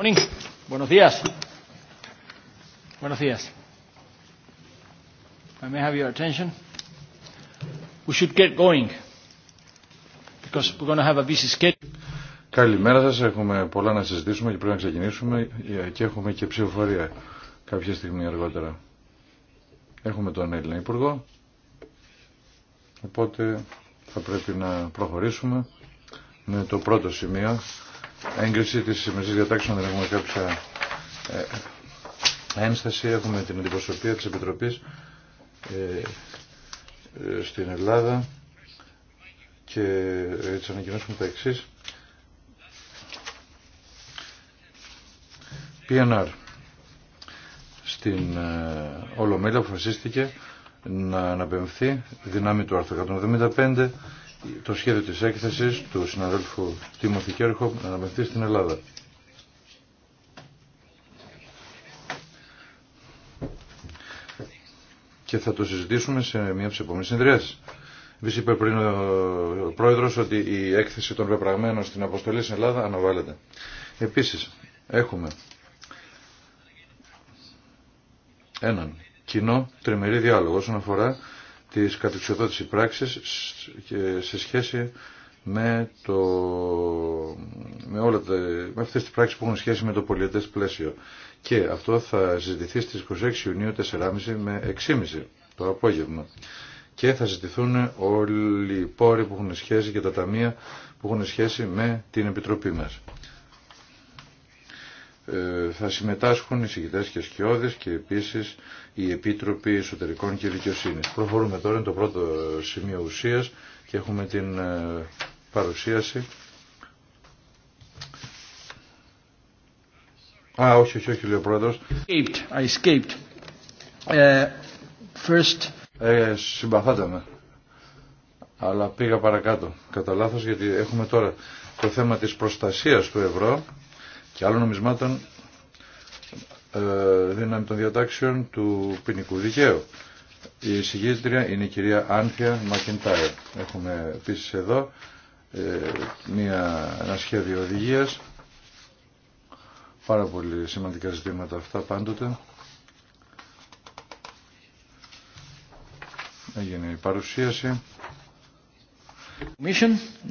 Morning. Buenos días. Buenos días. I have your attention. We should get going. Because we're going to have a busy schedule. Καλημέρα σας, έχουμε πολλά να συζητήσουμε και πρέπει να ξεκινήσουμε και έχουμε και ψηφοφορία κάποια στιγμή αργότερα. Έχουμε τον Έλληνα Υπουργό, οπότε θα πρέπει να προχωρήσουμε με το πρώτο σημείο έγκριση της διατάξη, διατάξεων δεν έχουμε κάποια ε, ένσταση. Έχουμε την αντιπροσωπεία της Επιτροπής ε, ε, στην Ελλάδα και έτσι ανακοινώσουμε τα εξή. PNR στην Ολομέλεια αποφασίστηκε να αναπαιμφθεί δυνάμει του άρθρου 175 το σχέδιο της έκθεσης του συναδέλφου Τίμωθη Κέρχο να αναμεθεί στην Ελλάδα. Και θα το συζητήσουμε σε μία από τις επόμενες Επίσης είπε πριν ο πρόεδρος ότι η έκθεση των πεπραγμένων στην αποστολή στην Ελλάδα αναβάλλεται. Επίσης έχουμε έναν κοινό τριμερή διάλογο όσον αφορά της κατεξοδότησης πράξης και σε σχέση με, το, με, όλα τα, με αυτές τις πράξεις που έχουν σχέση με το πολιετές πλαίσιο. Και αυτό θα συζητηθεί στις 26 Ιουνίου 4.30 με 6.30 το απόγευμα. Και θα ζητηθούν όλοι οι πόροι που έχουν σχέση και τα ταμεία που έχουν σχέση με την Επιτροπή μας. Ε, θα συμμετάσχουν οι συγκητές και σκιώδες και επίσης οι Επίτροποι Εσωτερικών και Δικαιοσύνης. Προχωρούμε τώρα, είναι το πρώτο σημείο ουσίας και έχουμε την ε, παρουσίαση. Α, όχι, όχι, όχι, λέει ο Πρόεδρος. I escaped. Ε, first... με. Αλλά πήγα παρακάτω, κατά λάθος, γιατί έχουμε τώρα το θέμα της προστασίας του ευρώ και άλλων νομισμάτων ε, δύναμη των διατάξεων του ποινικού δικαίου. Η εισηγήτρια είναι η κυρία Άνθια Μακεντάιρ. Έχουμε επίση εδώ ε, μια, ένα σχέδιο οδηγίας. Πάρα πολύ σημαντικά ζητήματα αυτά πάντοτε. Έγινε η παρουσίαση.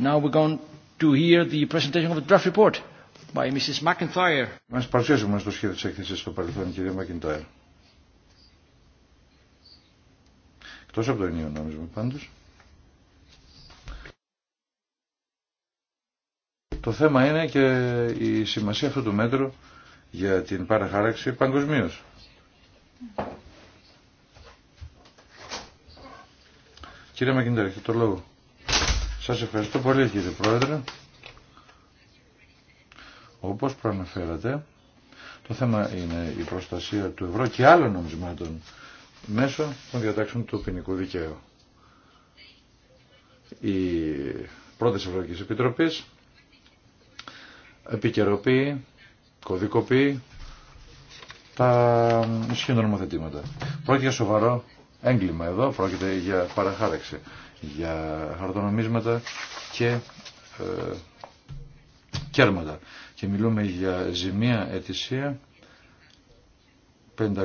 Now we're going to hear the presentation of the draft report by Mrs. Μας παρουσιάζουμε στο σχέδιο της έκθεσης στο παρελθόν, κυρία McIntyre. Εκτός από το ενίο νόμισμα πάντως. Το θέμα είναι και η σημασία αυτού του μέτρου για την παραχάραξη παγκοσμίω. Κύριε Μακίντερ, έχετε το λόγο. Σας ευχαριστώ πολύ κύριε Πρόεδρε. Όπως προαναφέρατε, το θέμα είναι η προστασία του ευρώ και άλλων νομισμάτων μέσω των διατάξεων του ποινικού δικαίου. Η πρώτη Ευρωπαϊκή Επιτροπή επικαιροποιεί, κωδικοποιεί τα ισχύοντα νομοθετήματα. Πρόκειται για σοβαρό έγκλημα εδώ, πρόκειται για παραχάραξη, για χαρτονομίσματα και ε, κέρματα. Και μιλούμε για ζημία ετησία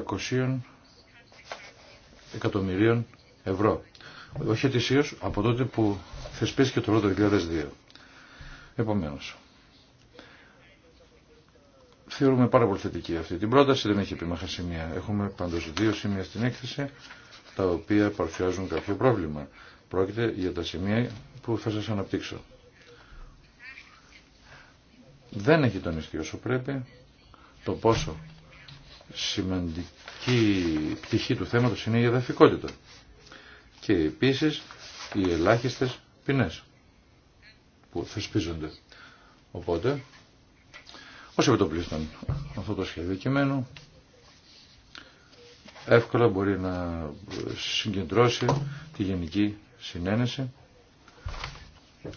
500 εκατομμυρίων ευρώ. Όχι ετησίω από τότε που θεσπίστηκε το πρώτο 2002. Επομένω, θεωρούμε πάρα πολύ θετική αυτή την πρόταση. Δεν έχει επιμάχα σημεία. Έχουμε πάντω δύο σημεία στην έκθεση τα οποία παρουσιάζουν κάποιο πρόβλημα. Πρόκειται για τα σημεία που θα σα αναπτύξω δεν έχει τονιστεί όσο πρέπει το πόσο σημαντική πτυχή του θέματος είναι η εδαφικότητα και επίσης οι ελάχιστες ποινές που θεσπίζονται. Οπότε, όσοι επιτοπλίστων αυτό το σχέδιο κειμένου εύκολα μπορεί να συγκεντρώσει τη γενική συνένεση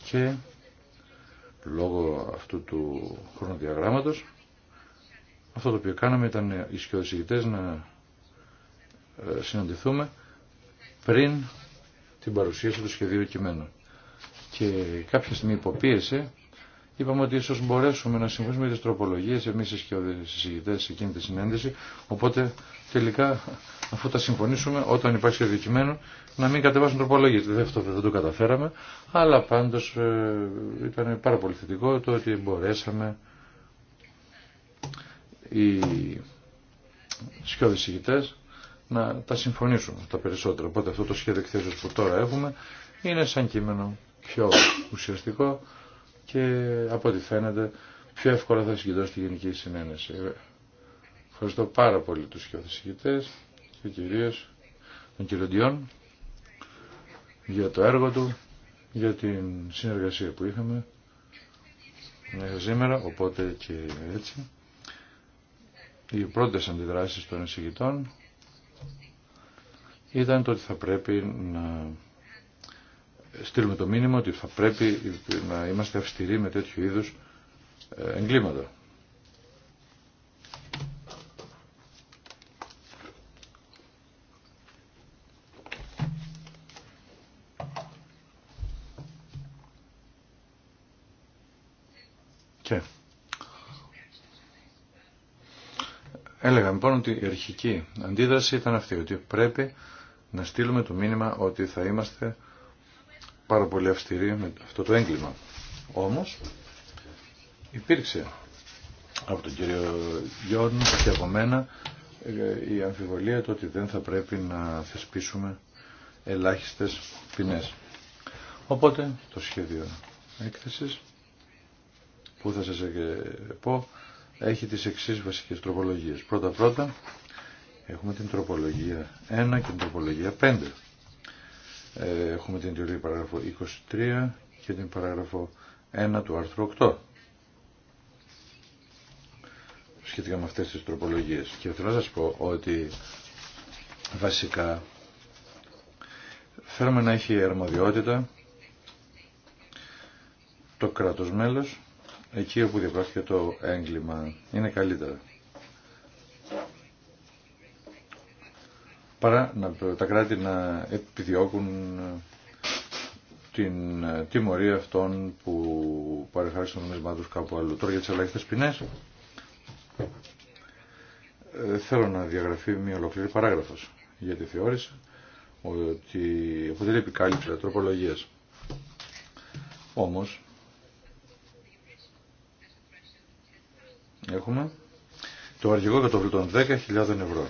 και λόγω αυτού του χρονοδιαγράμματος αυτό το οποίο κάναμε ήταν οι σκιοδησηγητές να ε, συναντηθούμε πριν την παρουσίαση του σχεδίου κειμένου. Και κάποια στιγμή υποπίεσε Είπαμε ότι ίσως μπορέσουμε να συμφωνήσουμε για τις τροπολογίες, εμείς οι σε εκείνη τη συνέντευξη, οπότε τελικά αφού τα συμφωνήσουμε όταν υπάρχει αδικημένο να μην κατεβάσουν τροπολογίες. Δεν αυτό δεν το καταφέραμε, αλλά πάντως ε, ήταν πάρα πολύ θετικό το ότι μπορέσαμε οι σκιοδεσυγητές να τα συμφωνήσουν τα περισσότερα. Οπότε αυτό το σχέδιο εκθέσεως που τώρα έχουμε είναι σαν κείμενο πιο ουσιαστικό και από ό,τι φαίνεται πιο εύκολα θα συγκεντρώσει τη Γενική Συνένεση. Ευχαριστώ πάρα πολύ τους σκιώδησηγητές και κυρίως τον κύριο Ντιόν για το έργο του, για την συνεργασία που είχαμε μέχρι σήμερα, οπότε και έτσι. Οι πρώτες αντιδράσεις των εισηγητών ήταν το ότι θα πρέπει να στείλουμε το μήνυμα ότι θα πρέπει να είμαστε αυστηροί με τέτοιου είδους ε, εγκλήματα. Και έλεγα λοιπόν ότι η αρχική αντίδραση ήταν αυτή, ότι πρέπει να στείλουμε το μήνυμα ότι θα είμαστε πάρα πολύ αυστηρή με αυτό το έγκλημα. Όμως υπήρξε από τον κύριο Γιώργο και από μένα ε, η αμφιβολία το ότι δεν θα πρέπει να θεσπίσουμε ελάχιστες ποινές. Οπότε το σχέδιο έκθεσης που θα σας ε, πω έχει τις εξής βασικές τροπολογίες. Πρώτα πρώτα έχουμε την τροπολογία 1 και την τροπολογία 5 ε, έχουμε την τελική παράγραφο 23 και την παράγραφο 1 του άρθρου 8 σχετικά με αυτές τις τροπολογίες. Και θέλω να σας πω ότι βασικά θέλουμε να έχει αρμοδιότητα το κράτος μέλος εκεί όπου διαπράχθηκε το έγκλημα. Είναι καλύτερα. παρά να, τα κράτη να επιδιώκουν ε, την ε, τιμωρία αυτών που παρεχάρισαν νομισμά τους κάπου αλλού. Τώρα για τις ελάχιστες ποινές ε, θέλω να διαγραφεί μια ολοκληρή παράγραφος γιατί θεώρησα ότι αποτελεί επικάλυψη τροπολογίας. Όμως έχουμε το αρχικό κατόφλι των 10.000 ευρώ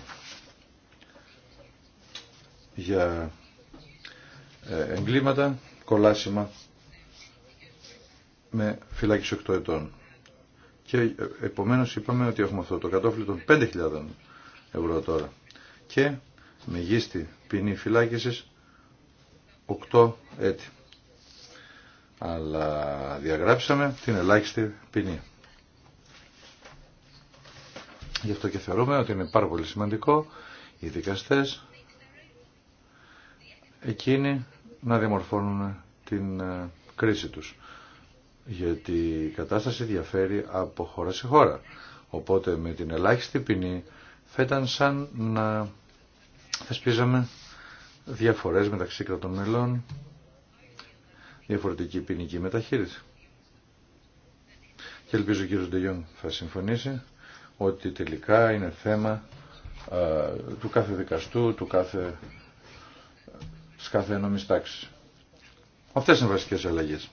για ε, εγκλήματα, κολάσιμα με φυλάκιση 8 ετών. Και ε, επομένως είπαμε ότι έχουμε αυτό το κατόφλι των 5.000 ευρώ τώρα. Και μεγίστη ποινή φυλάκισης 8 έτη. Αλλά διαγράψαμε την ελάχιστη ποινή. Γι' αυτό και θεωρούμε ότι είναι πάρα πολύ σημαντικό οι δικαστές εκείνοι να διαμορφώνουν την ε, κρίση τους. Γιατί η κατάσταση διαφέρει από χώρα σε χώρα. Οπότε με την ελάχιστη ποινή θα ήταν σαν να θεσπίζαμε διαφορές μεταξύ κρατών μελών, διαφορετική ποινική μεταχείριση. Και ελπίζω ο κύριος Ντεγιόν θα συμφωνήσει ότι τελικά είναι θέμα ε, του κάθε δικαστού, του κάθε κάθε ενόμης τάξης. Αυτές είναι βασικές αλλαγές.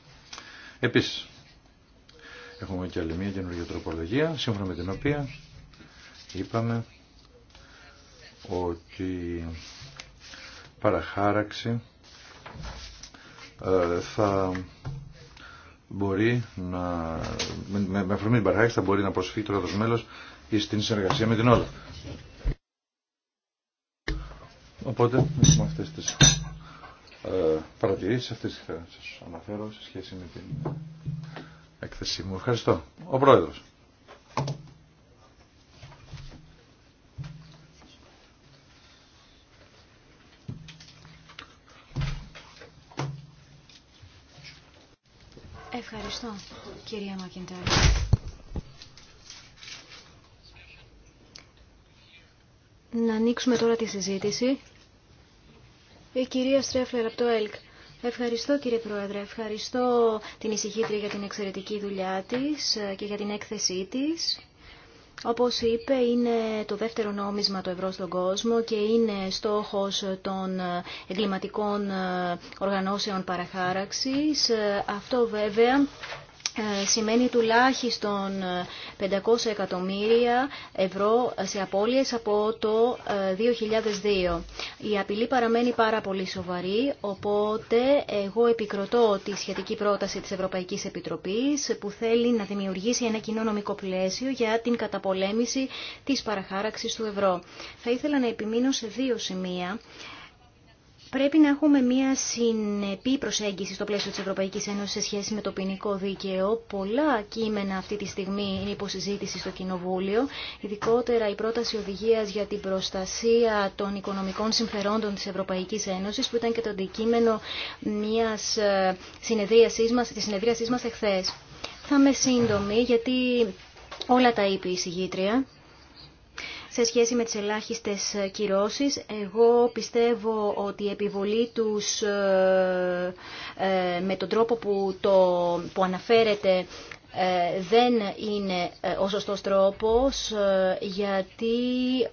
Επίσης, έχουμε και άλλη μια καινούργια τροπολογία, σύμφωνα με την οποία είπαμε ότι παραχάραξη ε, θα μπορεί να, με, με αφορμή παραχάραξη θα μπορεί να προσφύγει το κράτος μέλος στην συνεργασία με την όλα. Οπότε, με αυτές τις ε, παρατηρήσεις αυτές θα σας αναφέρω σε σχέση με την έκθεσή μου. Ευχαριστώ. Ο Πρόεδρος. Ευχαριστώ, κυρία Μακιντάρη. Να ανοίξουμε τώρα τη συζήτηση. Η κυρία Στρέφλερ από το ΕΛΚ. Ευχαριστώ κύριε Πρόεδρε, ευχαριστώ την ησυχήτρια για την εξαιρετική δουλειά της ε, και για την έκθεσή της. Όπως είπε, είναι το δεύτερο νόμισμα το ευρώ στον κόσμο και είναι στόχος των εγκληματικών ε, οργανώσεων παραχάραξης. Ε, αυτό βέβαια ε, σημαίνει τουλάχιστον 500 ε, εκατομμύρια ευρώ σε απώλειες από το 2002. Ε, Η απειλή παραμένει πάρα πολύ σοβαρή, οπότε εγώ επικροτώ τη σχετική πρόταση της Ευρωπαϊκής Επιτροπής που θέλει να δημιουργήσει ένα κοινό νομικό πλαίσιο για την καταπολέμηση της παραχάραξης του ευρώ. Θα ήθελα να επιμείνω σε δύο σημεία Πρέπει να έχουμε μια συνεπή προσέγγιση στο πλαίσιο της Ευρωπαϊκής Ένωσης σε σχέση με το ποινικό δίκαιο. Πολλά κείμενα αυτή τη στιγμή είναι υποσυζήτηση στο Κοινοβούλιο, ειδικότερα η πρόταση οδηγίας για την προστασία των οικονομικών συμφερόντων της Ευρωπαϊκής Ένωσης, που ήταν και το αντικείμενο μιας ε, συνεδρίασής μα της Θα είμαι σύντομη, γιατί όλα τα είπε η συγγήτρια σε σχέση με τις ελάχιστες ε, κυρώσεις. Εγώ πιστεύω ότι η επιβολή τους ε, ε, με τον τρόπο που, το, που αναφέρεται δεν είναι ο σωστός τρόπος γιατί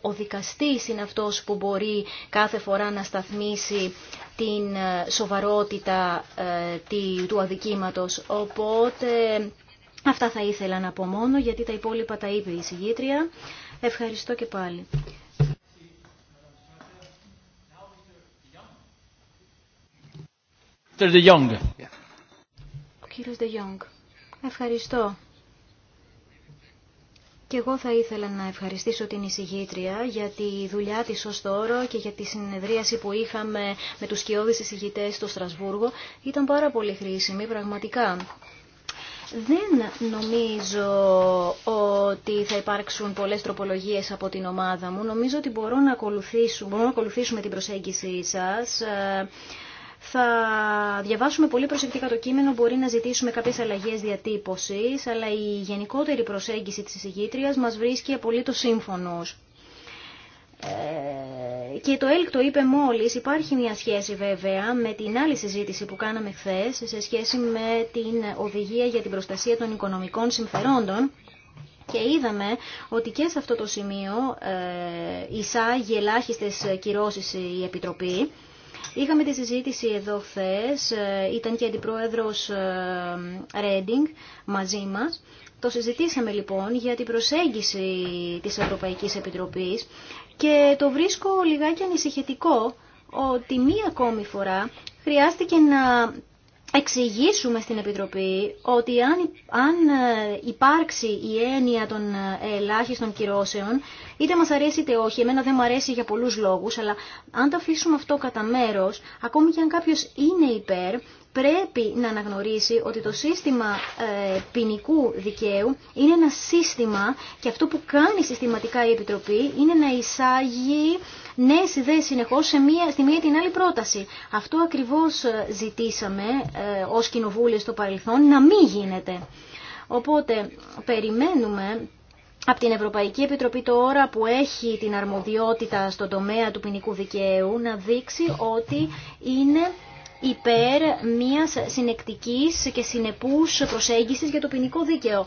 ο δικαστής είναι αυτός που μπορεί κάθε φορά να σταθμίσει την σοβαρότητα του αδικήματος. Οπότε αυτά θα ήθελα να πω μόνο γιατί τα υπόλοιπα τα είπε η συγγήτρια. Ευχαριστώ και πάλι. Ο κύριος De Ευχαριστώ. Και εγώ θα ήθελα να ευχαριστήσω την εισηγήτρια για τη δουλειά της ως τώρα και για τη συνεδρίαση που είχαμε με τους σκιώδεις εισηγητές στο Στρασβούργο. Ήταν πάρα πολύ χρήσιμη, πραγματικά. Δεν νομίζω ότι θα υπάρξουν πολλές τροπολογίες από την ομάδα μου. Νομίζω ότι μπορώ να ακολουθήσουμε, μπορώ να ακολουθήσουμε την προσέγγιση σας. Ε, θα διαβάσουμε πολύ προσεκτικά το κείμενο, μπορεί να ζητήσουμε κάποιες αλλαγές διατύπωσης, αλλά η γενικότερη προσέγγιση της εισηγήτριας μας βρίσκει απολύτως σύμφωνος. Ε, και το ΕΛΚ το είπε μόλις, υπάρχει μια σχέση βέβαια με την άλλη συζήτηση που κάναμε χθε σε σχέση με την οδηγία για την προστασία των οικονομικών συμφερόντων και είδαμε ότι και σε αυτό το σημείο ε, εισάγει ελάχιστες κυρώσεις η Επιτροπή. Είχαμε τη συζήτηση εδώ χθε, ε, ήταν και αντιπρόεδρος ε, Ρέντινγκ μαζί μας. Το συζητήσαμε λοιπόν για την προσέγγιση της Ευρωπαϊκής Επιτροπής και το βρίσκω λιγάκι ανησυχητικό ότι μία ακόμη φορά χρειάστηκε να εξηγήσουμε στην Επιτροπή ότι αν, αν ε, υπάρξει η έννοια των ε, ελάχιστων κυρώσεων, Είτε μα αρέσει είτε όχι, εμένα δεν μου αρέσει για πολλού λόγου, αλλά αν το αφήσουμε αυτό κατά μέρο, ακόμη και αν κάποιο είναι υπέρ, πρέπει να αναγνωρίσει ότι το σύστημα ε, ποινικού δικαίου είναι ένα σύστημα και αυτό που κάνει συστηματικά η Επιτροπή είναι να εισάγει νέε ιδέε συνεχώ σε μία, στη την άλλη πρόταση. Αυτό ακριβώ ε, ζητήσαμε ε, ω κοινοβούλιο στο παρελθόν να μην γίνεται. Οπότε περιμένουμε από την Ευρωπαϊκή Επιτροπή τώρα που έχει την αρμοδιότητα στον τομέα του ποινικού δικαίου να δείξει ότι είναι υπέρ μιας συνεκτικής και συνεπούς προσέγγισης για το ποινικό δίκαιο.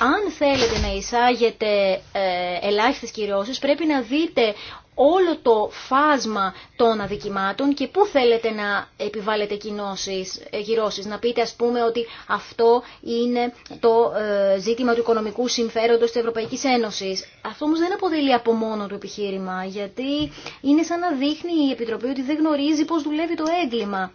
Αν θέλετε να εισάγετε ε, ελάχιστες κυρώσεις, πρέπει να δείτε όλο το φάσμα των αδικημάτων και πού θέλετε να επιβάλλετε κοινώσεις, γυρώσεις. Ε, να πείτε ας πούμε ότι αυτό είναι το ε, ζήτημα του οικονομικού συμφέροντος της Ευρωπαϊκής Ένωσης. Αυτό όμως δεν αποτελεί από μόνο το επιχείρημα γιατί είναι σαν να δείχνει η Επιτροπή ότι δεν γνωρίζει πώς δουλεύει το έγκλημα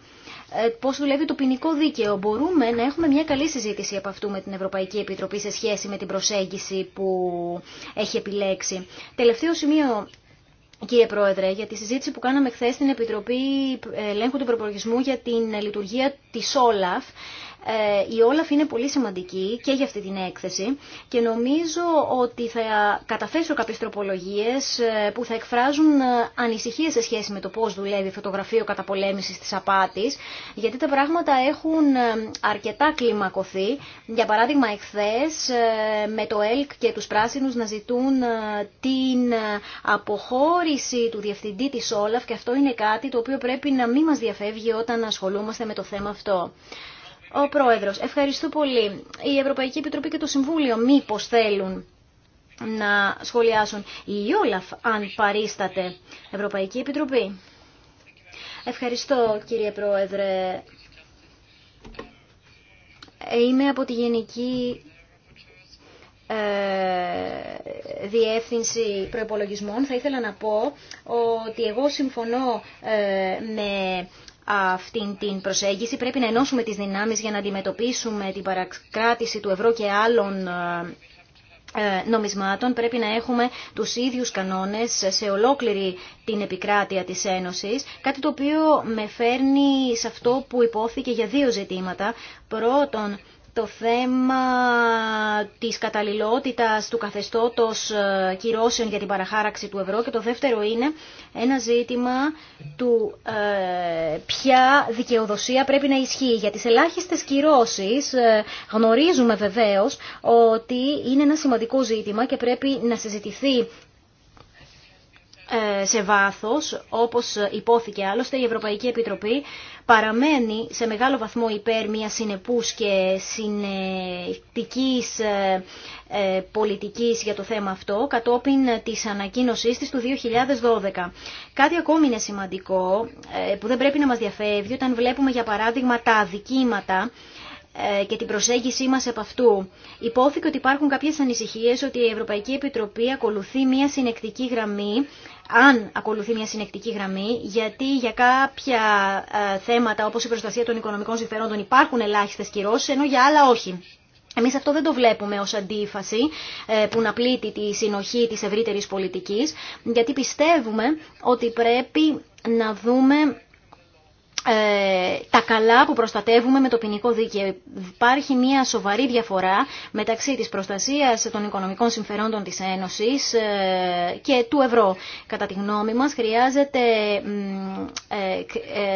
ε, πώς δουλεύει το ποινικό δίκαιο. Μπορούμε να έχουμε μια καλή συζήτηση από αυτού με την Ευρωπαϊκή Επιτροπή σε σχέση με την προσέγγιση που έχει επιλέξει. Τελευταίο σημείο Κύριε Πρόεδρε, για τη συζήτηση που κάναμε χθε στην Επιτροπή Ελέγχου του Προπολογισμού για την λειτουργία τη Όλαφ, ε, η Όλαφ είναι πολύ σημαντική και για αυτή την έκθεση και νομίζω ότι θα καταθέσω κάποιες τροπολογίες ε, που θα εκφράζουν ε, ανησυχίε σε σχέση με το πώς δουλεύει η φωτογραφία γραφείο καταπολέμησης της απάτης γιατί τα πράγματα έχουν αρκετά κλιμακωθεί. Για παράδειγμα εχθές με το ΕΛΚ και τους πράσινους να ζητούν την αποχώρηση του διευθυντή τη Όλαφ και αυτό είναι κάτι το οποίο πρέπει να μην μας διαφεύγει όταν ασχολούμαστε με το θέμα αυτό. Ο Πρόεδρο. ευχαριστώ πολύ. Η Ευρωπαϊκή Επιτροπή και το Συμβούλιο μηπω θέλουν να σχολιάσουν. Η Ιόλαφ αν παρίσταται, Ευρωπαϊκή Επιτροπή. Ευχαριστώ, κύριε Πρόεδρε. Είμαι από τη Γενική ε, Διεύθυνση Προϋπολογισμών. Θα ήθελα να πω ότι εγώ συμφωνώ ε, με αυτή την προσέγγιση. Πρέπει να ενώσουμε τις δυνάμεις για να αντιμετωπίσουμε την παρακράτηση του ευρώ και άλλων ε, νομισμάτων πρέπει να έχουμε τους ίδιους κανόνες σε ολόκληρη την επικράτεια της Ένωσης, κάτι το οποίο με φέρνει σε αυτό που υπόθηκε για δύο ζητήματα. Πρώτον, το θέμα της καταλληλότητας του καθεστώτος ε, κυρώσεων για την παραχάραξη του ευρώ και το δεύτερο είναι ένα ζήτημα του ε, ποια δικαιοδοσία πρέπει να ισχύει. Για τις ελάχιστες κυρώσεις ε, γνωρίζουμε βεβαίως ότι είναι ένα σημαντικό ζήτημα και πρέπει να συζητηθεί ε, σε βάθος, όπως υπόθηκε άλλωστε, η Ευρωπαϊκή Επιτροπή παραμένει σε μεγάλο βαθμό υπέρ μια συνεπούς και συνεκτικής ε, ε, πολιτικής για το θέμα αυτό, κατόπιν της ανακοίνωσής της του 2012. Κάτι ακόμη είναι σημαντικό, που δεν πρέπει να μας διαφεύγει, όταν βλέπουμε για παράδειγμα τα αδικήματα, και την προσέγγιση μας επ' αυτού. Υπόθηκε ότι υπάρχουν κάποιες ανησυχίες ότι η Ευρωπαϊκή Επιτροπή ακολουθεί μια συνεκτική γραμμή αν ακολουθεί μια συνεκτική γραμμή, γιατί για κάποια ε, θέματα όπως η προστασία των οικονομικών συμφερόντων υπάρχουν ελάχιστες κυρώσεις, ενώ για άλλα όχι. Εμείς αυτό δεν το βλέπουμε ως αντίφαση ε, που να πλήττει τη συνοχή της ευρύτερης πολιτικής, γιατί πιστεύουμε ότι πρέπει να δούμε ε, τα καλά που προστατεύουμε με το ποινικό δίκαιο. Υπάρχει μια σοβαρή διαφορά μεταξύ της προστασίας των οικονομικών συμφερόντων της Ένωσης ε, και του ευρώ. Κατά τη γνώμη μας χρειάζεται,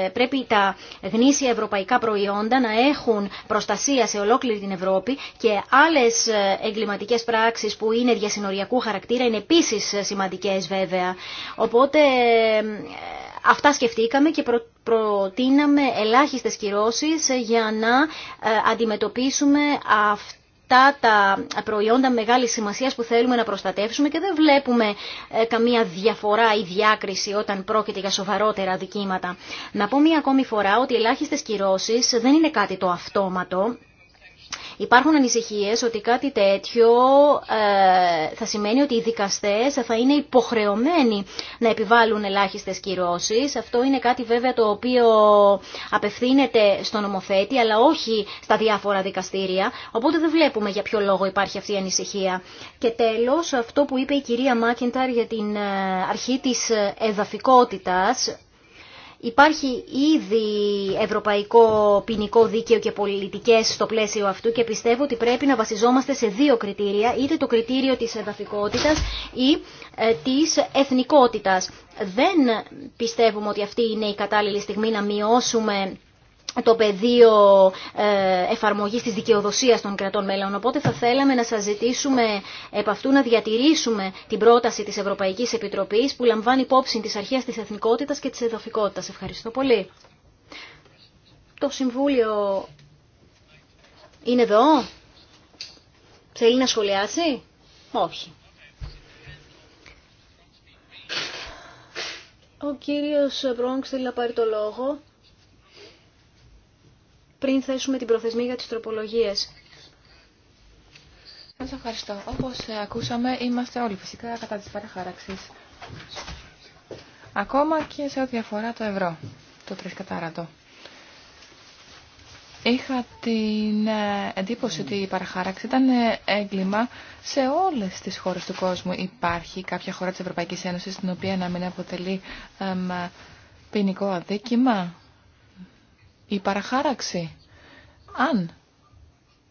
ε, πρέπει τα γνήσια ευρωπαϊκά προϊόντα να έχουν προστασία σε ολόκληρη την Ευρώπη και άλλες εγκληματικές πράξεις που είναι διασυνοριακού χαρακτήρα είναι επίσης σημαντικές βέβαια. Οπότε Αυτά σκεφτήκαμε και προ, προτείναμε ελάχιστες κυρώσεις για να ε, αντιμετωπίσουμε αυτά τα προϊόντα μεγάλης σημασίας που θέλουμε να προστατεύσουμε και δεν βλέπουμε ε, καμία διαφορά ή διάκριση όταν πρόκειται για σοβαρότερα δικήματα. Να πω μία ακόμη φορά ότι ελάχιστες κυρώσεις δεν είναι κάτι το αυτόματο. Υπάρχουν ανησυχίες ότι κάτι τέτοιο ε, θα σημαίνει ότι οι δικαστές θα είναι υποχρεωμένοι να επιβάλλουν ελάχιστες κυρώσεις. Αυτό είναι κάτι βέβαια το οποίο απευθύνεται στο νομοθέτη αλλά όχι στα διάφορα δικαστήρια. Οπότε δεν βλέπουμε για ποιο λόγο υπάρχει αυτή η ανησυχία. Και τέλος αυτό που είπε η κυρία Μάκενταρ για την ε, αρχή της ε, εδαφικότητας Υπάρχει ήδη ευρωπαϊκό ποινικό δίκαιο και πολιτικές στο πλαίσιο αυτού και πιστεύω ότι πρέπει να βασιζόμαστε σε δύο κριτήρια, είτε το κριτήριο της εδαφικότητας ή ε, της εθνικότητας. Δεν πιστεύουμε ότι αυτή είναι η κατάλληλη στιγμή να μειώσουμε το πεδίο ε, εφαρμογής της δικαιοδοσίας των κρατών μέλων. Οπότε θα θέλαμε να σας ζητήσουμε επ' αυτού να διατηρήσουμε την πρόταση της Ευρωπαϊκής Επιτροπής που λαμβάνει υπόψη τις αρχές της εθνικότητας και της εδαφικότητας. Ευχαριστώ πολύ. Το Συμβούλιο είναι εδώ. Θέλει να σχολιάσει. Όχι. Ο κύριος Μπρόγκ θέλει να πάρει το λόγο πριν θέσουμε την προθεσμία για τις τροπολογίες. Σας ευχαριστώ. Όπως ε, ακούσαμε, είμαστε όλοι φυσικά κατά της παραχάραξης. Ακόμα και σε ό,τι αφορά το ευρώ, το τρισκατάρατο. Είχα την ε, εντύπωση ότι η παραχάραξη ήταν ε, έγκλημα σε όλες τις χώρες του κόσμου. Υπάρχει κάποια χώρα της Ευρωπαϊκής Ένωσης στην οποία να μην αποτελεί ποινικό αδίκημα η παραχάραξη. Αν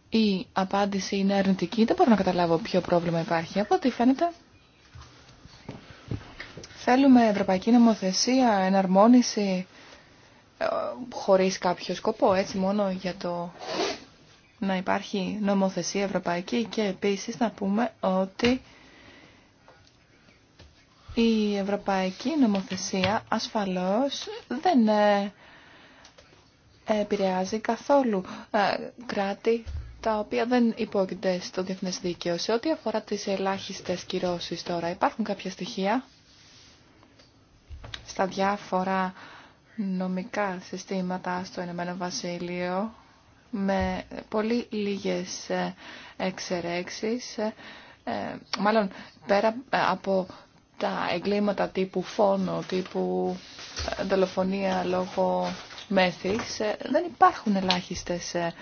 η απάντηση είναι αρνητική, δεν μπορώ να καταλάβω ποιο πρόβλημα υπάρχει. Από ό,τι φαίνεται, θέλουμε ευρωπαϊκή νομοθεσία, εναρμόνιση, ε, χωρίς κάποιο σκοπό, έτσι μόνο για το να υπάρχει νομοθεσία ευρωπαϊκή και επίσης να πούμε ότι η ευρωπαϊκή νομοθεσία ασφαλώς δεν ε, επηρεάζει καθόλου ε, κράτη τα οποία δεν υπόκειται στο διεθνές δίκαιο. Σε ό,τι αφορά τις ελάχιστες κυρώσεις τώρα, υπάρχουν κάποια στοιχεία στα διάφορα νομικά συστήματα στο Ηνωμένο Βασίλειο με πολύ λίγες ε, εξαιρέξεις, ε, μάλλον πέρα από τα εγκλήματα τύπου φόνο, τύπου δολοφονία λόγω μέθης, ε, δεν υπάρχουν ελάχιστες ε,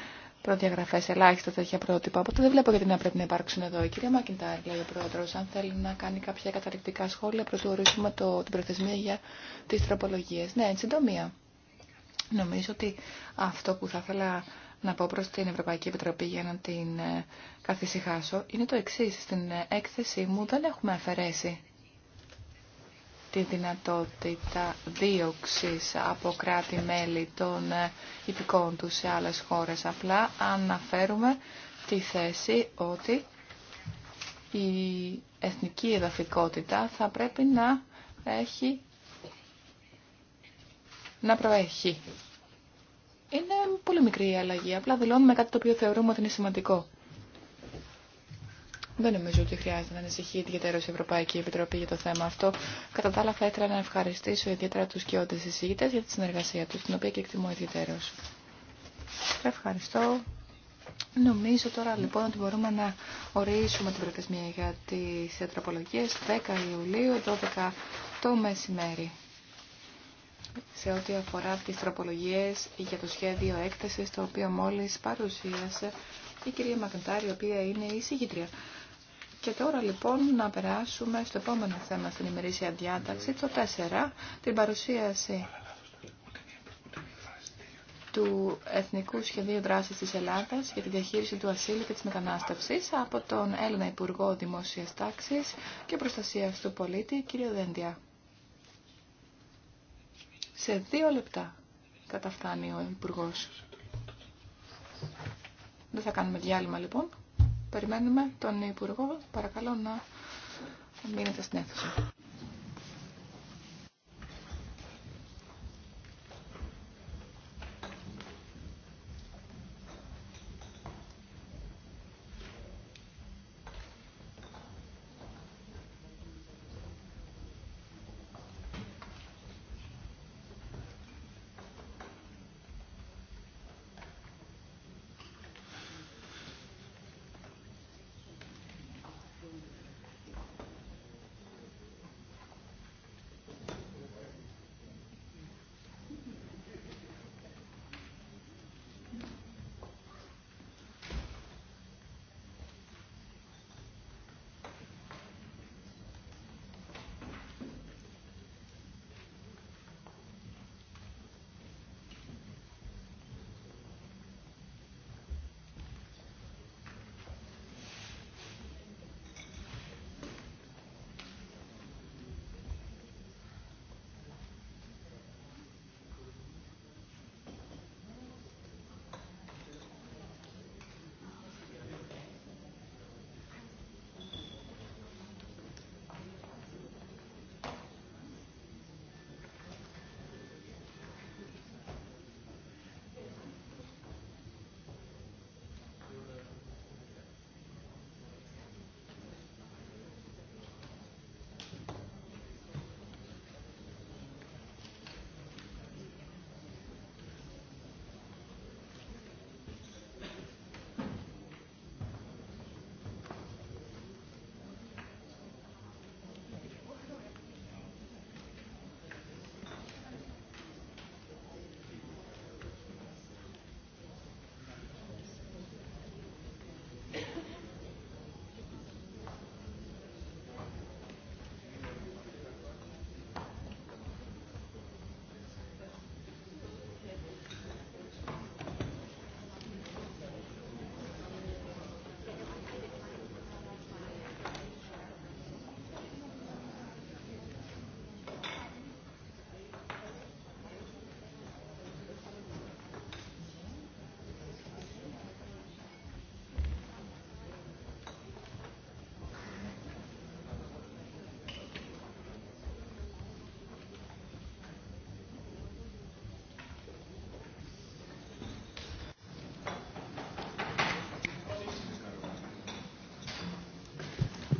προδιαγραφές, ελάχιστα τέτοια πρότυπα. Οπότε δεν βλέπω γιατί να πρέπει να υπάρξουν εδώ. Η κυρία Μακιντάρ, λέει ο πρόεδρος, αν θέλει να κάνει κάποια καταληκτικά σχόλια, προσδιορίσουμε το, την προθεσμία για τις τροπολογίες. Ναι, εν συντομία. Νομίζω ότι αυτό που θα ήθελα να πω προς την Ευρωπαϊκή Επιτροπή για να την ε, καθησυχάσω είναι το εξής. Στην έκθεσή μου δεν έχουμε αφαιρέσει τη δυνατότητα δίωξης από κράτη-μέλη των ε, υπηκών του σε άλλες χώρες. Απλά αναφέρουμε τη θέση ότι η εθνική εδαφικότητα θα πρέπει να έχει να προέχει. Είναι πολύ μικρή η αλλαγή. Απλά δηλώνουμε κάτι το οποίο θεωρούμε ότι είναι σημαντικό. Δεν νομίζω ότι χρειάζεται να ανησυχεί ιδιαίτερα η Ευρωπαϊκή Επιτροπή για το θέμα αυτό. Κατά τα άλλα, θα ήθελα να ευχαριστήσω ιδιαίτερα του και όντε εισηγητέ για τη συνεργασία του, την οποία και εκτιμώ ιδιαίτερω. Ευχαριστώ. Νομίζω τώρα λοιπόν ότι μπορούμε να ορίσουμε την προθεσμία για τι τροπολογίε 10 Ιουλίου, 12 το μεσημέρι. Σε ό,τι αφορά τι τροπολογίε για το σχέδιο έκθεση, το οποίο μόλι παρουσίασε η κυρία Μακεντάρη, η οποία είναι η συγγήτρια. Και τώρα λοιπόν να περάσουμε στο επόμενο θέμα στην ημερήσια διάταξη, το 4, την παρουσίαση του Εθνικού Σχεδίου Δράσης της Ελλάδας για τη διαχείριση του ασύλου και της μετανάστευσης από τον Έλληνα Υπουργό Δημόσιας Τάξης και Προστασίας του Πολίτη, κ. Δέντια. Σε δύο λεπτά καταφτάνει ο Υπουργός. Δεν θα κάνουμε διάλειμμα λοιπόν. Περιμένουμε τον Υπουργό. Παρακαλώ να μείνετε στην αίθουσα.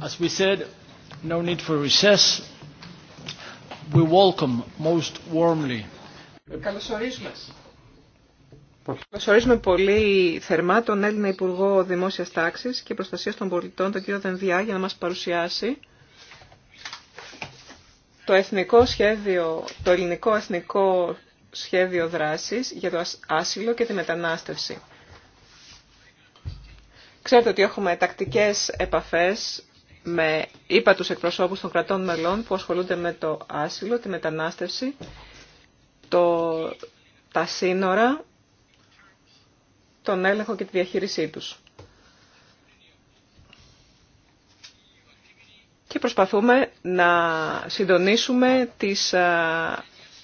As we said, no need for recess. We welcome most warmly. Καλωσορίζουμε. πολύ θερμά τον Έλληνα Υπουργό Δημόσιας Τάξης και Προστασίας των Πολιτών, τον κύριο Δενδιά, για να μας παρουσιάσει το, εθνικό σχέδιο, το ελληνικό εθνικό σχέδιο δράσης για το άσυλο και τη μετανάστευση. Ξέρετε ότι έχουμε τακτικές επαφές με, είπα τους εκπροσώπους των κρατών μελών που ασχολούνται με το άσυλο, τη μετανάστευση, το, τα σύνορα, τον έλεγχο και τη διαχείρισή τους. Και προσπαθούμε να συντονίσουμε τις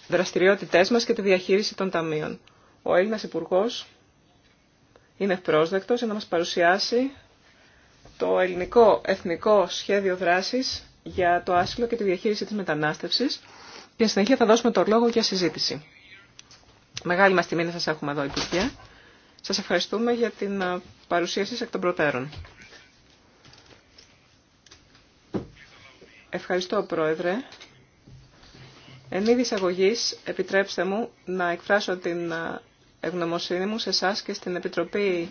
δραστηριότητές μας και τη διαχείριση των ταμείων. Ο Έλληνας Υπουργός είναι ευπρόσδεκτος για να μας παρουσιάσει το ελληνικό εθνικό σχέδιο δράσης για το άσυλο και τη διαχείριση της μετανάστευσης και στην συνεχεία θα δώσουμε το λόγο για συζήτηση. Μεγάλη μας τιμή να σας έχουμε εδώ, Υπουργέ. Σας ευχαριστούμε για την παρουσία σας εκ των προτέρων. Ευχαριστώ, Πρόεδρε. Εν είδη εισαγωγή, επιτρέψτε μου να εκφράσω την ευγνωμοσύνη μου σε εσά και στην Επιτροπή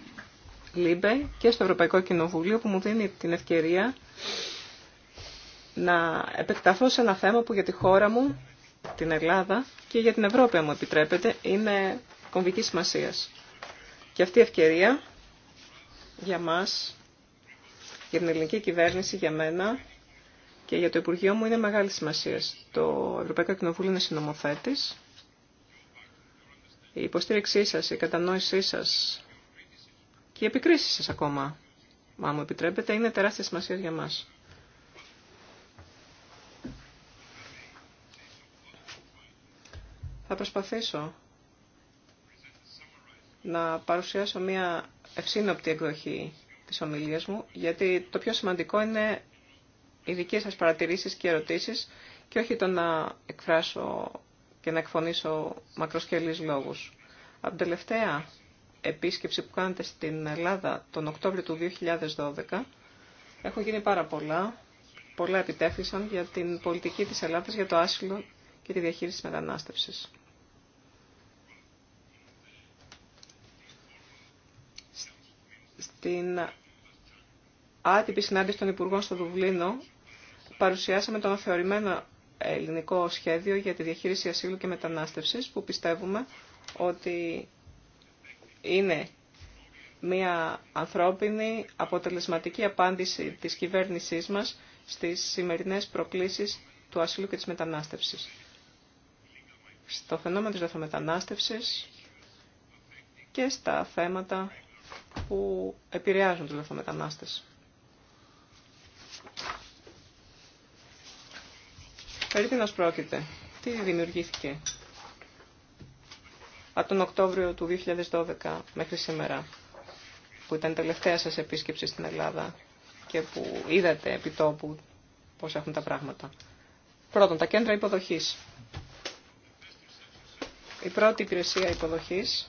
ΛΥΜΠΕ και στο Ευρωπαϊκό Κοινοβούλιο που μου δίνει την ευκαιρία να επεκταθώ σε ένα θέμα που για τη χώρα μου, την Ελλάδα και για την Ευρώπη, αν μου επιτρέπετε, είναι κομβική σημασία. Και αυτή η ευκαιρία για μας, για την ελληνική κυβέρνηση, για μένα και για το Υπουργείο μου είναι μεγάλη σημασία. Το Ευρωπαϊκό Κοινοβούλιο είναι συνομοθέτης. Η υποστήριξή σας, η κατανόησή σας και οι επικρίσεις σα ακόμα, αν μου επιτρέπετε, είναι τεράστια σημασία για μας. Θα προσπαθήσω να παρουσιάσω μια ευσύνοπτη εκδοχή της ομιλίας μου, γιατί το πιο σημαντικό είναι οι δικές σας παρατηρήσεις και ερωτήσεις και όχι το να εκφράσω και να εκφωνήσω μακροσκελείς λόγους. Από τελευταία επίσκεψη που κάνετε στην Ελλάδα τον Οκτώβριο του 2012 έχουν γίνει πάρα πολλά. Πολλά επιτέθησαν για την πολιτική της Ελλάδας για το άσυλο και τη διαχείριση της μετανάστευσης. Στην άτυπη συνάντηση των Υπουργών στο Δουβλίνο παρουσιάσαμε τον αναθεωρημένο ελληνικό σχέδιο για τη διαχείριση ασύλου και μετανάστευσης που πιστεύουμε ότι είναι μια ανθρώπινη αποτελεσματική απάντηση της κυβέρνησής μας στις σημερινές προκλήσεις του ασύλου και της μετανάστευσης. Στο φαινόμενο της λαθρομετανάστευσης και στα θέματα που επηρεάζουν τους λαθρομετανάστες. Περί τίνος πρόκειται. Τι δημιουργήθηκε από τον Οκτώβριο του 2012 μέχρι σήμερα, που ήταν η τελευταία σας επίσκεψη στην Ελλάδα και που είδατε επί τόπου πώς έχουν τα πράγματα. Πρώτον, τα κέντρα υποδοχής. Η πρώτη υπηρεσία υποδοχής,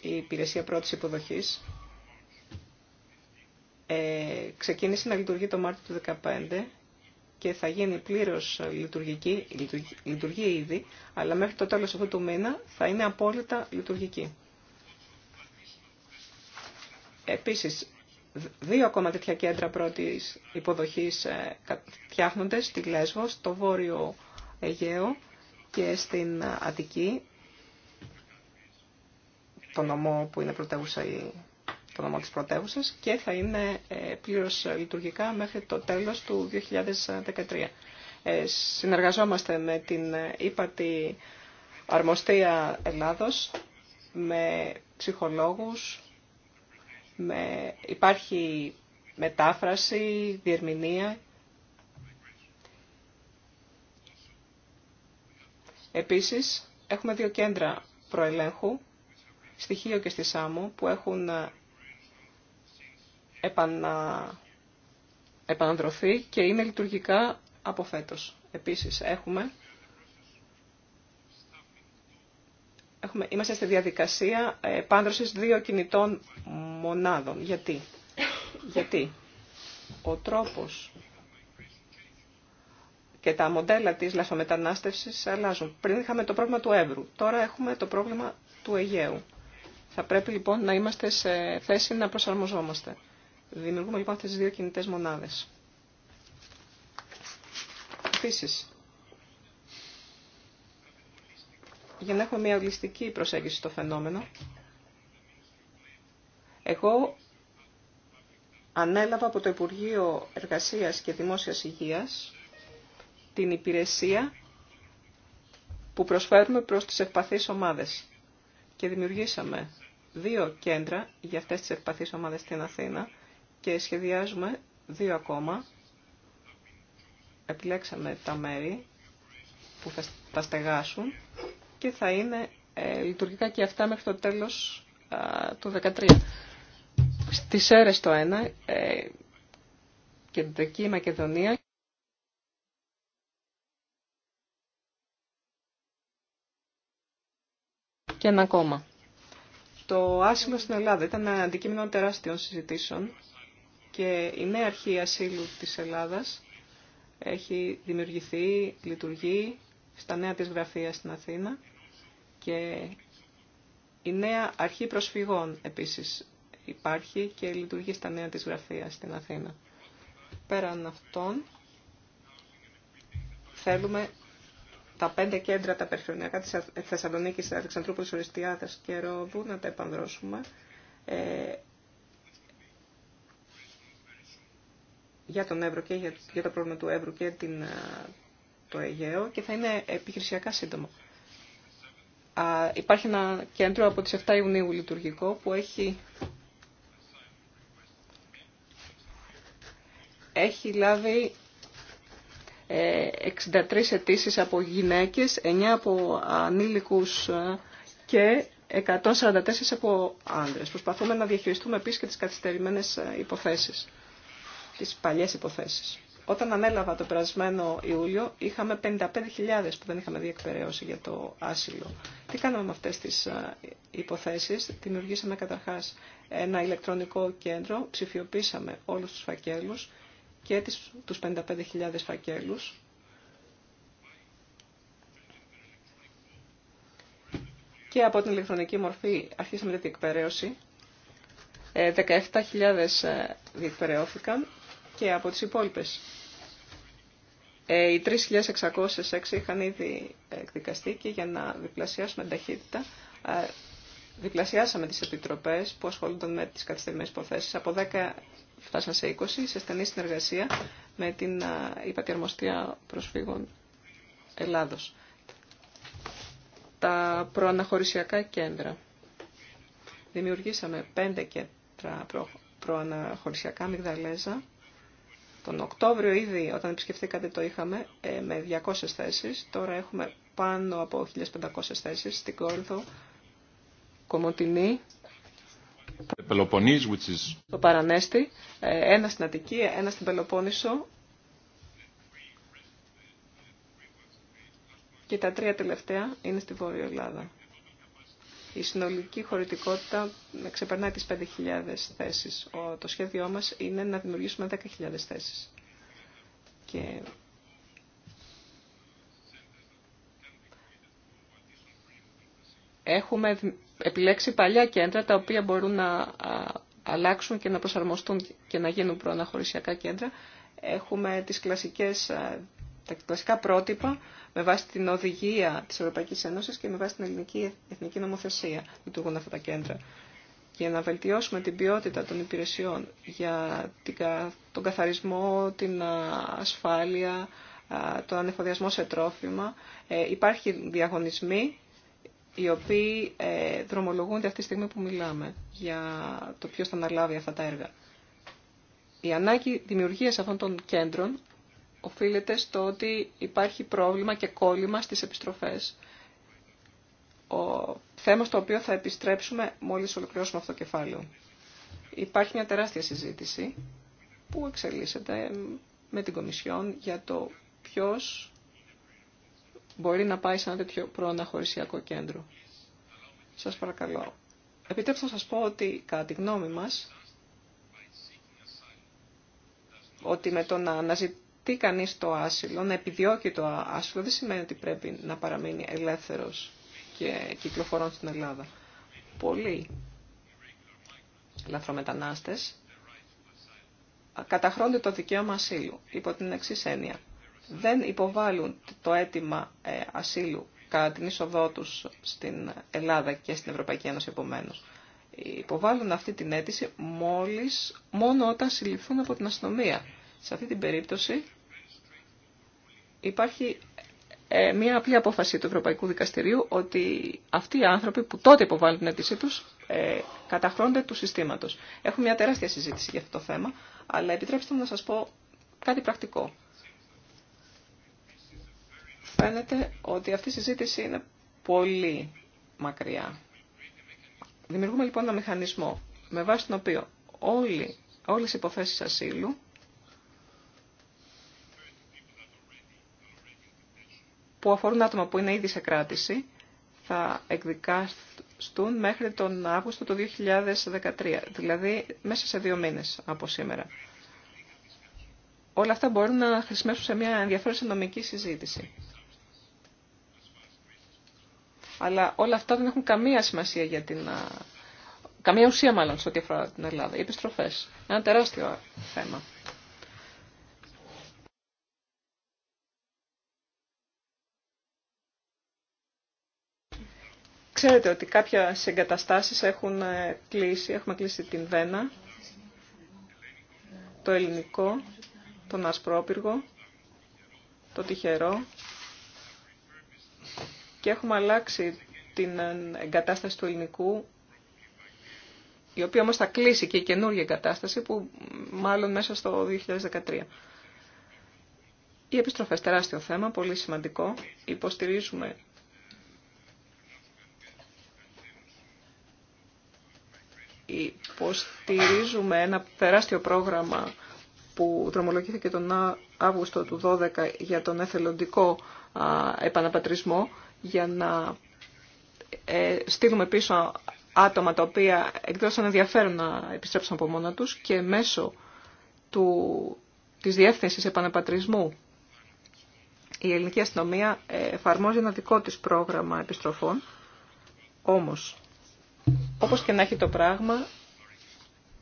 η υπηρεσία πρώτης υποδοχής, ε, ξεκίνησε να λειτουργεί το Μάρτιο του 2015 και θα γίνει πλήρως λειτουργική, λειτουργεί ήδη, αλλά μέχρι το τέλος αυτού του μήνα θα είναι απόλυτα λειτουργική. Επίσης, δύο ακόμα τέτοια κέντρα πρώτης υποδοχής ε, φτιάχνονται στη Λέσβο, στο Βόρειο Αιγαίο και στην Αττική, το νομό που είναι πρωτεύουσα η το νομό της πρωτεύουσας και θα είναι ε, πλήρως λειτουργικά μέχρι το τέλος του 2013. Ε, συνεργαζόμαστε με την ε, ύπατη αρμοστία Ελλάδος, με ψυχολόγους, με... υπάρχει μετάφραση, διερμηνία. Επίσης, έχουμε δύο κέντρα προελέγχου, στη Χίο και στη Σάμο, που έχουν επανα... επαναδροθεί και είναι λειτουργικά από φέτος. Επίσης έχουμε... έχουμε... Είμαστε στη διαδικασία επάνδρωσης δύο κινητών μονάδων. Γιατί? Γιατί ο τρόπος και τα μοντέλα της λαθομετανάστευσης αλλάζουν. Πριν είχαμε το πρόβλημα του Εύρου, τώρα έχουμε το πρόβλημα του Αιγαίου. Θα πρέπει λοιπόν να είμαστε σε θέση να προσαρμοζόμαστε. Δημιουργούμε λοιπόν αυτές τις δύο κινητές μονάδες. Επίσης, για να έχουμε μια ολιστική προσέγγιση στο φαινόμενο, εγώ ανέλαβα από το Υπουργείο Εργασίας και Δημόσιας Υγείας την υπηρεσία που προσφέρουμε προς τις ευπαθείς ομάδες. Και δημιουργήσαμε δύο κέντρα για αυτές τις ευπαθείς ομάδες στην Αθήνα, και σχεδιάζουμε δύο ακόμα. Επιλέξαμε τα μέρη που θα τα στεγάσουν και θα είναι ε, λειτουργικά και αυτά μέχρι το τέλος του 2013. Στις αίρες το ένα, ε, Κεντρική Μακεδονία. Και ένα ακόμα. Το άσυλο στην Ελλάδα ήταν ένα αντικείμενο τεράστιων συζητήσεων και η νέα αρχή ασύλου της Ελλάδας έχει δημιουργηθεί, λειτουργεί στα νέα της γραφεία στην Αθήνα και η νέα αρχή προσφυγών επίσης υπάρχει και λειτουργεί στα νέα της γραφεία στην Αθήνα. Πέραν αυτών, θέλουμε τα πέντε κέντρα τα περιφερειακά της Θεσσαλονίκης, Αλεξανδρούπολης, Οριστιάδας και Ρόμπου να τα επανδρώσουμε. Ε, για τον Εύρο και για, το πρόβλημα του Εύρου και την, ε, το Αιγαίο και θα είναι επιχειρησιακά σύντομο. Α, υπάρχει ένα κέντρο από τις 7 Ιουνίου λειτουργικό που έχει, έχει λάβει 63 ε, αιτήσει από γυναίκες, 9 από ανήλικους ε, και 144 από άντρες. Προσπαθούμε να διαχειριστούμε επίσης και τις καθυστερημένες υποθέσεις τις παλιές υποθέσεις. Όταν ανέλαβα το περασμένο Ιούλιο, είχαμε 55.000 που δεν είχαμε διεκπαιρέωση για το άσυλο. Τι κάναμε με αυτές τις υποθέσεις. Δημιουργήσαμε καταρχάς ένα ηλεκτρονικό κέντρο, ψηφιοποίησαμε όλους τους φακέλους και τις, τους 55.000 φακέλους. Και από την ηλεκτρονική μορφή αρχίσαμε τη διεκπαιρέωση. 17.000 ε, ε, διεκπαιρεώθηκαν και από τις υπόλοιπες. Ε, οι 3.606 είχαν ήδη εκδικαστεί και για να διπλασιάσουμε την ταχύτητα ε, διπλασιάσαμε τις επιτροπές που ασχολούνταν με τις καθυστερημένες υποθέσεις. Από 10 φτάσαν σε 20 σε στενή συνεργασία με την ε, υπατιαρμοστία προσφύγων Ελλάδος. Τα προαναχωρησιακά κέντρα. Δημιουργήσαμε πέντε κέντρα προαναχωρησιακά, Μυγδαλέζα τον Οκτώβριο ήδη όταν επισκεφθήκατε το είχαμε ε, με 200 θέσεις. Τώρα έχουμε πάνω από 1.500 θέσεις στην Κόρδο, Κομωτινή, which is... το Παρανέστη, ε, ένα στην Αττική, ένα στην Πελοπόννησο και τα τρία τελευταία είναι στη Βόρεια Ελλάδα η συνολική χωρητικότητα ξεπερνάει τις 5.000 θέσεις. Το σχέδιό μας είναι να δημιουργήσουμε 10.000 θέσεις. Και έχουμε επιλέξει παλιά κέντρα τα οποία μπορούν να αλλάξουν και να προσαρμοστούν και να γίνουν προαναχωρησιακά κέντρα. Έχουμε τις κλασικές τα κλασικά πρότυπα με βάση την οδηγία της Ευρωπαϊκής Ένωσης και με βάση την ελληνική εθνική νομοθεσία λειτουργούν αυτά τα κέντρα. Για να βελτιώσουμε την ποιότητα των υπηρεσιών για τον καθαρισμό, την ασφάλεια, τον ανεφοδιασμό σε τρόφιμα, ε, υπάρχει διαγωνισμοί οι οποίοι ε, δρομολογούνται αυτή τη στιγμή που μιλάμε για το ποιος θα αναλάβει αυτά τα έργα. Η ανάγκη δημιουργίας αυτών των κέντρων οφείλεται στο ότι υπάρχει πρόβλημα και κόλλημα στις επιστροφές. Ο θέμα στο οποίο θα επιστρέψουμε μόλις ολοκληρώσουμε αυτό το κεφάλαιο. Υπάρχει μια τεράστια συζήτηση που εξελίσσεται με την Κομισιόν για το ποιος μπορεί να πάει σε ένα τέτοιο προαναχωρησιακό κέντρο. Σας παρακαλώ. Επιτρέψτε να σας πω ότι κατά τη γνώμη μας ότι με το να αναζητήσουμε τι κάνει το άσυλο, να επιδιώκει το άσυλο, δεν σημαίνει ότι πρέπει να παραμείνει ελεύθερος και κυκλοφορών στην Ελλάδα. Πολλοί λαθρομετανάστες καταχρώνται το δικαίωμα ασύλου υπό την εξή έννοια. Δεν υποβάλλουν το αίτημα ε, ασύλου κατά την είσοδό του στην Ελλάδα και στην Ευρωπαϊκή Ένωση Επομένω. Υποβάλλουν αυτή την αίτηση μόλις, μόνο όταν συλληφθούν από την αστυνομία σε αυτή την περίπτωση υπάρχει ε, μια απλή απόφαση του Ευρωπαϊκού Δικαστηρίου ότι αυτοί οι άνθρωποι που τότε υποβάλλουν την αίτησή τους ε, καταχρώνται του συστήματος. Έχουμε μια τεράστια συζήτηση για αυτό το θέμα, αλλά επιτρέψτε μου να σας πω κάτι πρακτικό. Φαίνεται ότι αυτή η συζήτηση είναι πολύ μακριά. Δημιουργούμε λοιπόν ένα μηχανισμό με βάση τον οποίο όλοι, όλες οι υποθέσεις ασύλου που αφορούν άτομα που είναι ήδη σε κράτηση θα εκδικαστούν μέχρι τον Αύγουστο του 2013, δηλαδή μέσα σε δύο μήνες από σήμερα. Όλα αυτά μπορούν να χρησιμεύσουν σε μια ενδιαφέρουσα νομική συζήτηση. Αλλά όλα αυτά δεν έχουν καμία σημασία για την... Καμία ουσία μάλλον σε ό,τι αφορά την Ελλάδα. Οι επιστροφές. Ένα τεράστιο θέμα. Ξέρετε ότι κάποια εγκαταστάσεις έχουν ε, κλείσει, έχουμε κλείσει την Βένα, το ελληνικό, τον ασπρόπυργο, το τυχερό και έχουμε αλλάξει την ε, εγκατάσταση του ελληνικού η οποία όμως θα κλείσει και η καινούργια εγκατάσταση που μάλλον μέσα στο 2013. Οι επιστροφές τεράστιο θέμα, πολύ σημαντικό. Υποστηρίζουμε υποστηρίζουμε ένα τεράστιο πρόγραμμα που δρομολογήθηκε τον Αύγουστο του 12 για τον εθελοντικό επαναπατρισμό για να ε, στείλουμε πίσω άτομα τα οποία εκδόσαν ενδιαφέρον να επιστρέψουν από μόνα τους και μέσω του, της διεύθυνσης επαναπατρισμού η ελληνική αστυνομία ε, εφαρμόζει ένα δικό της πρόγραμμα επιστροφών. Όμως, όπως και να έχει το πράγμα,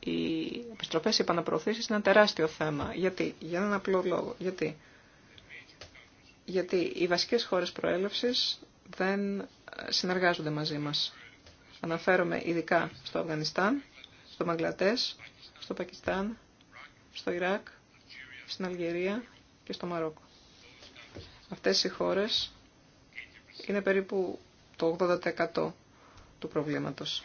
οι επιστροφές, οι επαναπροωθήσεις είναι ένα τεράστιο θέμα. Γιατί, για έναν απλό λόγο, γιατί, γιατί οι βασικές χώρες προέλευσης δεν συνεργάζονται μαζί μας. Αναφέρομαι ειδικά στο Αφγανιστάν, στο Μαγκλατές, στο Πακιστάν, στο Ιράκ, στην Αλγερία και στο Μαρόκο. Αυτές οι χώρες είναι περίπου το 80% του προβλήματος.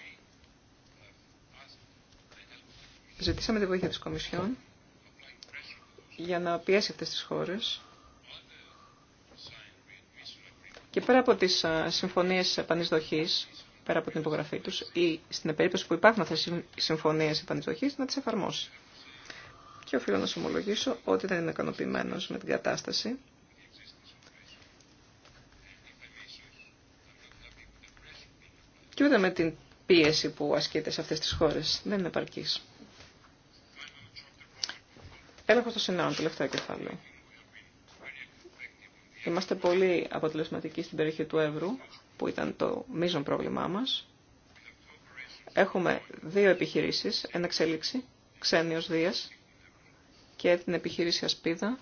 Ζητήσαμε τη βοήθεια της Κομισιόν για να πιέσει αυτές τις χώρες και πέρα από τις συμφωνίες επανεισδοχής, πέρα από την υπογραφή τους ή στην περίπτωση που υπάρχουν αυτές οι συμφωνίες επανεισδοχής, να τις εφαρμόσει. Και οφείλω να σου ομολογήσω ότι δεν είναι ικανοποιημένο με την κατάσταση. Και ούτε με την πίεση που ασκείται σε αυτές τις χώρες. Δεν είναι επαρκής. Έλεγχο των το τελευταίο κεφάλαιο. Είμαστε πολύ αποτελεσματικοί στην περιοχή του Εύρου, που ήταν το μείζον πρόβλημά μας. Έχουμε δύο επιχειρήσεις, ένα εξέλιξη, Ξένιος Δίας και την επιχείρηση Ασπίδα.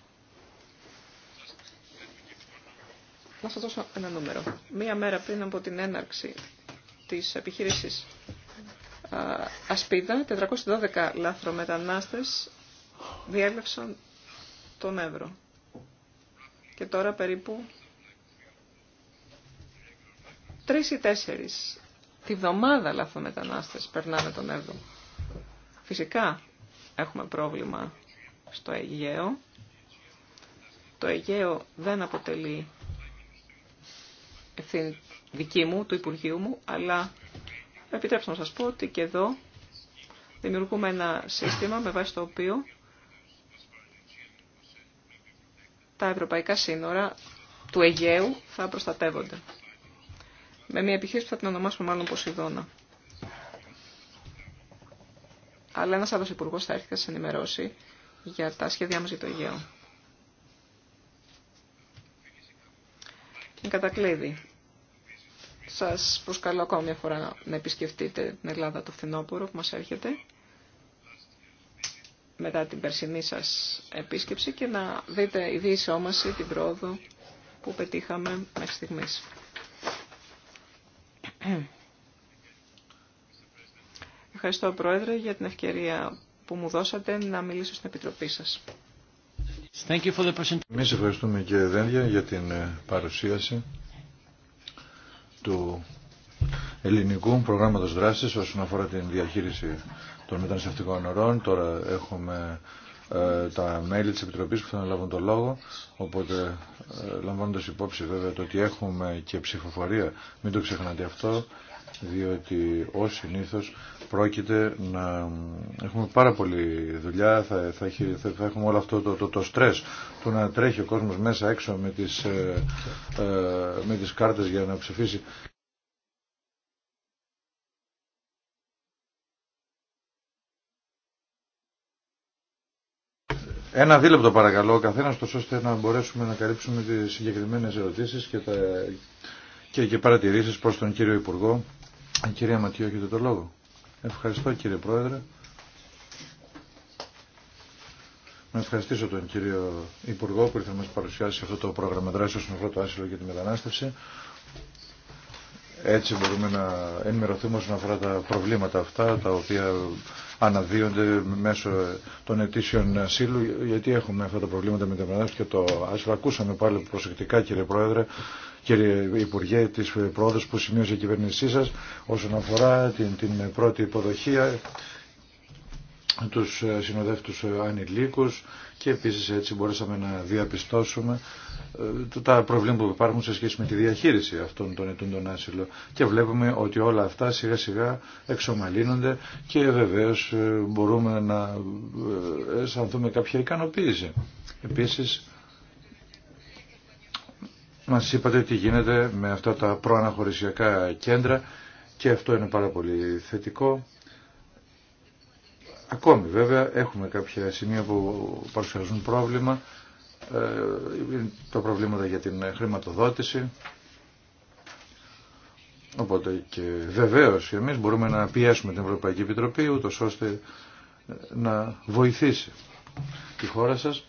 Να σας δώσω ένα νούμερο. Μία μέρα πριν από την έναρξη της επιχείρησης Ασπίδα, 412 λάθρομετανάστες διέλευσαν τον Εύρο. Και τώρα περίπου τρεις ή τέσσερις τη βδομάδα λαθομετανάστες περνάνε τον Εύρο. Φυσικά έχουμε πρόβλημα στο Αιγαίο. Το Αιγαίο δεν αποτελεί ευθύνη δική μου, του Υπουργείου μου, αλλά επιτρέψτε να σας πω ότι και εδώ δημιουργούμε ένα σύστημα με βάση το οποίο τα ευρωπαϊκά σύνορα του Αιγαίου θα προστατεύονται. Με μια επιχείρηση που θα την ονομάσουμε μάλλον Ποσειδώνα. Αλλά ένας άλλος υπουργό θα έρθει να σας ενημερώσει για τα σχέδιά μας για το Αιγαίο. Είναι κατακλείδη. Σας προσκαλώ ακόμα μια φορά να επισκεφτείτε την Ελλάδα το φθινόπωρο που μας έρχεται μετά την περσινή σας επίσκεψη και να δείτε η διεισόμαση, την πρόοδο που πετύχαμε μέχρι στιγμής. Ευχαριστώ, Πρόεδρε, για την ευκαιρία που μου δώσατε να μιλήσω στην Επιτροπή σας. Εμείς ευχαριστούμε, κύριε Δένδια, για την ε, παρουσίαση του ελληνικού προγράμματος δράσης όσον αφορά την διαχείριση των μεταναστευτικών ορών. Τώρα έχουμε ε, τα μέλη της Επιτροπής που θα αναλάβουν το λόγο. Οπότε ε, λαμβάνοντας υπόψη βέβαια το ότι έχουμε και ψηφοφορία, μην το ξεχνάτε αυτό, διότι ως συνήθως πρόκειται να έχουμε πάρα πολύ δουλειά, θα, θα, έχουμε όλο αυτό το, το, το στρες του να τρέχει ο κόσμος μέσα έξω με τις, ε, ε με τις κάρτες για να ψηφίσει. Ένα δίλεπτο παρακαλώ ο καθένας, ώστε να μπορέσουμε να καλύψουμε τις συγκεκριμένες ερωτήσεις και, τα... και, και παρατηρήσεις προς τον κύριο Υπουργό. κυρία Ματιώ, έχετε το λόγο. Ευχαριστώ κύριε Πρόεδρε. Να ευχαριστήσω τον κύριο Υπουργό που ήρθε να μας παρουσιάσει αυτό το πρόγραμμα δράση όσον αφορά το άσυλο και τη μετανάστευση. Έτσι μπορούμε να ενημερωθούμε όσον αφορά τα προβλήματα αυτά τα οποία αναδύονται μέσω των αιτήσεων ασύλου, γιατί έχουμε αυτά τα προβλήματα με την μετανάστες και το άσυλο. Ακούσαμε πάλι προσεκτικά, κύριε Πρόεδρε, κύριε Υπουργέ, της Πρόεδρος, που σημείωσε η κυβέρνησή σας όσον αφορά την, την πρώτη υποδοχή τους ε, συνοδεύτους ε, ανηλίκους και επίσης έτσι μπορέσαμε να διαπιστώσουμε ε, τα προβλήματα που υπάρχουν σε σχέση με τη διαχείριση αυτών των ετούντων άσυλο και βλέπουμε ότι όλα αυτά σιγά σιγά εξομαλύνονται και βεβαίως μπορούμε να αισθανθούμε κάποια ικανοποίηση. Επίσης μας είπατε τι γίνεται με αυτά τα προαναχωρησιακά κέντρα και αυτό είναι πάρα πολύ θετικό Ακόμη βέβαια έχουμε κάποια σημεία που παρουσιάζουν πρόβλημα, ε, τα προβλήματα για την χρηματοδότηση. Οπότε και βεβαίως εμείς μπορούμε να πιέσουμε την Ευρωπαϊκή Επιτροπή ούτως ώστε ε, να βοηθήσει τη χώρα σας.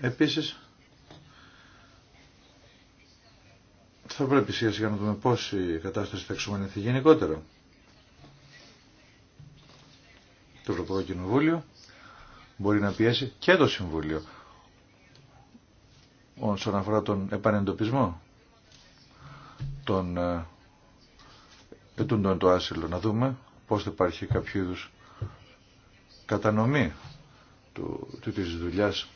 Επίσης θα πρέπει σιγά σιγά να δούμε πώς η κατάσταση θα εξομανηθεί γενικότερα. Το Ευρωπαϊκό Κοινοβούλιο μπορεί να πιέσει και το Συμβούλιο όσον αφορά τον επανεντοπισμό των ε, ετούντων του άσυλου. Να δούμε πώς θα υπάρχει κάποιο είδου κατανομή του, της δουλειάς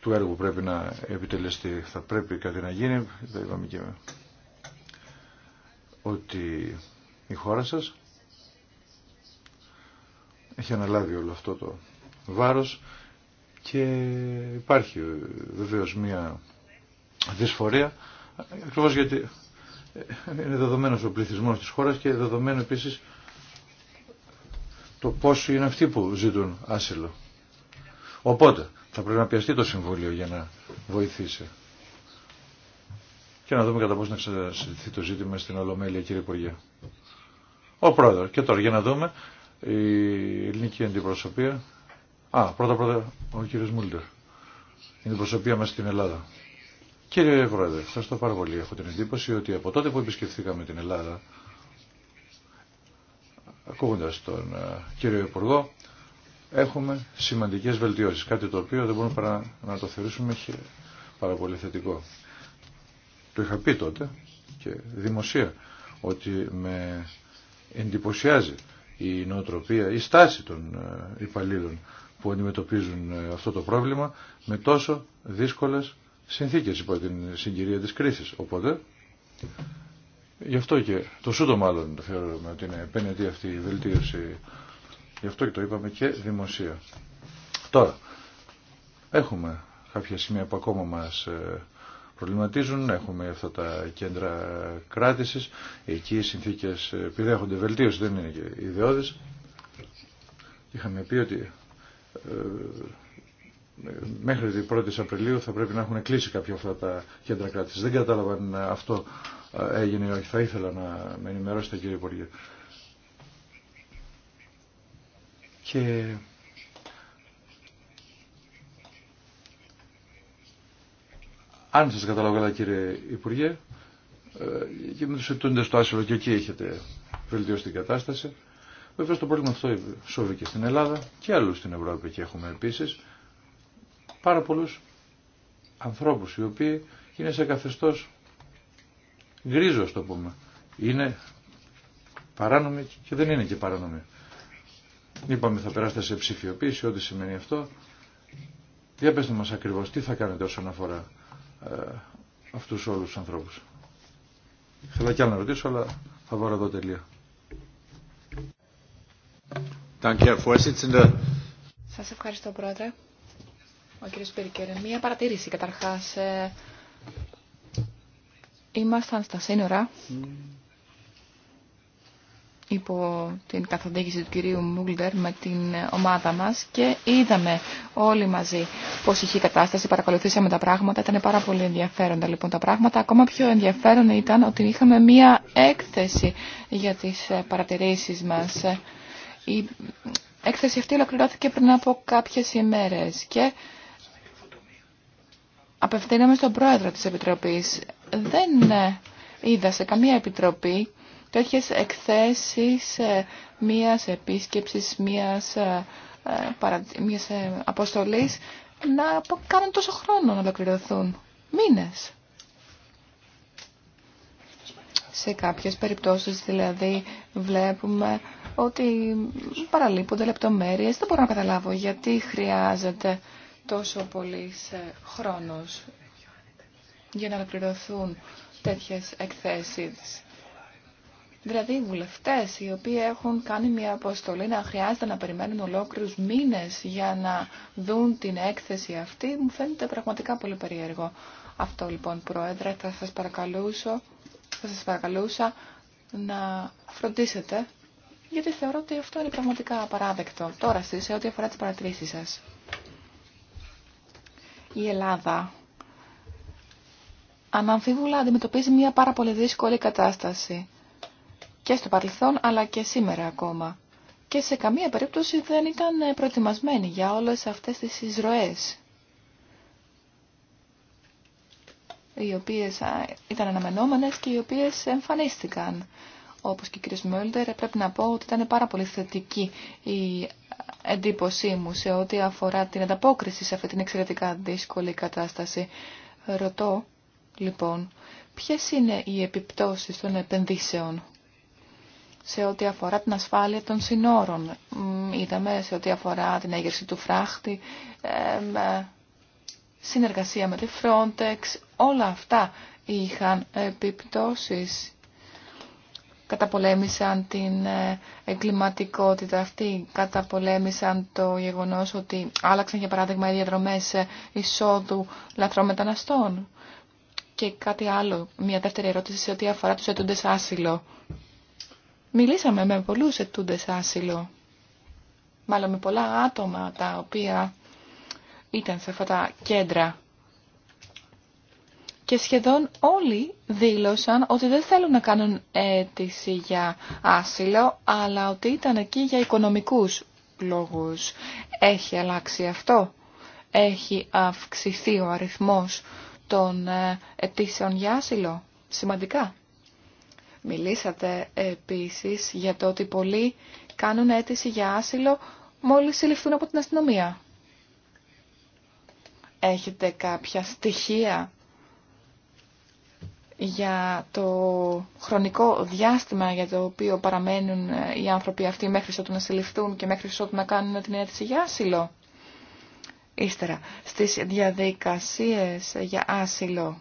του έργου που πρέπει να επιτελεστεί. Θα πρέπει κάτι να γίνει, θα είπαμε και ότι η χώρα σας έχει αναλάβει όλο αυτό το βάρος και υπάρχει βεβαίως μία δυσφορία ακριβώ γιατί ε, είναι δεδομένος ο πληθυσμός της χώρας και δεδομένο επίσης το πόσο είναι αυτοί που ζητούν άσυλο. Οπότε θα πρέπει να πιαστεί το Συμβούλιο για να βοηθήσει. Και να δούμε κατά πόσο να ξανασυνθεί το ζήτημα στην Ολομέλεια, κύριε Υπουργέ. Ο πρόεδρο. Και τώρα για να δούμε η ελληνική αντιπροσωπεία. Α, πρώτα πρώτα ο κύριος Μούλτερ. Η αντιπροσωπεία μας στην Ελλάδα. Κύριε Πρόεδρε, ευχαριστώ πάρα πολύ. Έχω την εντύπωση ότι από τότε που επισκεφθήκαμε την Ελλάδα, ακούγοντα τον ε, κύριο Υπουργό, έχουμε σημαντικέ βελτιώσει. Κάτι το οποίο δεν μπορούμε παρά να το θεωρήσουμε πάρα πολύ θετικό. Το είχα πει τότε και δημοσία ότι με εντυπωσιάζει η νοοτροπία, η στάση των ε, υπαλλήλων που αντιμετωπίζουν ε, αυτό το πρόβλημα με τόσο δύσκολες συνθήκες υπό την συγκυρία της κρίσης. Οπότε, γι' αυτό και το σούτο μάλλον θεωρούμε ότι είναι επένετη αυτή η βελτίωση. Γι' αυτό και το είπαμε και δημοσία. Τώρα, έχουμε κάποια σημεία που ακόμα μας ε, προβληματίζουν. Έχουμε αυτά τα κέντρα κράτησης. Εκεί οι συνθήκες επιδέχονται βελτίωση, δεν είναι και Είχαμε πει ότι ε, μέχρι την 1η Απριλίου θα πρέπει να έχουν κλείσει κάποια αυτά τα κέντρα κράτησης. Δεν κατάλαβαν αυτό ε, έγινε ή όχι. Θα ήθελα να με ενημερώσετε κύριε Υπουργέ. Και Αν σας καταλάβω καλά κύριε Υπουργέ, ε, και με τους ετούντες στο άσυλο και εκεί έχετε βελτιώσει την κατάσταση. Βέβαια το πρόβλημα αυτό σώβει και στην Ελλάδα και αλλού στην Ευρώπη και έχουμε επίσης πάρα πολλούς ανθρώπους οι οποίοι είναι σε καθεστώς γκρίζο το πούμε. Είναι παράνομοι και δεν είναι και παράνομοι. Είπαμε θα περάσετε σε ψηφιοποίηση, ό,τι σημαίνει αυτό. Διαπέστε πέστε μας ακριβώς τι θα κάνετε όσον αφορά ε, αυτούς όλους τους ανθρώπους. Θέλω κι άλλο να ρωτήσω, αλλά θα βάλω εδώ τελεία. Σας ευχαριστώ, Πρόεδρε. Ο κύριος Πίρκερ, μία παρατήρηση καταρχάς. Ε, ήμασταν στα σύνορα υπό την καθοδήγηση του κυρίου Μούλτερ με την ομάδα μας και είδαμε όλοι μαζί πώς είχε η κατάσταση, παρακολουθήσαμε τα πράγματα, ήταν πάρα πολύ ενδιαφέροντα λοιπόν τα πράγματα. Ακόμα πιο ενδιαφέρον ήταν ότι είχαμε μία έκθεση για τις ε, παρατηρήσεις μας. Η έκθεση αυτή ολοκληρώθηκε πριν από κάποιες ημέρες και απευθύναμε στον πρόεδρο της Επιτροπής. Δεν ε, είδα σε καμία επιτροπή τέτοιες εκθέσεις ε, μίας επίσκεψης, μίας, ε, μίας ε, αποστολής να κάνουν τόσο χρόνο να ολοκληρωθούν. Μήνες. Σε κάποιες περιπτώσεις δηλαδή βλέπουμε ότι παραλείπονται λεπτομέρειες. Δεν μπορώ να καταλάβω γιατί χρειάζεται τόσο πολύ χρόνος για να ολοκληρωθούν τέτοιες εκθέσεις. Δηλαδή, οι βουλευτέ οι οποίοι έχουν κάνει μια αποστολή να χρειάζεται να περιμένουν ολόκληρου μήνε για να δουν την έκθεση αυτή, μου φαίνεται πραγματικά πολύ περίεργο. Αυτό λοιπόν, Πρόεδρε, θα σας παρακαλούσω, θα σας παρακαλούσα να φροντίσετε, γιατί θεωρώ ότι αυτό είναι πραγματικά απαράδεκτο. Τώρα στις, σε ό,τι αφορά τις παρατηρήσεις σας. Η Ελλάδα αναμφίβολα αντιμετωπίζει μια πάρα πολύ δύσκολη κατάσταση και στο παρελθόν αλλά και σήμερα ακόμα. Και σε καμία περίπτωση δεν ήταν προετοιμασμένοι για όλες αυτές τις εισρωές οι οποίες ήταν αναμενόμενες και οι οποίες εμφανίστηκαν. Όπως και ο κ. Μιόλτερ, πρέπει να πω ότι ήταν πάρα πολύ θετική η εντύπωσή μου σε ό,τι αφορά την ανταπόκριση σε αυτή την εξαιρετικά δύσκολη κατάσταση. Ρωτώ, λοιπόν, ποιες είναι οι επιπτώσεις των επενδύσεων σε ό,τι αφορά την ασφάλεια των συνόρων. Είδαμε σε ό,τι αφορά την έγερση του φράχτη, ε, συνεργασία με τη Frontex, όλα αυτά είχαν επιπτώσεις. Καταπολέμησαν την ε, εγκληματικότητα αυτή, καταπολέμησαν το γεγονός ότι άλλαξαν για παράδειγμα οι διαδρομές ε, εισόδου λαθρομεταναστών. Και κάτι άλλο, μια δεύτερη ερώτηση σε ό,τι αφορά τους έτοντες άσυλο. Μιλήσαμε με πολλούς ετούντες άσυλο, μάλλον με πολλά άτομα τα οποία ήταν σε αυτά τα κέντρα και σχεδόν όλοι δήλωσαν ότι δεν θέλουν να κάνουν αίτηση για άσυλο, αλλά ότι ήταν εκεί για οικονομικούς λόγους. Έχει αλλάξει αυτό. Έχει αυξηθεί ο αριθμός των ε, αιτήσεων για άσυλο. Σημαντικά. Μιλήσατε επίσης για το ότι πολλοί κάνουν αίτηση για άσυλο μόλις συλληφθούν από την αστυνομία. Έχετε κάποια στοιχεία για το χρονικό διάστημα για το οποίο παραμένουν οι άνθρωποι αυτοί μέχρι ότου να συλληφθούν και μέχρι ότου να κάνουν την αίτηση για άσυλο. Ύστερα, στις διαδικασίες για άσυλο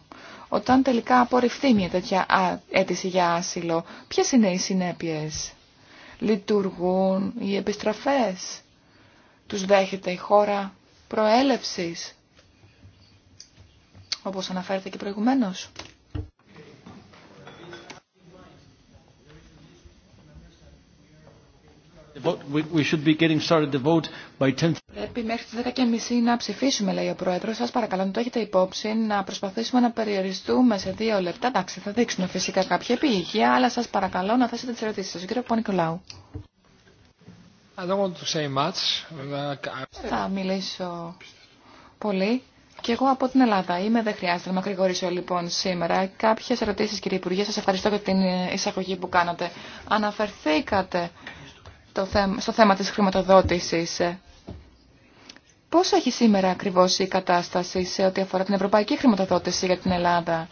όταν τελικά απορριφθεί μια τέτοια αίτηση για άσυλο, ποιες είναι οι συνέπειες. Λειτουργούν οι επιστροφές. Τους δέχεται η χώρα προέλευσης, όπως αναφέρεται και προηγουμένως. Πρέπει μέχρι τις 10.30 να ψηφίσουμε, λέει ο Πρόεδρος. Σας παρακαλώ να το έχετε υπόψη, να προσπαθήσουμε να περιοριστούμε σε δύο λεπτά. Εντάξει, θα δείξουμε φυσικά κάποια επίοικια, αλλά σας παρακαλώ να θέσετε τις ερωτήσεις σας. κύριε κύριο Πονικολάου. Θα μιλήσω πολύ. Και εγώ από την Ελλάδα είμαι, δεν χρειάζεται να μακρηγορήσω λοιπόν σήμερα. Κάποιες ερωτήσεις κύριε Υπουργέ, σας ευχαριστώ για την εισαγωγή που κάνατε. Αναφερθήκατε το θέμα, στο θέμα της χρηματοδότησης. Πώς έχει σήμερα ακριβώς η κατάσταση σε ό,τι αφορά την ευρωπαϊκή χρηματοδότηση για την Ελλάδα.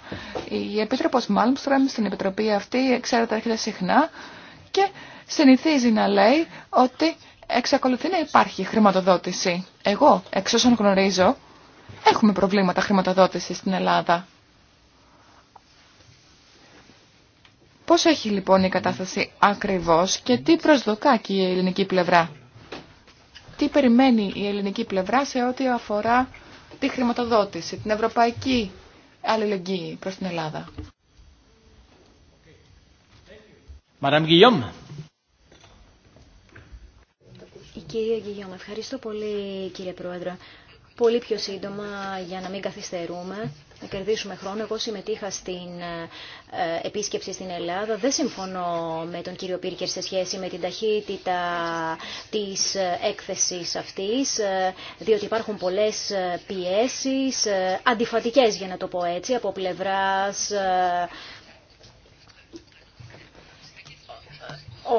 Η Επίτροπος Μάλμστρομ στην Επιτροπή αυτή, ξέρετε, έρχεται συχνά και συνηθίζει να λέει ότι εξακολουθεί να υπάρχει χρηματοδότηση. Εγώ, εξ όσων γνωρίζω, έχουμε προβλήματα χρηματοδότησης στην Ελλάδα. Πώς έχει λοιπόν η κατάσταση ακριβώς και τι προσδοκά και η ελληνική πλευρά. Τι περιμένει η ελληνική πλευρά σε ό,τι αφορά τη χρηματοδότηση, την ευρωπαϊκή αλληλεγγύη προς την Ελλάδα. Μαράμ Η κυρία Γκυγιώμ, ευχαριστώ πολύ κύριε Πρόεδρε. Πολύ πιο σύντομα για να μην καθυστερούμε να κερδίσουμε χρόνο. Εγώ συμμετείχα στην ε, ε, επίσκεψη στην Ελλάδα. Δεν συμφωνώ με τον κύριο Πίρκερ σε σχέση με την ταχύτητα της ε, έκθεσης αυτής, διότι υπάρχουν πολλές πιέσεις, αντιφατικές για να το πω έτσι, από πλευράς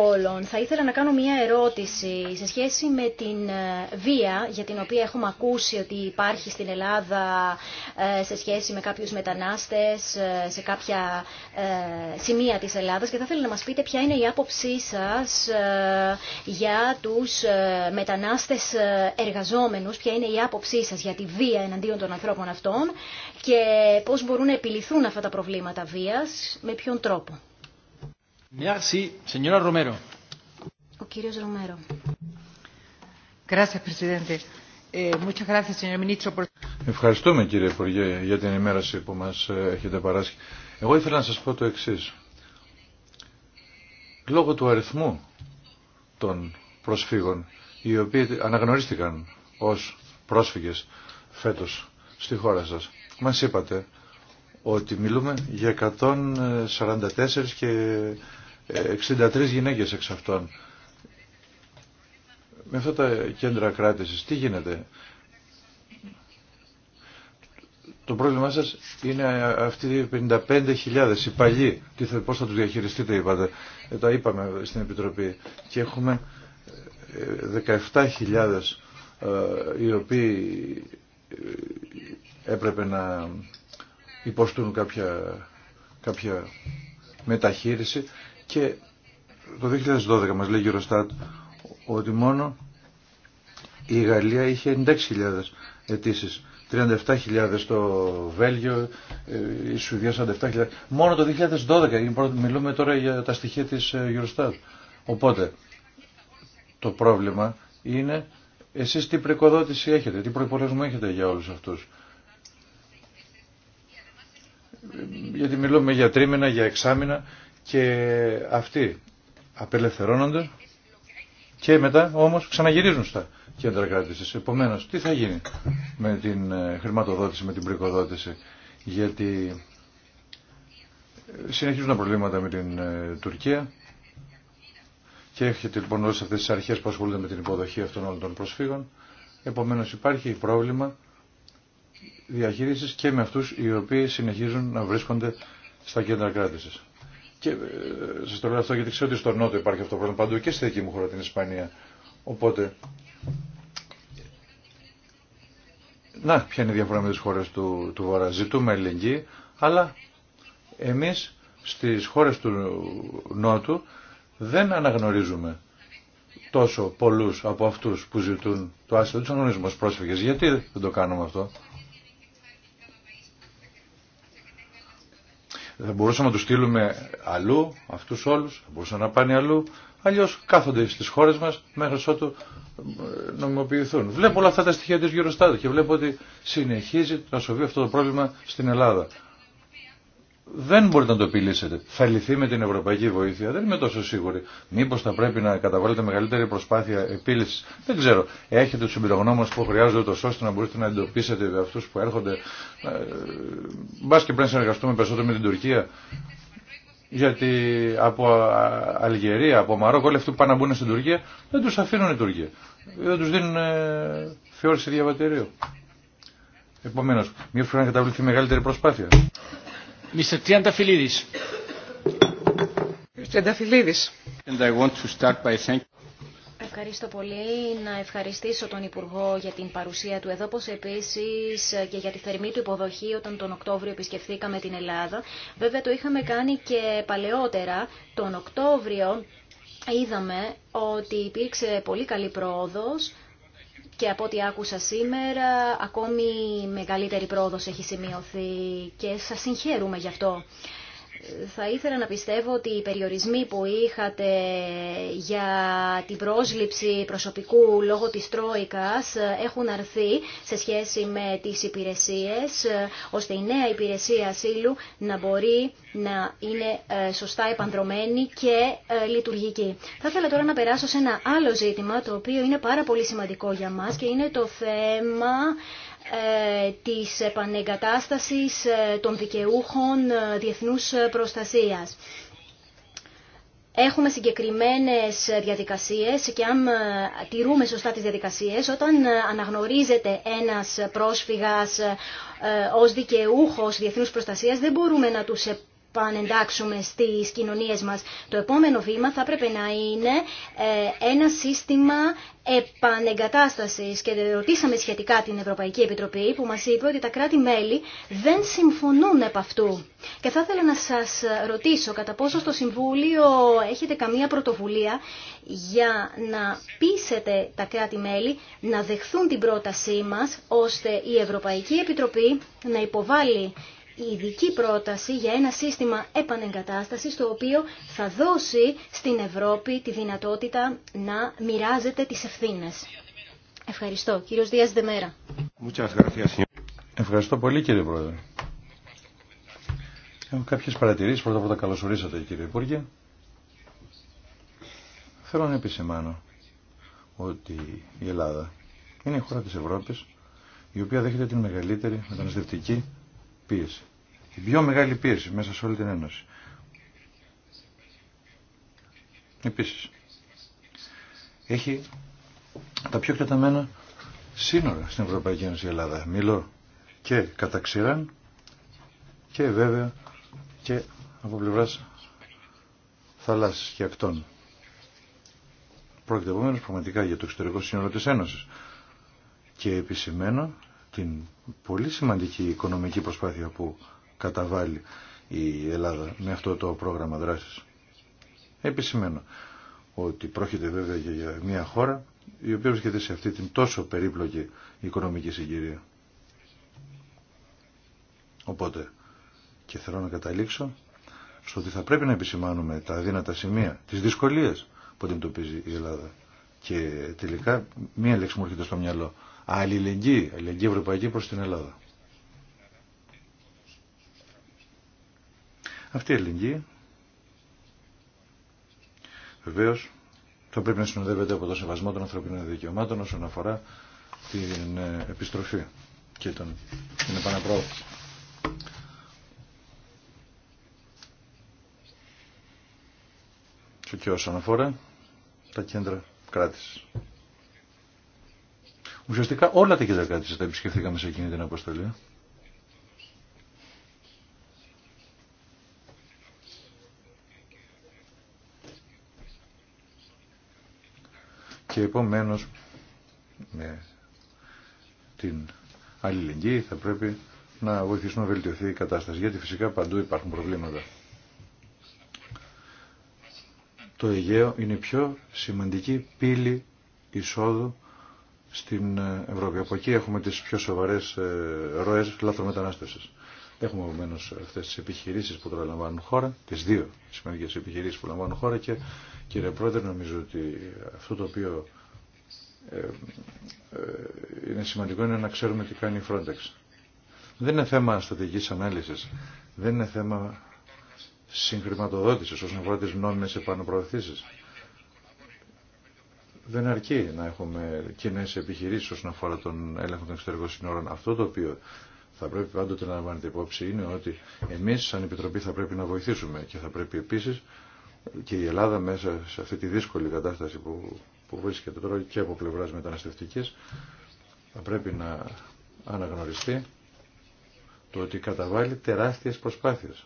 όλων. Θα ήθελα να κάνω μια ερώτηση σε σχέση με την ε, βία για την οποία έχουμε ακούσει ότι υπάρχει στην Ελλάδα ε, σε σχέση με κάποιους μετανάστες ε, σε κάποια σημεία της Ελλάδας και θα ήθελα να μας πείτε ποια είναι η άποψή σας για τους μετανάστες εργαζόμενους, ποια είναι η άποψή σας για τη βία εναντίον των ανθρώπων αυτών και πώς μπορούν να επιληθούν αυτά τα προβλήματα βίας, με ποιον τρόπο. Ευχαριστούμε κύριε Υπουργέ για την ενημέρωση που μας ε, έχετε παράσχει. Εγώ ήθελα να σας πω το εξής. Λόγω του αριθμού των προσφύγων, οι οποίοι αναγνωρίστηκαν ως πρόσφυγες φέτος στη χώρα σας, μας είπατε ότι μιλούμε για 144 και 63 γυναίκες εξ αυτών. Με αυτά τα κέντρα κράτησης, τι γίνεται. Το πρόβλημά σας είναι αυτοί οι 55.000 υπαλλοί. Τι θα, πώς θα τους διαχειριστείτε είπατε. Ε, τα είπαμε στην Επιτροπή. Και έχουμε 17.000 ε, ε, οι οποίοι έπρεπε να υποστούν κάποια, κάποια μεταχείριση και το 2012 μας λέει η Eurostat ότι μόνο η Γαλλία είχε 96.000 αιτήσει. 37.000 στο Βέλγιο, ε, η Σουηδία 47.000. Μόνο το 2012, μιλούμε τώρα για τα στοιχεία της ε, Eurostat. Οπότε, το πρόβλημα είναι εσείς τι προποδότηση έχετε, τι προϋπολογισμό έχετε για όλους αυτούς. Ε, γιατί μιλούμε για τρίμηνα, για εξάμηνα και αυτοί απελευθερώνονται και μετά όμως ξαναγυρίζουν στα κέντρα κράτησης. Επομένως, τι θα γίνει με την ε, χρηματοδότηση, με την πρικοδότηση, γιατί συνεχίζουν τα προβλήματα με την ε, Τουρκία και έχετε λοιπόν όλε αυτές τις αρχές που ασχολούνται με την υποδοχή αυτών όλων των προσφύγων. Επομένως υπάρχει πρόβλημα διαχείρισης και με αυτούς οι οποίοι συνεχίζουν να βρίσκονται στα κέντρα κράτησης. Και ε, σα το λέω αυτό γιατί ξέρω ότι στο Νότο υπάρχει αυτό το πρόβλημα παντού και στη δική μου χώρα την Ισπανία. Οπότε. Να, ποια είναι η διαφορά με τι χώρε του, του Βορρά. Ζητούμε ελληνική, αλλά εμεί στι χώρε του Νότου δεν αναγνωρίζουμε τόσο πολλού από αυτού που ζητούν το άσυλο του αναγνωρίζουμε ω πρόσφυγες. Γιατί δεν το κάνουμε αυτό. Θα μπορούσαμε να του στείλουμε αλλού, αυτού όλου, θα μπορούσαν να πάνε αλλού, αλλιώς κάθονται στις χώρες μας μέχρι ότου ε, νομιμοποιηθούν. Βλέπω όλα αυτά τα στοιχεία της Eurostat και βλέπω ότι συνεχίζει να σοβεί αυτό το πρόβλημα στην Ελλάδα δεν μπορείτε να το επιλύσετε. Θα λυθεί με την ευρωπαϊκή βοήθεια. Δεν είμαι τόσο σίγουρη. Μήπω θα πρέπει να καταβάλλετε μεγαλύτερη προσπάθεια επίλυση. Δεν ξέρω. Έχετε του εμπειρογνώμονε που χρειάζονται τόσο ώστε να μπορείτε να εντοπίσετε αυτού που έρχονται. Ε, Μπα και πρέπει να συνεργαστούμε περισσότερο με την Τουρκία. Γιατί από Αλγερία, από Μαρόκο, όλοι αυτοί που πάνε να μπουν στην Τουρκία δεν του αφήνουν η Τουρκία. Δεν του δίνουν ε, θεώρηση διαβατηρίου. Επομένω, μία φορά να καταβληθεί μεγαλύτερη προσπάθεια. Ευχαριστώ πολύ. Να ευχαριστήσω τον Υπουργό για την παρουσία του εδώ, όπως επίσης και για τη θερμή του υποδοχή όταν τον Οκτώβριο επισκεφθήκαμε την Ελλάδα. Βέβαια το είχαμε κάνει και παλαιότερα. Τον Οκτώβριο είδαμε ότι υπήρξε πολύ καλή πρόοδος και από ό,τι άκουσα σήμερα ακόμη μεγαλύτερη πρόοδος έχει σημειωθεί και σας συγχαίρουμε γι' αυτό θα ήθελα να πιστεύω ότι οι περιορισμοί που είχατε για την πρόσληψη προσωπικού λόγω της Τρόικας έχουν αρθεί σε σχέση με τις υπηρεσίες, ώστε η νέα υπηρεσία ασύλου να μπορεί να είναι ε, σωστά επανδρομένη και ε, λειτουργική. Θα ήθελα τώρα να περάσω σε ένα άλλο ζήτημα, το οποίο είναι πάρα πολύ σημαντικό για μας και είναι το θέμα ε, της επανεγκατάστασης ε, των δικαιούχων ε, διεθνούς προστασίας. Έχουμε συγκεκριμένες διαδικασίες και αν τηρούμε σωστά τις διαδικασίες, όταν αναγνωρίζεται ένας πρόσφυγας ως δικαιούχος διεθνούς προστασίας, δεν μπορούμε να τους πανεντάξουμε στις κοινωνίες μας. Το επόμενο βήμα θα πρέπει να είναι ε, ένα σύστημα επανεγκατάστασης και ρωτήσαμε σχετικά την Ευρωπαϊκή Επιτροπή που μας είπε ότι τα κράτη-μέλη δεν συμφωνούν επ' αυτού. Και θα ήθελα να σας ρωτήσω κατά πόσο στο Συμβούλιο έχετε καμία πρωτοβουλία για να πείσετε τα κράτη-μέλη να δεχθούν την πρότασή μας ώστε η Ευρωπαϊκή Επιτροπή να υποβάλει η ειδική πρόταση για ένα σύστημα επανεγκατάστασης το οποίο θα δώσει στην Ευρώπη τη δυνατότητα να μοιράζεται τις ευθύνες. Ευχαριστώ. Κύριος Δίας Δεμέρα. Ευχαριστώ πολύ κύριε Πρόεδρε. Έχω κάποιες παρατηρήσεις. Πρώτα απ' όλα καλωσορίσατε κύριε Υπουργέ. Θέλω να επισημάνω ότι η Ελλάδα είναι η χώρα της Ευρώπης η οποία δέχεται την μεγαλύτερη μεταναστευτική η πιο μεγάλη πίεση μέσα σε όλη την Ένωση. Επίσης, έχει τα πιο εκτεταμένα σύνορα στην Ευρωπαϊκή Ένωση η Ελλάδα. Μιλώ και κατά και βέβαια και από πλευράς θαλάσσης και ακτών. Πρόκειται επομένως πραγματικά για το εξωτερικό σύνορο της Ένωσης. Και επισημένω την πολύ σημαντική οικονομική προσπάθεια που καταβάλει η Ελλάδα με αυτό το πρόγραμμα δράσης. Επισημένω ότι πρόκειται βέβαια για μια χώρα η οποία βρίσκεται σε αυτή την τόσο περίπλοκη οικονομική συγκυρία. Οπότε και θέλω να καταλήξω στο ότι θα πρέπει να επισημάνουμε τα δύνατα σημεία, τις δυσκολίες που αντιμετωπίζει η Ελλάδα. Και τελικά μία λέξη μου έρχεται στο μυαλό αλληλεγγύη, αλληλεγγύη ευρωπαϊκή προς την Ελλάδα. Αυτή η αλληλεγγύη βεβαίω θα πρέπει να συνοδεύεται από το σεβασμό των ανθρωπίνων δικαιωμάτων όσον αφορά την ε, επιστροφή και τον, την επαναπρόθεση. Και όσον αφορά τα κέντρα κράτησης. Ουσιαστικά όλα τα κεντρικά της τα επισκεφθήκαμε σε εκείνη την αποστολή. Και επομένως με την αλληλεγγύη θα πρέπει να βοηθήσουμε να βελτιωθεί η κατάσταση, γιατί φυσικά παντού υπάρχουν προβλήματα. Το Αιγαίο είναι η πιο σημαντική πύλη εισόδου στην ε, Ευρώπη. Από εκεί έχουμε τις πιο σοβαρές ε, ροές λάθρομετανάστευσης. Έχουμε επομένω αυτέ τι επιχειρήσει που τώρα λαμβάνουν χώρα, τις δύο σημαντικέ επιχειρήσει που λαμβάνουν χώρα και κύριε Πρόεδρε, νομίζω ότι αυτό το οποίο ε, είναι σημαντικό είναι να ξέρουμε τι κάνει η Frontex. Δεν είναι θέμα στρατηγική ανάλυση, δεν είναι θέμα συγκρηματοδότηση όσον αφορά τι νόμιμε επαναπροωθήσει δεν αρκεί να έχουμε κοινέ επιχειρήσει όσον αφορά τον έλεγχο των εξωτερικών συνόρων. Αυτό το οποίο θα πρέπει πάντοτε να λαμβάνετε υπόψη είναι ότι εμεί σαν Επιτροπή θα πρέπει να βοηθήσουμε και θα πρέπει επίση και η Ελλάδα μέσα σε αυτή τη δύσκολη κατάσταση που, που βρίσκεται τώρα και από πλευρά μεταναστευτική θα πρέπει να αναγνωριστεί το ότι καταβάλει τεράστιε προσπάθειες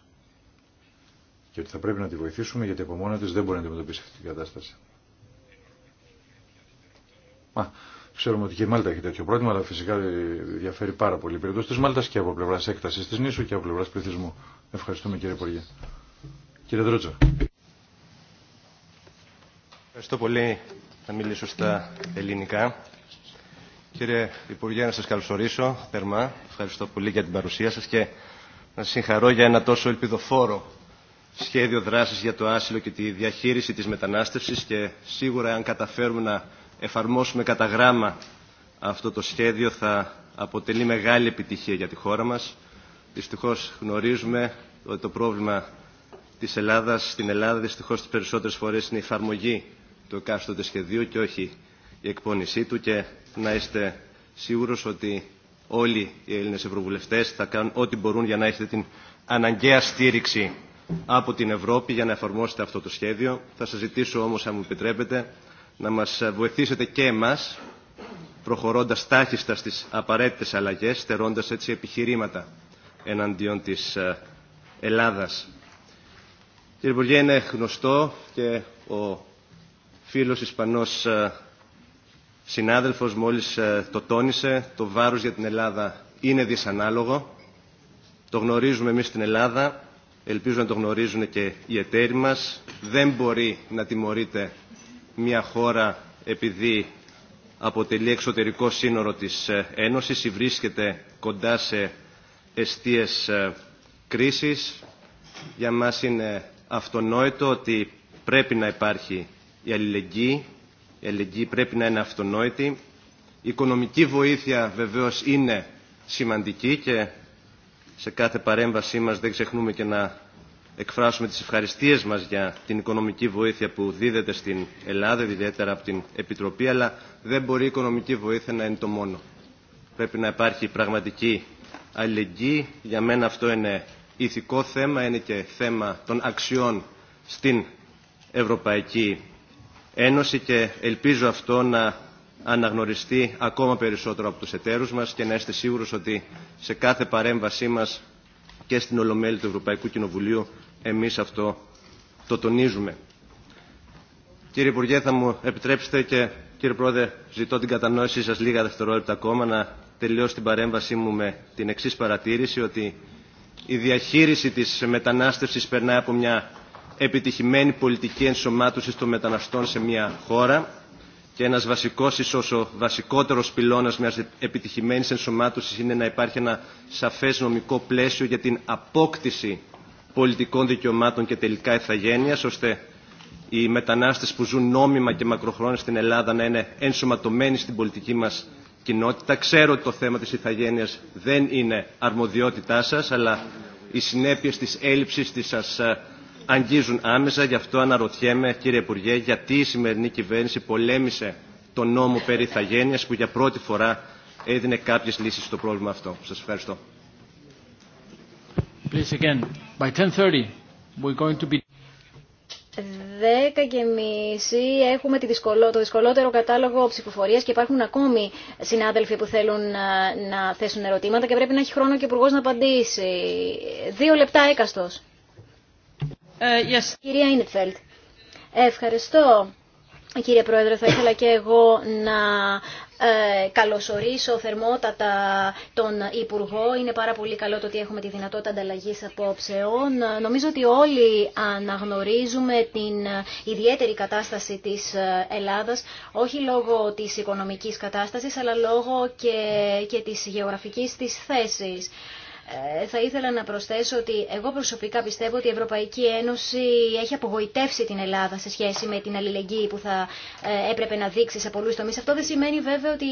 και ότι θα πρέπει να τη βοηθήσουμε γιατί από μόνα τη δεν μπορεί να αντιμετωπίσει αυτή την κατάσταση. Μα, ξέρουμε ότι και η Μάλτα έχει τέτοιο πρόβλημα, αλλά φυσικά διαφέρει πάρα πολύ η περίπτωση τη Μάλτα και από πλευρά έκταση τη νήσου και από πλευρά πληθυσμού. Ευχαριστούμε κύριε Υπουργέ. Κύριε Δρότσα. Ευχαριστώ πολύ. να μιλήσω στα ελληνικά. Κύριε Υπουργέ, να σα καλωσορίσω θερμά. Ευχαριστώ πολύ για την παρουσία σα και να σας συγχαρώ για ένα τόσο ελπιδοφόρο σχέδιο δράση για το άσυλο και τη διαχείριση τη μετανάστευση και σίγουρα αν καταφέρουμε να εφαρμόσουμε κατά γράμμα αυτό το σχέδιο θα αποτελεί μεγάλη επιτυχία για τη χώρα μας. Δυστυχώς γνωρίζουμε ότι το πρόβλημα της Ελλάδας στην Ελλάδα δυστυχώς τις περισσότερες φορές είναι η εφαρμογή του εκάστοτε σχεδίου και όχι η εκπόνησή του και να είστε σίγουρος ότι όλοι οι Έλληνες Ευρωβουλευτές θα κάνουν ό,τι μπορούν για να έχετε την αναγκαία στήριξη από την Ευρώπη για να εφαρμόσετε αυτό το σχέδιο. Θα σας ζητήσω όμως, αν μου επιτρέπετε, να μας βοηθήσετε και εμάς προχωρώντας τάχιστα στις απαραίτητες αλλαγές, στερώντας έτσι επιχειρήματα εναντίον της ε, Ελλάδας. Κύριε Υπουργέ, είναι γνωστό και ο φίλος Ισπανός ε, συνάδελφος μόλις ε, το τόνισε, το βάρος για την Ελλάδα είναι δυσανάλογο. Το γνωρίζουμε εμείς στην Ελλάδα, ελπίζω να το γνωρίζουν και οι εταίροι μας. Δεν μπορεί να τιμωρείται μια χώρα επειδή αποτελεί εξωτερικό σύνορο της ε, Ένωσης ή βρίσκεται κοντά σε εστίες ε, κρίσης. Για μας είναι αυτονόητο ότι πρέπει να υπάρχει η αλληλεγγύη, η αλληλεγγύη πρέπει να είναι αυτονόητη. Η οικονομική βοήθεια βεβαίως είναι σημαντική και σε κάθε παρέμβασή μας δεν ξεχνούμε και να εκφράσουμε τις ευχαριστίες μας για την οικονομική βοήθεια που δίδεται στην Ελλάδα, ιδιαίτερα από την Επιτροπή, αλλά δεν μπορεί η οικονομική βοήθεια να είναι το μόνο. Πρέπει να υπάρχει πραγματική αλληλεγγύη. Για μένα αυτό είναι ηθικό θέμα, είναι και θέμα των αξιών στην Ευρωπαϊκή Ένωση και ελπίζω αυτό να αναγνωριστεί ακόμα περισσότερο από τους εταίρους μας και να είστε σίγουρος ότι σε κάθε παρέμβασή μας και στην Ολομέλη του Ευρωπαϊκού Κοινοβουλίου εμείς αυτό το τονίζουμε. Κύριε Υπουργέ, θα μου επιτρέψετε και κύριε Πρόεδρε, ζητώ την κατανόησή σας λίγα δευτερόλεπτα ακόμα να τελειώσω την παρέμβασή μου με την εξής παρατήρηση ότι η διαχείριση της μετανάστευσης περνάει από μια επιτυχημένη πολιτική ενσωμάτωση των μεταναστών σε μια χώρα και ένας βασικός, ίσως ο βασικότερος πυλώνας μιας επιτυχημένης ενσωμάτωσης είναι να υπάρχει ένα σαφές νομικό πλαίσιο για την απόκτηση πολιτικών δικαιωμάτων και τελικά ηθαγένεια, ώστε οι μετανάστες που ζουν νόμιμα και μακροχρόνια στην Ελλάδα να είναι ενσωματωμένοι στην πολιτική μας κοινότητα. Ξέρω ότι το θέμα της ηθαγένειας δεν είναι αρμοδιότητά σας, αλλά οι συνέπειες της έλλειψης της σας ε, αγγίζουν άμεσα, γι' αυτό αναρωτιέμαι κύριε Υπουργέ γιατί η σημερινή κυβέρνηση πολέμησε τον νόμο περί θαγένειας που για πρώτη φορά έδινε κάποιες λύσεις στο πρόβλημα αυτό. Σας ευχαριστώ. Δέκα και μισή έχουμε τη δυσκολό, το δυσκολότερο κατάλογο ψηφοφορίας και υπάρχουν ακόμη συνάδελφοι που θέλουν να, ε, να θέσουν ερωτήματα και πρέπει να έχει χρόνο και ο Υπουργός να απαντήσει. Δύο λεπτά έκαστος. Ε, yes. Κυρία Ινετφέλτ, ευχαριστώ. Κύριε Πρόεδρε, θα ήθελα και εγώ να ε, καλωσορίσω θερμότατα τον Υπουργό. Είναι πάρα πολύ καλό το ότι έχουμε τη δυνατότητα ανταλλαγή απόψεων. Νομίζω ότι όλοι αναγνωρίζουμε την ιδιαίτερη κατάσταση της Ελλάδας, όχι λόγω της οικονομικής κατάστασης, αλλά λόγω και, και της γεωγραφικής της θέσης. Ε, θα ήθελα να προσθέσω ότι εγώ προσωπικά πιστεύω ότι η Ευρωπαϊκή Ένωση έχει απογοητεύσει την Ελλάδα σε σχέση με την αλληλεγγύη που θα ε, έπρεπε να δείξει σε πολλού τομεί. Αυτό δεν σημαίνει βέβαια ότι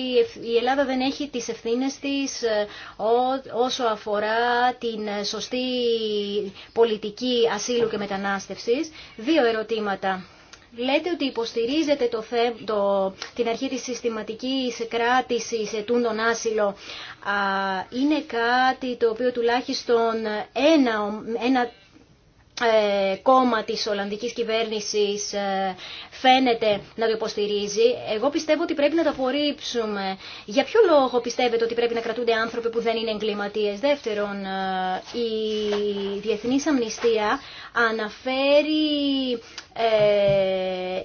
η Ελλάδα δεν έχει τι ευθύνε τη ε, όσο αφορά την σωστή πολιτική ασύλου και μετανάστευση. Δύο ερωτήματα λέτε ότι υποστηρίζετε το, το την αρχή της συστηματικής κράτησης ετούντων άσυλο. είναι κάτι το οποίο τουλάχιστον ένα, ένα ε, κόμμα της Ολλανδικής κυβέρνησης ε, φαίνεται να το υποστηρίζει. Εγώ πιστεύω ότι πρέπει να τα απορρίψουμε. Για ποιο λόγο πιστεύετε ότι πρέπει να κρατούνται άνθρωποι που δεν είναι εγκληματίες. Δεύτερον, ε, η Διεθνής Αμνηστία αναφέρει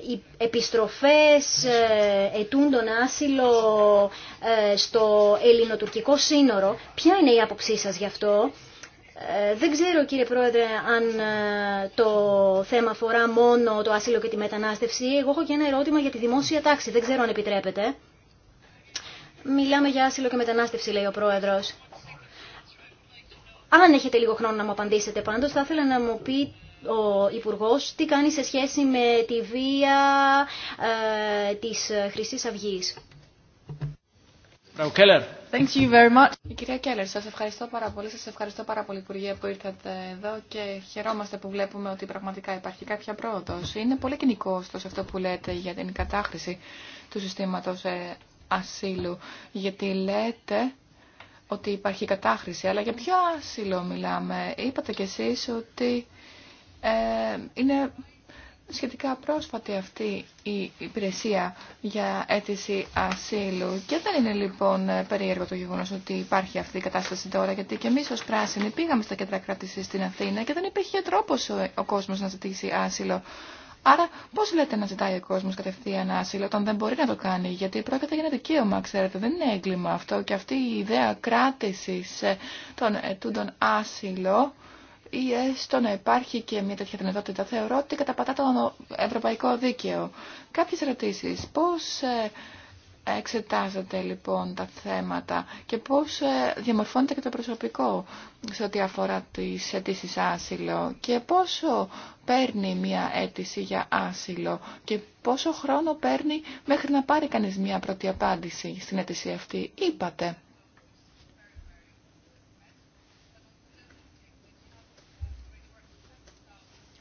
οι επιστροφές ε, ετούντων άσυλο στο ελληνοτουρκικό σύνορο. Ποια είναι η άποψή σας γι' αυτό. Ε, δεν ξέρω κύριε Πρόεδρε αν ε, το θέμα αφορά μόνο το άσυλο και τη μετανάστευση. Εγώ έχω και ένα ερώτημα για τη δημόσια τάξη. Δεν ξέρω αν επιτρέπετε. Μιλάμε για άσυλο και μετανάστευση λέει ο Πρόεδρος. Αν έχετε λίγο χρόνο να μου απαντήσετε πάντως θα ήθελα να μου πει ο υπουργό τι κάνει σε σχέση με τη βία ε, της Χρυσής Αυγής. Thank you very much. Η κυρία Κέλλερ, σας ευχαριστώ πάρα πολύ. Σας ευχαριστώ πάρα πολύ, Υπουργέ, που ήρθατε εδώ και χαιρόμαστε που βλέπουμε ότι πραγματικά υπάρχει κάποια πρόοδος. Είναι πολύ κοινικό, ωστόσο, αυτό που λέτε για την κατάχρηση του συστήματος ε, ασύλου. Γιατί λέτε ότι υπάρχει κατάχρηση, αλλά για ποιο άσυλο μιλάμε. Είπατε κι εσείς ότι ε, είναι σχετικά πρόσφατη αυτή η υπηρεσία για αίτηση ασύλου και δεν είναι λοιπόν περίεργο το γεγονό ότι υπάρχει αυτή η κατάσταση τώρα γιατί και εμείς ως πράσινοι πήγαμε στα κέντρα κράτηση στην Αθήνα και δεν υπήρχε τρόπο ο, ο κόσμος να ζητήσει άσυλο. Άρα πώ λέτε να ζητάει ο κόσμο κατευθείαν άσυλο όταν δεν μπορεί να το κάνει γιατί πρόκειται για ένα δικαίωμα ξέρετε δεν είναι έγκλημα αυτό και αυτή η ιδέα κράτηση ε, των ετούντων άσυλο ή έστω να υπάρχει και μια τέτοια δυνατότητα. Θεωρώ ότι καταπατά το ευρωπαϊκό δίκαιο. Κάποιες ερωτήσεις. Πώς ε, εξετάζετε λοιπόν τα θέματα και πώς ε, διαμορφώνεται και το προσωπικό σε ό,τι αφορά τις αιτήσει άσυλο και πόσο παίρνει μια αίτηση για άσυλο και πόσο χρόνο παίρνει μέχρι να πάρει κανείς μια πρώτη απάντηση στην αίτηση αυτή. Είπατε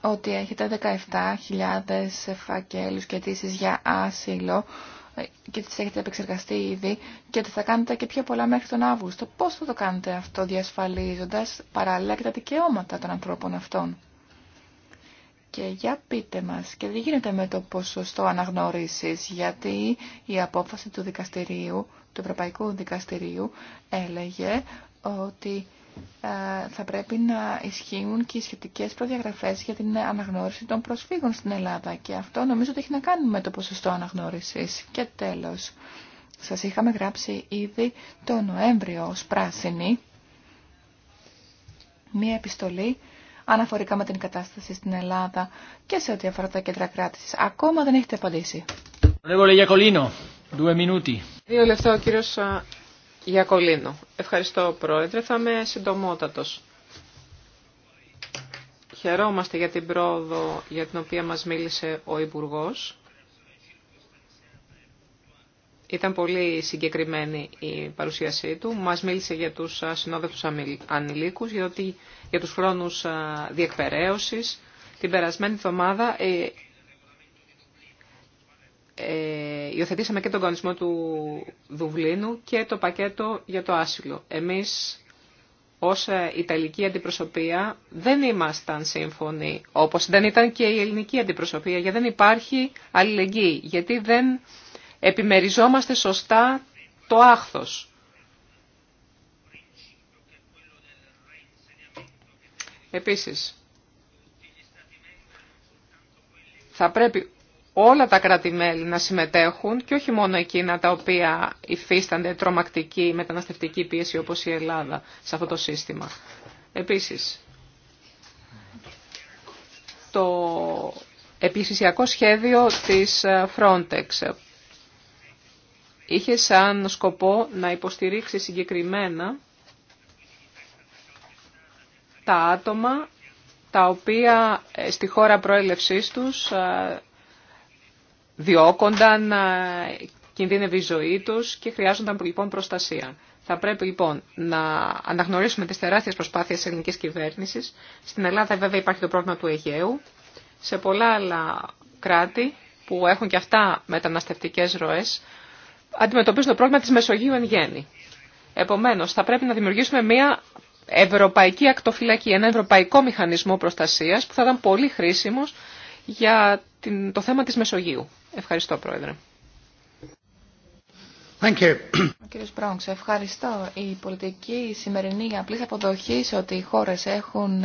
ότι έχετε 17.000 φακέλους και αιτήσει για άσυλο και τις έχετε επεξεργαστεί ήδη και ότι θα κάνετε και πιο πολλά μέχρι τον Αύγουστο. Πώς θα το κάνετε αυτό διασφαλίζοντας παράλληλα και τα δικαιώματα των ανθρώπων αυτών. Και για πείτε μας, και δεν γίνεται με το ποσοστό αναγνώρισης, γιατί η απόφαση του δικαστηρίου, του Ευρωπαϊκού Δικαστηρίου, έλεγε ότι ε, θα πρέπει να ισχύουν και οι σχετικές προδιαγραφές για την αναγνώριση των προσφύγων στην Ελλάδα και αυτό νομίζω ότι έχει να κάνει με το ποσοστό αναγνώρισης. Και τέλος, σας είχαμε γράψει ήδη το Νοέμβριο ως πράσινη μία επιστολή αναφορικά με την κατάσταση στην Ελλάδα και σε ό,τι αφορά τα κέντρα κράτησης. Ακόμα δεν έχετε απαντήσει. Δύο λεπτά ο για κολλήνω. Ευχαριστώ Πρόεδρε. Θα είμαι συντομότατος. Χαιρόμαστε για την πρόοδο για την οποία μας μίλησε ο Υπουργός. Ήταν πολύ συγκεκριμένη η παρουσίασή του. Μας μίλησε για τους συνόδευτους ανηλίκους, για, για τους χρόνους διεκπαιρέωσης. Την περασμένη εβδομάδα ε, ε, υιοθετήσαμε και τον κανονισμό του Δουβλίνου και το πακέτο για το άσυλο. Εμείς ως ε, Ιταλική αντιπροσωπεία δεν ήμασταν σύμφωνοι, όπως δεν ήταν και η ελληνική αντιπροσωπεία, γιατί δεν υπάρχει αλληλεγγύη, γιατί δεν επιμεριζόμαστε σωστά το άχθος. Επίσης, θα πρέπει όλα τα κρατη να συμμετέχουν και όχι μόνο εκείνα τα οποία υφίστανται τρομακτική μεταναστευτική πίεση όπως η Ελλάδα σε αυτό το σύστημα. Επίσης, το επιστησιακό σχέδιο της ε, Frontex είχε σαν σκοπό να υποστηρίξει συγκεκριμένα τα άτομα τα οποία ε, στη χώρα προέλευσής τους ε, διώκονταν, κινδύνευε η ζωή τους και χρειάζονταν λοιπόν προστασία. Θα πρέπει λοιπόν να αναγνωρίσουμε τις τεράστιες προσπάθειες της ελληνικής κυβέρνησης. Στην Ελλάδα βέβαια υπάρχει το πρόβλημα του Αιγαίου. Σε πολλά άλλα κράτη που έχουν και αυτά μεταναστευτικές ροές αντιμετωπίζουν το πρόβλημα της Μεσογείου εν γέννη. Επομένως θα πρέπει να δημιουργήσουμε μια ευρωπαϊκή ακτοφυλακή, ένα ευρωπαϊκό μηχανισμό προστασίας που θα ήταν πολύ χρήσιμος για το θέμα της Μεσογείου. Ευχαριστώ, Πρόεδρε. Κύριε ευχαριστώ. Η πολιτική σημερινή απλή αποδοχή ότι οι χώρε έχουν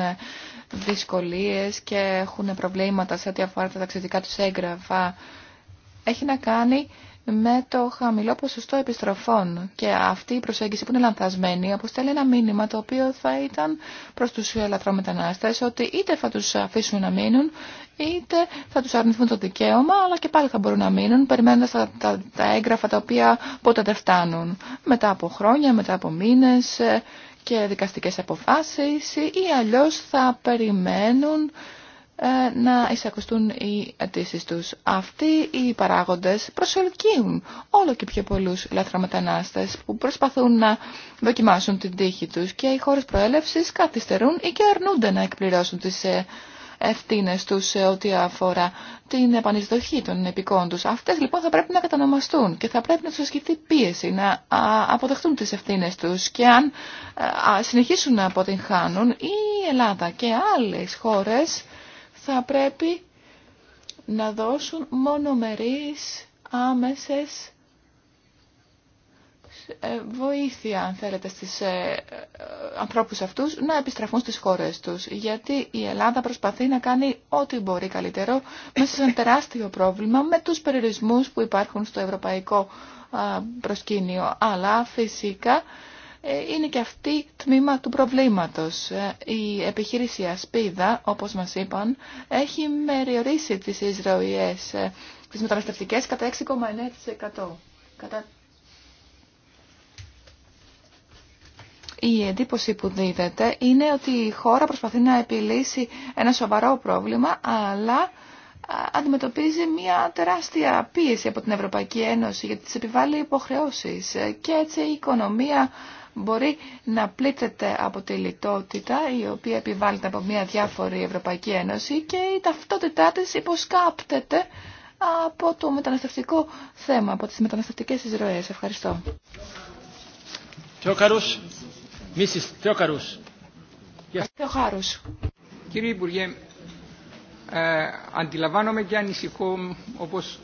δυσκολίε και έχουν προβλήματα σε ό,τι αφορά τα ταξιδικά του έγγραφα έχει να κάνει με το χαμηλό ποσοστό επιστροφών και αυτή η προσέγγιση που είναι λανθασμένη αποστέλει ένα μήνυμα το οποίο θα ήταν προς τους λαθρομετανάστες ότι είτε θα τους αφήσουν να μείνουν είτε θα τους αρνηθούν το δικαίωμα αλλά και πάλι θα μπορούν να μείνουν περιμένοντας τα, τα έγγραφα τα οποία ποτέ δεν φτάνουν μετά από χρόνια, μετά από μήνες ε, και δικαστικές αποφάσεις ή αλλιώς θα περιμένουν ε, να εισακουστούν οι αιτήσει του. Αυτοί οι παράγοντε προσελκύουν όλο και πιο πολλού λαθρομετανάστε που προσπαθούν να δοκιμάσουν την τύχη του και οι χώρε προέλευση καθυστερούν ή και αρνούνται να εκπληρώσουν τι ε, ευθύνε του σε ό,τι αφορά την επανεισδοχή των επικών του. Αυτέ λοιπόν θα πρέπει να κατανομαστούν και θα πρέπει να του ασκηθεί πίεση να αποδεχτούν τι ευθύνε του και αν ε, συνεχίσουν να αποτυγχάνουν η Ελλάδα και άλλε χώρε θα πρέπει να δώσουν μονομερείς άμεσες ε, βοήθεια, αν θέλετε, στις ε, ε, ανθρώπους αυτούς να επιστραφούν στις χώρες τους. Γιατί η Ελλάδα προσπαθεί να κάνει ό,τι μπορεί καλύτερο μέσα σε ένα τεράστιο πρόβλημα με τους περιορισμούς που υπάρχουν στο ευρωπαϊκό προσκήνιο. Αλλά φυσικά είναι και αυτή τμήμα του προβλήματος. Η επιχείρηση Ασπίδα, όπως μας είπαν, έχει μεριορίσει τις εισρωίες, ε, τις μεταναστευτικές, κατά 6,9%. Η εντύπωση που δίδεται είναι ότι η χώρα προσπαθεί να επιλύσει ένα σοβαρό πρόβλημα, αλλά αντιμετωπίζει μια τεράστια πίεση από την Ευρωπαϊκή Ένωση γιατί της επιβάλλει υποχρεώσεις ε, και έτσι η οικονομία μπορεί να πλήττεται από τη λιτότητα η οποία επιβάλλεται από μια διάφορη Ευρωπαϊκή Ένωση και η ταυτότητά της υποσκάπτεται από το μεταναστευτικό θέμα, από τις μεταναστευτικές εισρωές. Ευχαριστώ. Μίσης Κύριε Υπουργέ, ε, αντιλαμβάνομαι και ανησυχώ όπως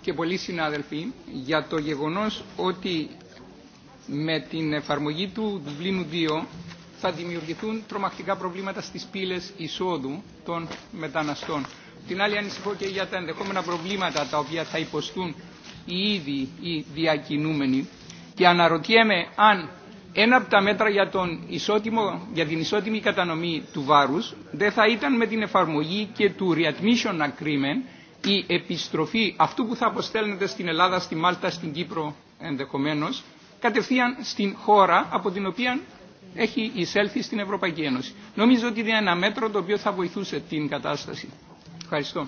και πολλοί συνάδελφοι για το γεγονός ότι με την εφαρμογή του Δουβλίνου 2 θα δημιουργηθούν τρομακτικά προβλήματα στις πύλες εισόδου των μεταναστών. Την άλλη ανησυχώ και για τα ενδεχόμενα προβλήματα τα οποία θα υποστούν οι ήδη οι διακινούμενοι και αναρωτιέμαι αν ένα από τα μέτρα για, τον ισότιμο, για την ισότιμη κατανομή του βάρους δεν θα ήταν με την εφαρμογή και του readmission agreement η επιστροφή αυτού που θα αποστέλνεται στην Ελλάδα, στη Μάλτα, στην Κύπρο ενδεχομένως κατευθείαν στην χώρα από την οποία έχει εισέλθει στην Ευρωπαϊκή Ένωση. Νομίζω ότι είναι ένα μέτρο το οποίο θα βοηθούσε την κατάσταση. Ευχαριστώ.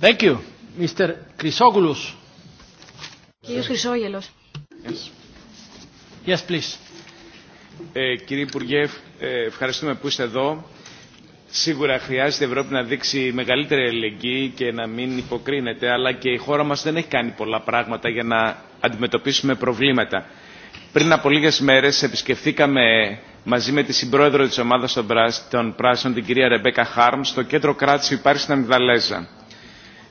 Thank you. Mr. Chrysogoulos. Κύριος Χρυσόγελος. Yes. Yes, please. Ε, κύριε Υπουργέ, ε, ευχαριστούμε που είστε εδώ. Σίγουρα χρειάζεται η Ευρώπη να δείξει μεγαλύτερη ελεγγύη και να μην υποκρίνεται, αλλά και η χώρα μας δεν έχει κάνει πολλά πράγματα για να αντιμετωπίσουμε προβλήματα. Πριν από λίγες μέρες επισκεφθήκαμε μαζί με τη συμπρόεδρο της ομάδας των Πράσινων, την κυρία Ρεμπέκα Χάρμ, στο κέντρο κράτηση που υπάρχει στην Αμυγδαλέζα.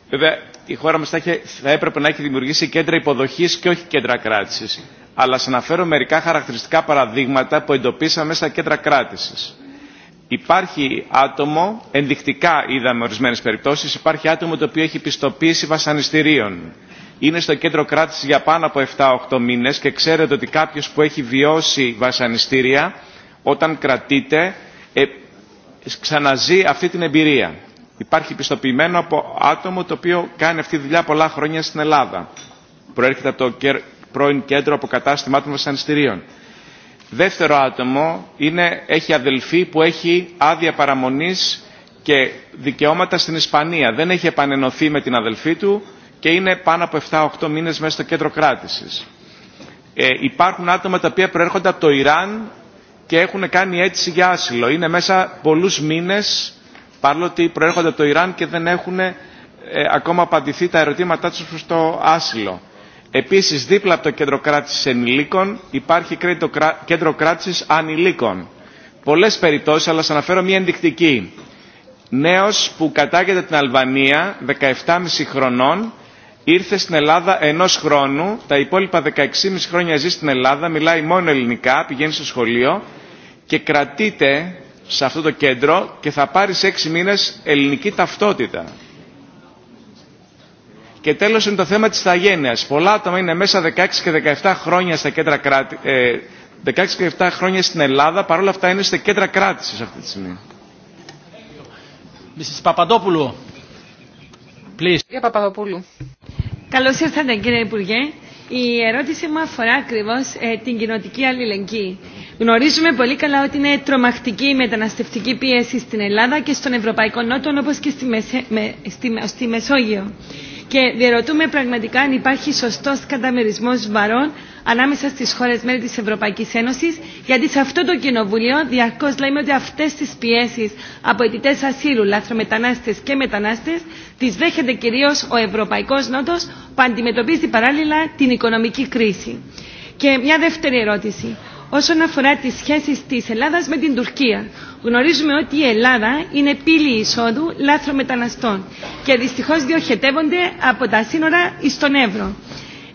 Βέβαια, η χώρα μας θα, θα έπρεπε να έχει δημιουργήσει κέντρα υποδοχής και όχι κέντρα κράτησης. Αλλά σας αναφέρω μερικά χαρακτηριστικά παραδείγματα που εντοπίσαμε στα κέντρα κράτησης Υπάρχει άτομο, ενδεικτικά είδαμε ορισμένες περιπτώσεις, υπάρχει άτομο το οποίο έχει πιστοποίηση βασανιστήριων. Είναι στο κέντρο κράτησης για πάνω από 7-8 μήνες και ξέρετε ότι κάποιος που έχει βιώσει βασανιστήρια, όταν κρατείται, ε, ξαναζεί αυτή την εμπειρία. Υπάρχει πιστοποιημένο από άτομο το οποίο κάνει αυτή τη δουλειά πολλά χρόνια στην Ελλάδα. Προέρχεται από το πρώην κέντρο αποκατάστημάτων βασανιστήριων. Δεύτερο άτομο είναι, έχει αδελφή που έχει άδεια παραμονής και δικαιώματα στην Ισπανία. Δεν έχει επανενωθεί με την αδελφή του και είναι πάνω από 7-8 μήνες μέσα στο κέντρο κράτησης. Ε, υπάρχουν άτομα τα οποία προέρχονται από το Ιράν και έχουν κάνει αίτηση για άσυλο. Είναι μέσα πολλούς μήνες ό,τι προέρχονται από το Ιράν και δεν έχουν ε, ακόμα απαντηθεί τα ερωτήματά τους προς το άσυλο. Επίσης, δίπλα από το κέντρο κράτησης ενηλίκων υπάρχει κέντρο κράτησης ανηλίκων. Πολλές περιπτώσεις, αλλά σας αναφέρω μία ενδεικτική. Νέος που κατάγεται την Αλβανία, 17,5 χρονών, ήρθε στην Ελλάδα ενός χρόνου, τα υπόλοιπα 16,5 χρόνια ζει στην Ελλάδα, μιλάει μόνο ελληνικά, πηγαίνει στο σχολείο και κρατείται σε αυτό το κέντρο και θα πάρει σε 6 μήνες ελληνική ταυτότητα. Και τέλος είναι το θέμα της θαγένειας. Πολλά άτομα είναι μέσα 16 και 17 χρόνια στα κέντρα κράτη, 16 ε, και 17 χρόνια στην Ελλάδα, παρόλα αυτά είναι στα κέντρα κράτησης αυτή τη στιγμή. Καλώ Παπαδόπουλου. Παπαδοπούλου. Καλώς ήρθατε κύριε Υπουργέ. Η ερώτησή μου αφορά ακριβώ ε, την κοινοτική αλληλεγγύη. Γνωρίζουμε πολύ καλά ότι είναι τρομακτική η μεταναστευτική πίεση στην Ελλάδα και στον Ευρωπαϊκό Νότο, όπω και στη, Μεσέ, με, στη, στη Μεσόγειο και διερωτούμε πραγματικά αν υπάρχει σωστός καταμερισμός βαρών ανάμεσα στις χώρες μέλη της Ευρωπαϊκής Ένωσης, γιατί σε αυτό το κοινοβούλιο διαρκώς λέμε ότι αυτές τις πιέσεις από αιτητές ασύλου, λαθρομετανάστες και μετανάστες, τις δέχεται κυρίως ο Ευρωπαϊκός Νότος που αντιμετωπίζει παράλληλα την οικονομική κρίση. Και μια δεύτερη ερώτηση όσον αφορά τις σχέσεις της Ελλάδας με την Τουρκία. Γνωρίζουμε ότι η Ελλάδα είναι πύλη εισόδου λάθρο μεταναστών και δυστυχώς διοχετεύονται από τα σύνορα εις τον Εύρο.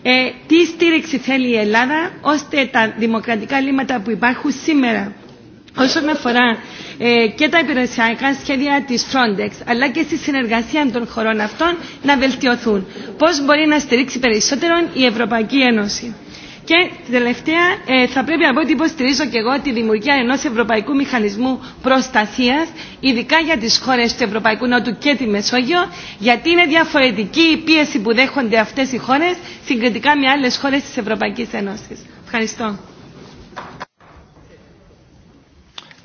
Ε, τι στήριξη θέλει η Ελλάδα ώστε τα δημοκρατικά λύματα που υπάρχουν σήμερα όσον αφορά ε, και τα υπηρεσιακά σχέδια της Frontex αλλά και στη συνεργασία των χωρών αυτών να βελτιωθούν. Πώς μπορεί να στηρίξει περισσότερο η Ευρωπαϊκή Ένωση. Και τελευταία, ε, θα πρέπει να πω ότι υποστηρίζω και εγώ τη δημιουργία ενό Ευρωπαϊκού Μηχανισμού Προστασία, ειδικά για τι χώρε του Ευρωπαϊκού Νότου και τη Μεσόγειο, γιατί είναι διαφορετική η πίεση που δέχονται αυτέ οι χώρε συγκριτικά με άλλε χώρε τη Ευρωπαϊκή Ένωση. Ευχαριστώ.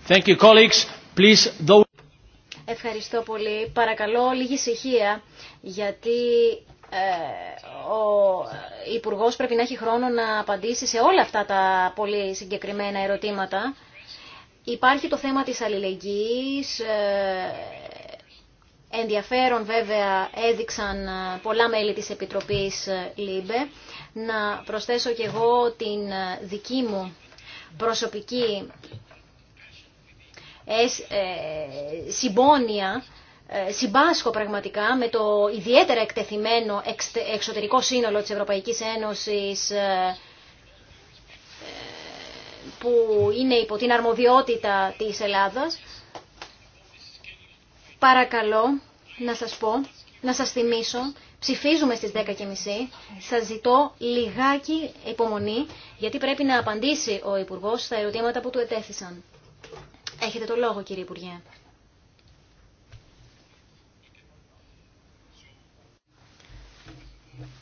Thank you, colleagues. Please, Ευχαριστώ πολύ. Παρακαλώ λίγη ησυχία, γιατί ε, ο Υπουργό πρέπει να έχει χρόνο να απαντήσει σε όλα αυτά τα πολύ συγκεκριμένα ερωτήματα. Υπάρχει το θέμα της αλληλεγγύης. Ε, ενδιαφέρον βέβαια έδειξαν πολλά μέλη της Επιτροπής ε, ΛΥΜΠΕ. Να προσθέσω και εγώ την ε, δική μου προσωπική συμπόνια ε, συμπάσχω πραγματικά με το ιδιαίτερα εκτεθειμένο εξωτερικό σύνολο της Ευρωπαϊκής Ένωσης ε, ε, που είναι υπό την αρμοδιότητα της Ελλάδας. Παρακαλώ να σας πω, να σας θυμίσω, ψηφίζουμε στις 10.30. Σας ζητώ λιγάκι υπομονή, γιατί πρέπει να απαντήσει ο Υπουργός στα ερωτήματα που του ετέθησαν. Έχετε το λόγο, κύριε Υπουργέ.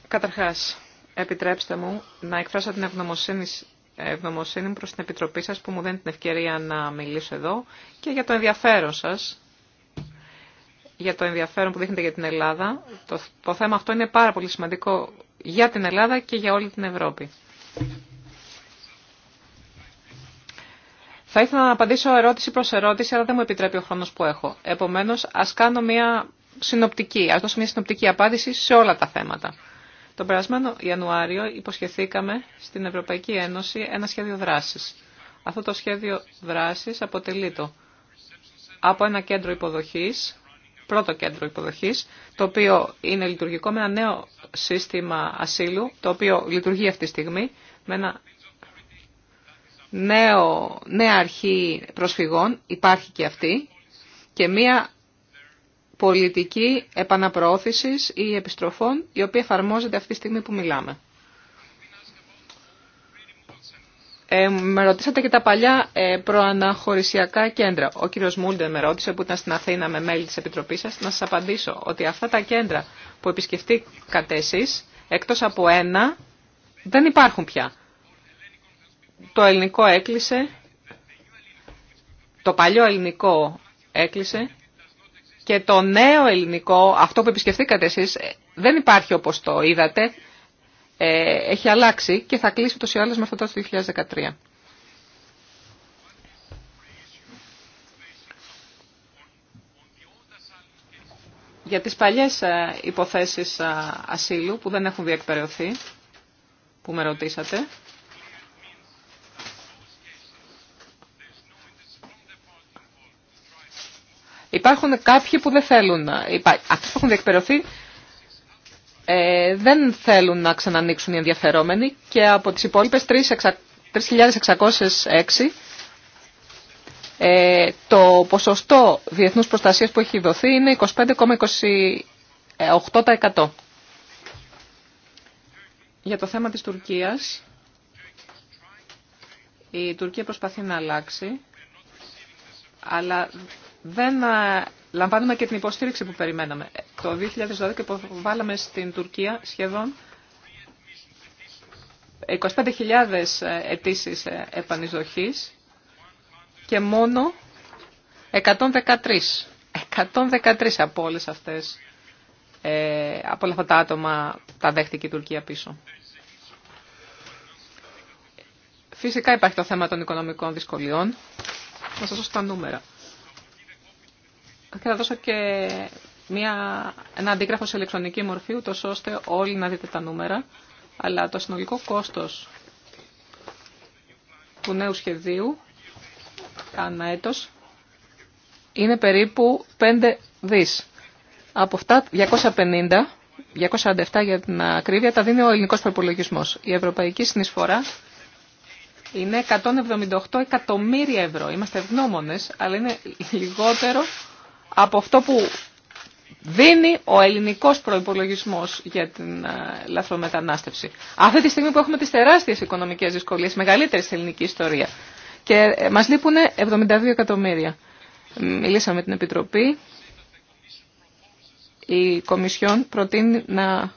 Καταρχάς, επιτρέψτε μου να εκφράσω την ευγνωμοσύνη, μου προς την Επιτροπή σας που μου δίνει την ευκαιρία να μιλήσω εδώ και για το ενδιαφέρον σας, για το ενδιαφέρον που δείχνετε για την Ελλάδα. Το, το θέμα αυτό είναι πάρα πολύ σημαντικό για την Ελλάδα και για όλη την Ευρώπη. Θα ήθελα να απαντήσω ερώτηση προς ερώτηση, αλλά δεν μου επιτρέπει ο χρόνος που έχω. Επομένως, ας κάνω μια συνοπτική, ας δώσω μια συνοπτική απάντηση σε όλα τα θέματα. Τον περασμένο Ιανουάριο υποσχεθήκαμε στην Ευρωπαϊκή Ένωση ένα σχέδιο δράσης. Αυτό το σχέδιο δράσης το από ένα κέντρο υποδοχής, πρώτο κέντρο υποδοχής, το οποίο είναι λειτουργικό με ένα νέο σύστημα ασύλου, το οποίο λειτουργεί αυτή τη στιγμή, με ένα νέο, νέα αρχή προσφυγών, υπάρχει και αυτή, και μία πολιτική επαναπροώθησης ή επιστροφών η οποία εφαρμόζεται αυτή τη στιγμή που μιλάμε. Ε, με ρωτήσατε και τα παλιά ε, προαναχωρησιακά κέντρα. Ο κύριος Μούλντε με ρώτησε που ήταν στην Αθήνα με μέλη της Επιτροπής σας να σας απαντήσω ότι αυτά τα κέντρα που επισκεφτήκατε εσείς εκτός από ένα δεν υπάρχουν πια. Το ελληνικό έκλεισε, το παλιό ελληνικό έκλεισε και το νέο ελληνικό, αυτό που επισκεφθήκατε εσείς, δεν υπάρχει όπως το είδατε. Ε, έχει αλλάξει και θα κλείσει το άλλως με αυτό το 2013. Για τις παλιές ε, υποθέσεις ε, ασύλου που δεν έχουν διεκπαιρεωθεί, που με ρωτήσατε, Υπάρχουν κάποιοι που δεν θέλουν να... Αυτοί που έχουν διεκπαιρεωθεί ε, δεν θέλουν να ξανανοίξουν οι ενδιαφερόμενοι και από τις υπόλοιπες 3.606 ε, το ποσοστό διεθνούς προστασίας που έχει δοθεί είναι 25,28%. Για το θέμα της Τουρκίας, η Τουρκία προσπαθεί να αλλάξει, αλλά δεν ε, λαμβάνουμε και την υποστήριξη που περιμέναμε. Ε, το 2012 υποβάλαμε στην Τουρκία σχεδόν 25.000 ε, αιτήσει επανεισδοχής και μόνο 113. 113 από αυτές, από όλα αυτά τα άτομα τα δέχτηκε η Τουρκία πίσω. Φυσικά υπάρχει το θέμα των οικονομικών δυσκολιών. Να σας δώσω τα νούμερα. Θα δώσω και μια, ένα αντίγραφο σε ηλεκτρονική μορφή, ούτω ώστε όλοι να δείτε τα νούμερα. Αλλά το συνολικό κόστος του νέου σχεδίου ανά έτος είναι περίπου 5 δις. Από αυτά 250, 247 για την ακρίβεια, τα δίνει ο ελληνικός προπολογισμό. Η ευρωπαϊκή συνεισφορά είναι 178 εκατομμύρια ευρώ. Είμαστε ευγνώμονε, αλλά είναι λιγότερο από αυτό που δίνει ο ελληνικός προϋπολογισμός για την ε, λαθρομετανάστευση. Αυτή τη στιγμή που έχουμε τις τεράστιες οικονομικές δυσκολίες, μεγαλύτερη στην ελληνική ιστορία. Και ε, μας λείπουν 72 εκατομμύρια. Μιλήσαμε με την Επιτροπή. Η Κομισιόν προτείνει να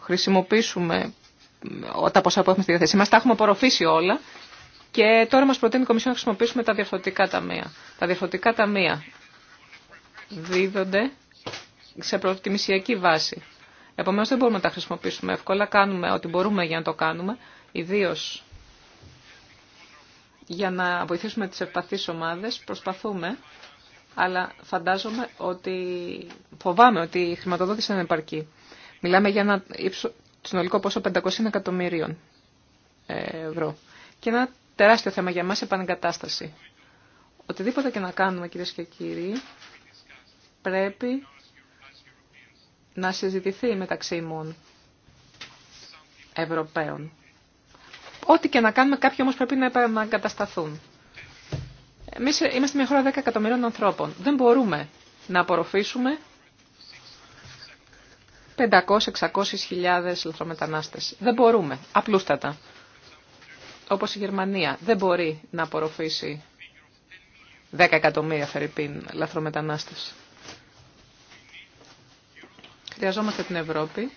χρησιμοποιήσουμε ε, τα ποσά που έχουμε στη διαθέσή μας. Τα έχουμε απορροφήσει όλα και τώρα μας προτείνει η Κομισιόν να χρησιμοποιήσουμε τα διαφορετικά ταμεία. Τα διαφορετικά ταμεία δίδονται σε προτιμησιακή βάση. Επομένως δεν μπορούμε να τα χρησιμοποιήσουμε εύκολα. Κάνουμε ό,τι μπορούμε για να το κάνουμε, ιδίω για να βοηθήσουμε τις ευπαθείς ομάδες. Προσπαθούμε, αλλά φαντάζομαι ότι φοβάμαι ότι η χρηματοδότηση είναι επαρκή. Μιλάμε για ένα ύψο, συνολικό πόσο 500 εκατομμυρίων ε, ευρώ. Και ένα τεράστιο θέμα για μας επανεγκατάσταση. Οτιδήποτε και να κάνουμε κύριε και κύριοι πρέπει να συζητηθεί μεταξύ μου Ευρωπαίων. Ό,τι και να κάνουμε κάποιοι όμως πρέπει να επαναγκατασταθούν. Εμείς είμαστε μια χώρα 10 εκατομμυρίων ανθρώπων. Δεν μπορούμε να απορροφήσουμε 500-600 χιλιάδες λαθρομετανάστες. Δεν μπορούμε. Απλούστατα όπως η Γερμανία δεν μπορεί να απορροφήσει 10 εκατομμύρια φερρυπίν λαθρομετανάστες. Χρειαζόμαστε την Ευρώπη.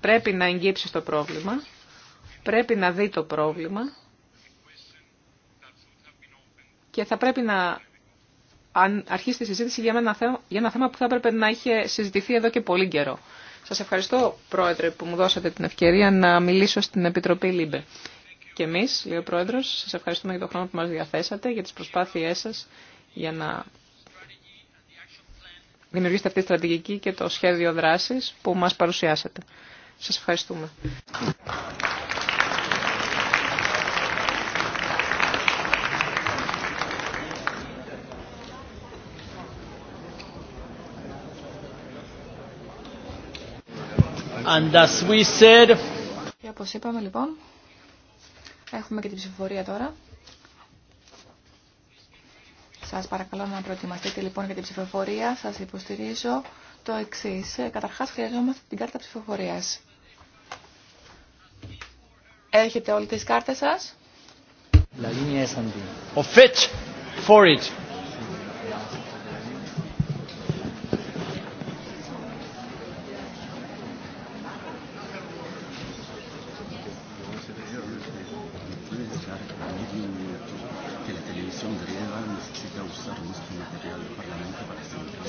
Πρέπει να εγγύψει στο πρόβλημα. Πρέπει να δει το πρόβλημα. Και θα πρέπει να αρχίσει τη συζήτηση για ένα, θέμα, για ένα θέμα που θα έπρεπε να είχε συζητηθεί εδώ και πολύ καιρό. Σας ευχαριστώ, Πρόεδρε, που μου δώσατε την ευκαιρία να μιλήσω στην Επιτροπή ΛΥΜΠΕ. Και εμεί, λέει ο Πρόεδρος, σας ευχαριστούμε για τον χρόνο που μα διαθέσατε, για τις προσπάθειές σας για να δημιουργήσετε αυτή τη στρατηγική και το σχέδιο δράσης που μας παρουσιάσατε. Σας ευχαριστούμε. And as we said... Και όπως είπαμε λοιπόν, Έχουμε και την ψηφοφορία τώρα. Σας παρακαλώ να προετοιμαστείτε λοιπόν για την ψηφοφορία. Σας υποστηρίζω το εξή. Ε, καταρχάς χρειαζόμαστε την κάρτα ψηφοφορίας. Έχετε όλες τις κάρτες σας. La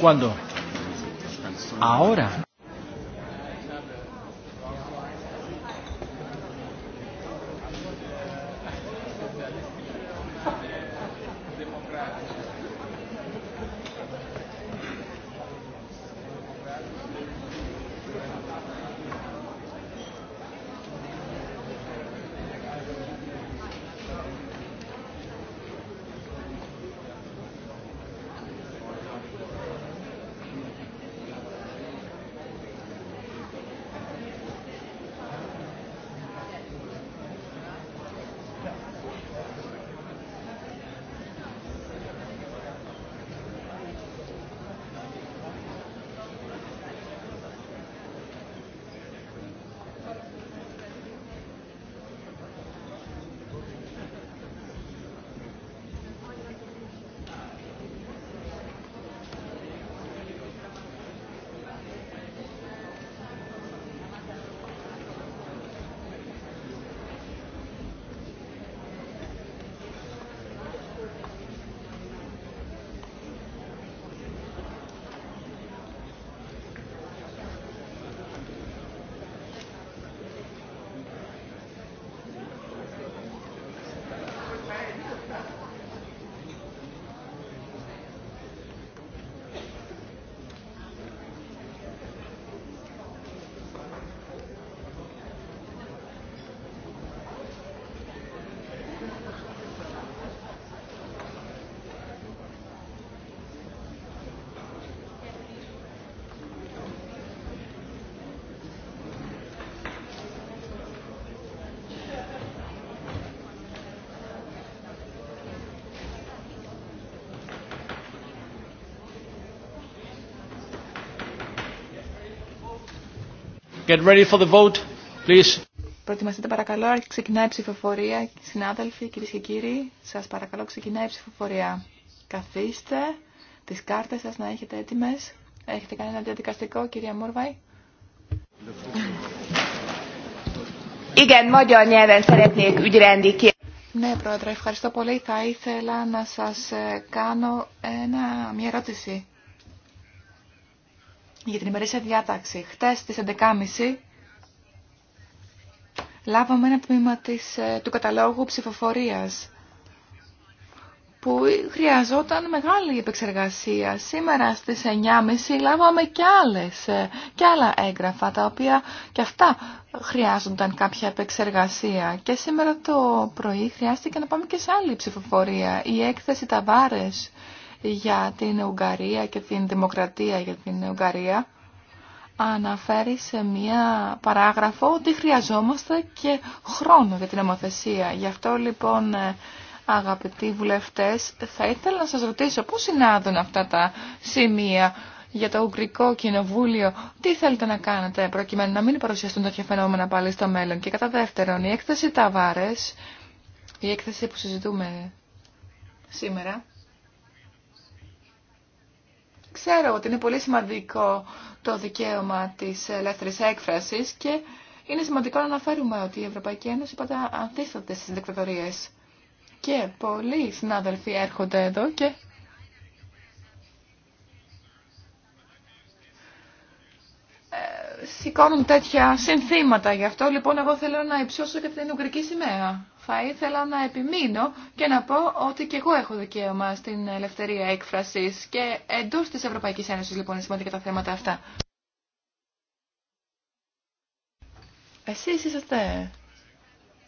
¿Cuándo? Ahora. Get Προετοιμαστείτε παρακαλώ, ξεκινάει η ψηφοφορία. Συνάδελφοι, κυρίε και κύριοι, σα παρακαλώ, ξεκινάει η ψηφοφορία. Καθίστε, τι κάρτε σα να έχετε έτοιμε. Έχετε κανένα διαδικαστικό, κυρία Μόρβαϊ. Ναι, Πρόεδρε, ευχαριστώ πολύ. Θα ήθελα να σας ε, κάνω μια ερώτηση για την ημερήσια διάταξη. Χτες στις 11.30 λάβαμε ένα τμήμα της, ε, του καταλόγου ψηφοφορίας που χρειαζόταν μεγάλη επεξεργασία. Σήμερα στις 9.30 λάβαμε και, άλλες, ε, και άλλα έγγραφα, τα οποία και αυτά χρειάζονταν κάποια επεξεργασία. Και σήμερα το πρωί χρειάστηκε να πάμε και σε άλλη ψηφοφορία. Η έκθεση βάρες για την Ουγγαρία και την δημοκρατία για την Ουγγαρία αναφέρει σε μία παράγραφο ότι χρειαζόμαστε και χρόνο για την νομοθεσία. Γι' αυτό λοιπόν ε, αγαπητοί βουλευτές θα ήθελα να σας ρωτήσω πώς συνάδουν αυτά τα σημεία για το Ουγγρικό Κοινοβούλιο. Τι θέλετε να κάνετε προκειμένου να μην παρουσιαστούν τέτοια φαινόμενα πάλι στο μέλλον. Και κατά δεύτερον η έκθεση Ταβάρες, η έκθεση που συζητούμε σήμερα Ξέρω ότι είναι πολύ σημαντικό το δικαίωμα της ελεύθερης έκφρασης και είναι σημαντικό να αναφέρουμε ότι η Ευρωπαϊκή Ένωση πάντα αντίσταται στις δικτατορίες. Και πολλοί συνάδελφοι έρχονται εδώ και... Ε, σηκώνουν τέτοια συνθήματα. Γι' αυτό λοιπόν εγώ θέλω να υψώσω και την Ουγγρική σημαία θα ήθελα να επιμείνω και να πω ότι και εγώ έχω δικαίωμα στην ελευθερία έκφρασης και εντός της Ευρωπαϊκής Ένωσης λοιπόν είναι σημαντικά τα θέματα αυτά. Εσείς είσαστε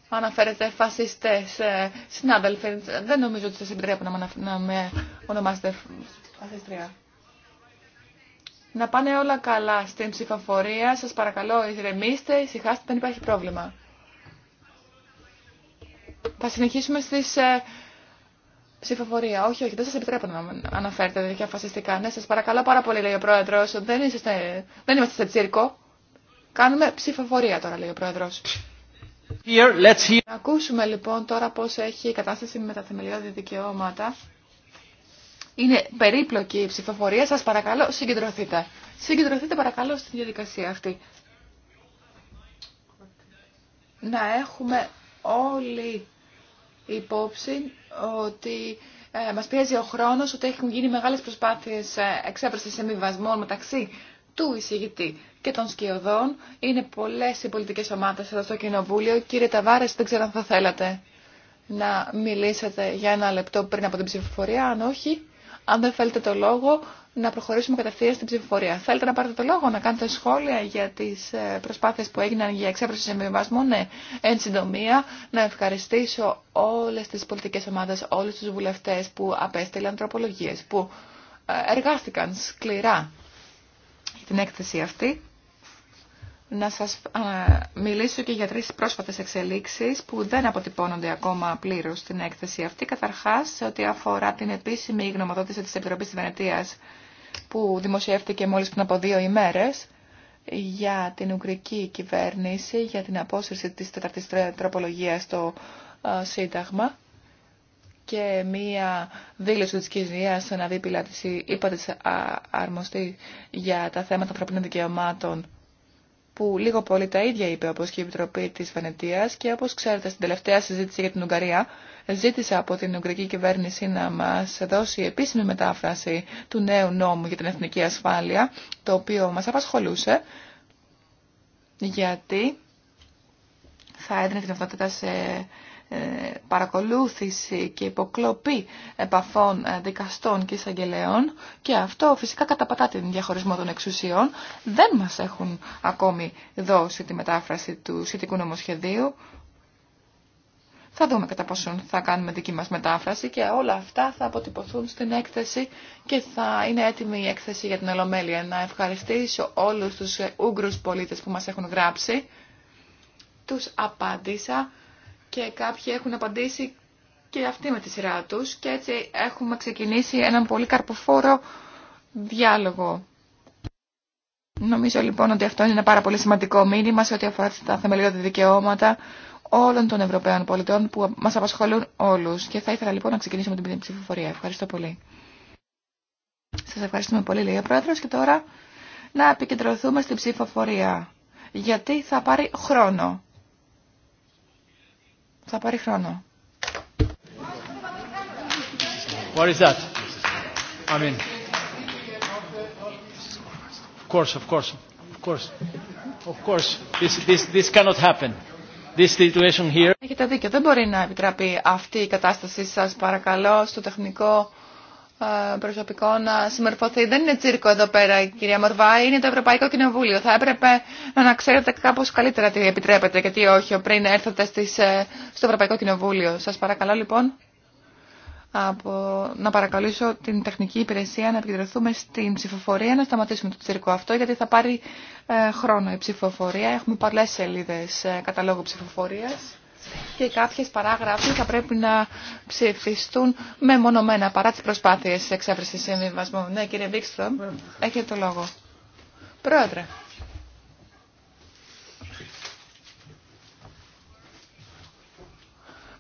αναφέρετε φασιστές ε, συνάδελφοι. Δεν νομίζω ότι σας επιτρέπω να με ονομάσετε φασιστρία. Να πάνε όλα καλά στην ψηφοφορία. Σας παρακαλώ ηρεμήστε, ησυχάστε, δεν υπάρχει πρόβλημα. Θα συνεχίσουμε στις ε, ψηφοφορία. Όχι, όχι, δεν σα επιτρέπω να αναφέρετε τέτοια φασιστικά. Ναι, σα παρακαλώ πάρα πολύ, λέει ο πρόεδρο. Δεν, είσαστε, δεν είμαστε σε τσίρκο. Κάνουμε ψηφοφορία τώρα, λέει ο πρόεδρο. Να ακούσουμε λοιπόν τώρα πώ έχει η κατάσταση με τα θεμελιώδη δικαιώματα. Είναι περίπλοκη η ψηφοφορία. Σα παρακαλώ, συγκεντρωθείτε. Συγκεντρωθείτε παρακαλώ στην διαδικασία αυτή. Να έχουμε όλοι υπόψη ότι ε, μας πιέζει ο χρόνος, ότι έχουν γίνει μεγάλες προσπάθειες ε, εξέπρασης εμβιβασμών μεταξύ του εισηγητή και των σκιωδών. Είναι πολλές οι πολιτικές ομάδες εδώ στο Κοινοβούλιο. Κύριε Ταβάρες, δεν ξέρω αν θα θέλατε να μιλήσετε για ένα λεπτό πριν από την ψηφοφορία. Αν όχι, αν δεν θέλετε το λόγο, να προχωρήσουμε κατευθείαν στην ψηφοφορία. Θέλετε να πάρετε το λόγο, να κάνετε σχόλια για τις ε, προσπάθειες που έγιναν για εξέπρεση συμβιβασμού. Ναι, εν συντομία, να ευχαριστήσω όλες τις πολιτικές ομάδες, όλους τους βουλευτέ που απέστειλαν τροπολογίε, που ε, εργάστηκαν σκληρά την έκθεση αυτή να σας μιλήσω και για τρεις πρόσφατες εξελίξεις που δεν αποτυπώνονται ακόμα πλήρως στην έκθεση αυτή. Καταρχάς, σε ό,τι αφορά την επίσημη γνωμοδότηση της Επιτροπής της Βενετίας που δημοσιεύτηκε μόλις πριν από δύο ημέρες για την Ουγγρική κυβέρνηση, για την απόσυρση της τέταρτης τροπολογίας στο Σύνταγμα και μία δήλωση της κυρίας Αναδίπηλα της είπα της αρμοστή για τα θέματα ανθρωπίνων δικαιωμάτων που λίγο πολύ τα ίδια είπε όπω και η Επιτροπή της Βενετία και όπως ξέρετε στην τελευταία συζήτηση για την Ουγγαρία ζήτησα από την Ουγγρική κυβέρνηση να μας δώσει επίσημη μετάφραση του νέου νόμου για την εθνική ασφάλεια το οποίο μας απασχολούσε γιατί θα έδινε την ευθότητα σε παρακολούθηση και υποκλοπή επαφών ε, δικαστών και εισαγγελέων και αυτό φυσικά καταπατά την διαχωρισμό των εξουσιών. Δεν μας έχουν ακόμη δώσει τη μετάφραση του σχετικού νομοσχεδίου. Θα δούμε κατά πόσον θα κάνουμε δική μας μετάφραση και όλα αυτά θα αποτυπωθούν στην έκθεση και θα είναι έτοιμη η έκθεση για την Ολομέλεια. Να ευχαριστήσω όλους τους Ούγγρους πολίτες που μας έχουν γράψει. Τους απάντησα και κάποιοι έχουν απαντήσει και αυτοί με τη σειρά τους και έτσι έχουμε ξεκινήσει έναν πολύ καρποφόρο διάλογο. Νομίζω λοιπόν ότι αυτό είναι ένα πάρα πολύ σημαντικό μήνυμα σε ό,τι αφορά τα θεμελιώδη δικαιώματα όλων των Ευρωπαίων πολιτών που μας απασχολούν όλους. Και θα ήθελα λοιπόν να ξεκινήσουμε την ψηφοφορία. Ευχαριστώ πολύ. Σας ευχαριστούμε πολύ λέει ο και τώρα να επικεντρωθούμε στην ψηφοφορία. Γιατί θα πάρει χρόνο. Θα πάρει χρόνο. What is that? I mean, of course, of course, of course, of course, this, this, this cannot happen. This situation here. Έχετε δίκιο, δεν μπορεί να επιτραπεί αυτή η κατάσταση σας παρακαλώ στο τεχνικό ε, προσωπικό να ε, συμμορφωθεί. Δεν είναι τσίρκο εδώ πέρα, κυρία Μορβάη, είναι το Ευρωπαϊκό Κοινοβούλιο. Θα έπρεπε να ξέρετε κάπω καλύτερα τι επιτρέπετε και τι όχι πριν έρθετε στις, ε, στο Ευρωπαϊκό Κοινοβούλιο. Σα παρακαλώ λοιπόν να παρακαλήσω την τεχνική υπηρεσία να επικεντρωθούμε στην ψηφοφορία, να σταματήσουμε το τσίρκο αυτό, γιατί θα πάρει χρόνο η ψηφοφορία. Έχουμε πολλέ σελίδε ε, καταλόγου ψηφοφορία και κάποιες παράγραφοι θα πρέπει να ψηφιστούν μεμονωμένα παρά τις προσπάθειες εξέφρασης συμβιβασμού. Ναι, κύριε Βίξτρο, έχετε το λόγο. Πρόεδρε.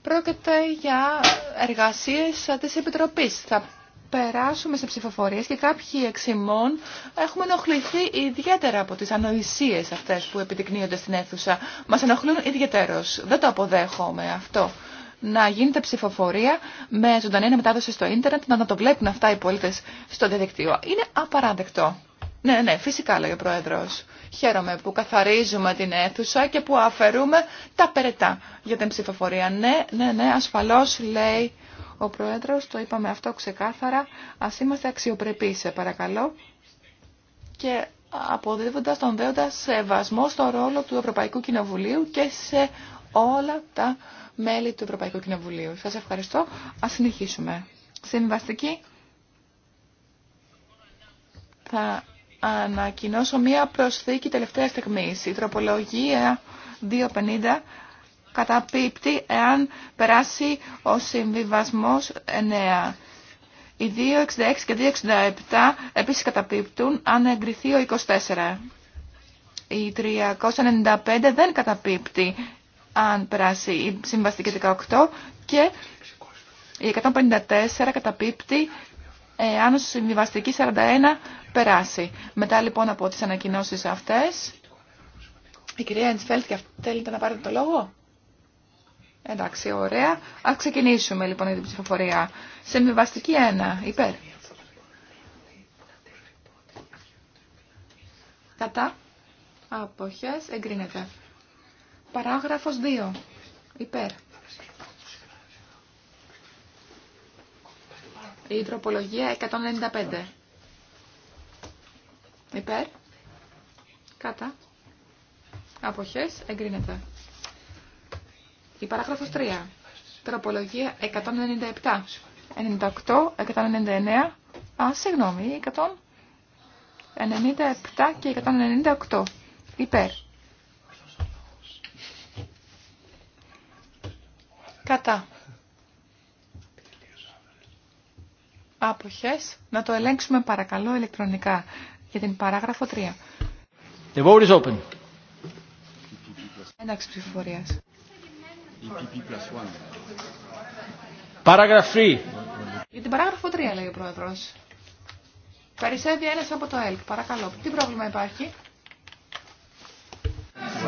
Πρόκειται για εργασίες της Επιτροπής. Θα περάσουμε σε ψηφοφορίες και κάποιοι εξημών ημών έχουμε ενοχληθεί ιδιαίτερα από τις ανοησίες αυτές που επιδεικνύονται στην αίθουσα. Μας ενοχλούν ιδιαίτερως. Δεν το αποδέχομαι αυτό. Να γίνεται ψηφοφορία με ζωντανή μετάδοση στο ίντερνετ, να το βλέπουν αυτά οι πολίτες στο διαδικτύο. Είναι απαράδεκτο. Ναι, ναι, φυσικά λέει ο Πρόεδρος. Χαίρομαι που καθαρίζουμε την αίθουσα και που αφαιρούμε τα περαιτά για την ψηφοφορία. Ναι, ναι, ναι, ασφαλώς λέει ο Πρόεδρος, το είπαμε αυτό ξεκάθαρα, ας είμαστε αξιοπρεπείς, παρακαλώ, και αποδίδοντας τον δέοντα σεβασμό στο ρόλο του Ευρωπαϊκού Κοινοβουλίου και σε όλα τα μέλη του Ευρωπαϊκού Κοινοβουλίου. Σας ευχαριστώ. Ας συνεχίσουμε. Συμβαστική. Θα ανακοινώσω μία προσθήκη τελευταία στιγμή. Η τροπολογία 250 καταπίπτει εάν περάσει ο συμβιβασμός 9. Οι 2.66 και 2.67 επίσης καταπίπτουν αν εγκριθεί ο 24. Η 395 δεν καταπίπτει αν περάσει η συμβαστική 18 και η 154 καταπίπτει αν ο συμβιβαστική 41 περάσει. Μετά λοιπόν από τις ανακοινώσεις αυτές, η κυρία Ενσφέλτ θέλετε να πάρετε το λόγο. Εντάξει, ωραία. Ας ξεκινήσουμε λοιπόν για την ψηφοφορία. Συμβιβαστική 1, υπέρ. Κατά. Αποχές, εγκρίνεται. Παράγραφος 2, υπέρ. Η τροπολογία 195. Υπέρ. Κατά. Αποχές, εγκρίνεται. Η παράγραφος 3. Τροπολογία 197. 98, 199. Α, συγγνώμη, 197 και 198. Υπέρ. Κατά. Άποχες. Να το ελέγξουμε παρακαλώ ηλεκτρονικά για την παράγραφο 3. The vote is open. Ένταξη ψηφοφορίας. Παράγραφ 3. Για την παράγραφο 3 λέει ο πρόεδρος. Περισσεύει ένας από το ΕΛΚ. Παρακαλώ. Τι πρόβλημα υπάρχει.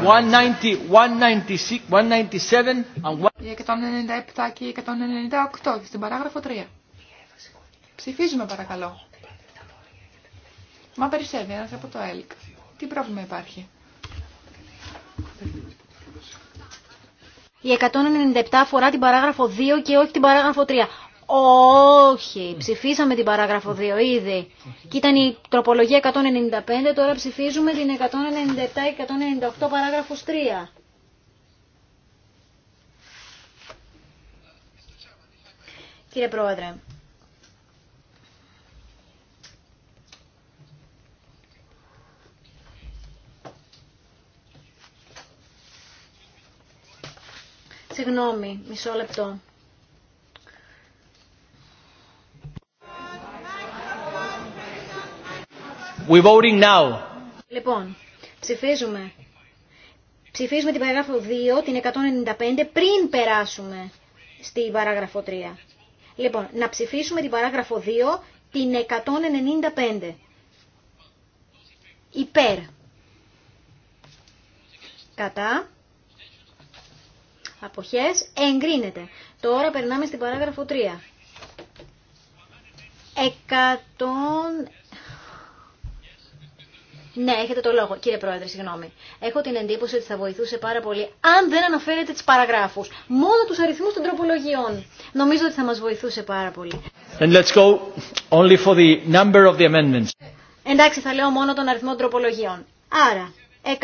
190, 196, 197 197 και 198 στην παράγραφο 3. Ψηφίζουμε παρακαλώ. Μα περισσεύει ένας από το ΕΛΚ. Τι πρόβλημα υπάρχει. Η 197 αφορά την παράγραφο 2 και όχι την παράγραφο 3. Όχι, ψηφίσαμε την παράγραφο 2 ήδη. Και ήταν η τροπολογία 195, τώρα ψηφίζουμε την 197-198 παράγραφος 3. Κύριε Πρόεδρε, συγγνώμη, μισό λεπτό. We're voting now. Λοιπόν, ψηφίζουμε. Ψηφίζουμε την παράγραφο 2, την 195, πριν περάσουμε στην παράγραφο 3. Λοιπόν, να ψηφίσουμε την παράγραφο 2, την 195. Υπέρ. Κατά αποχές, εγκρίνεται. Τώρα περνάμε στην παράγραφο 3. 100... Ναι, έχετε το λόγο, κύριε Πρόεδρε, συγγνώμη. Έχω την εντύπωση ότι θα βοηθούσε πάρα πολύ αν δεν αναφέρετε τις παραγράφους. Μόνο τους αριθμούς των τροπολογιών. Νομίζω ότι θα μας βοηθούσε πάρα πολύ. And let's go only for the number of the amendments. Εντάξει, θα λέω μόνο τον αριθμό των τροπολογιών. Άρα, 197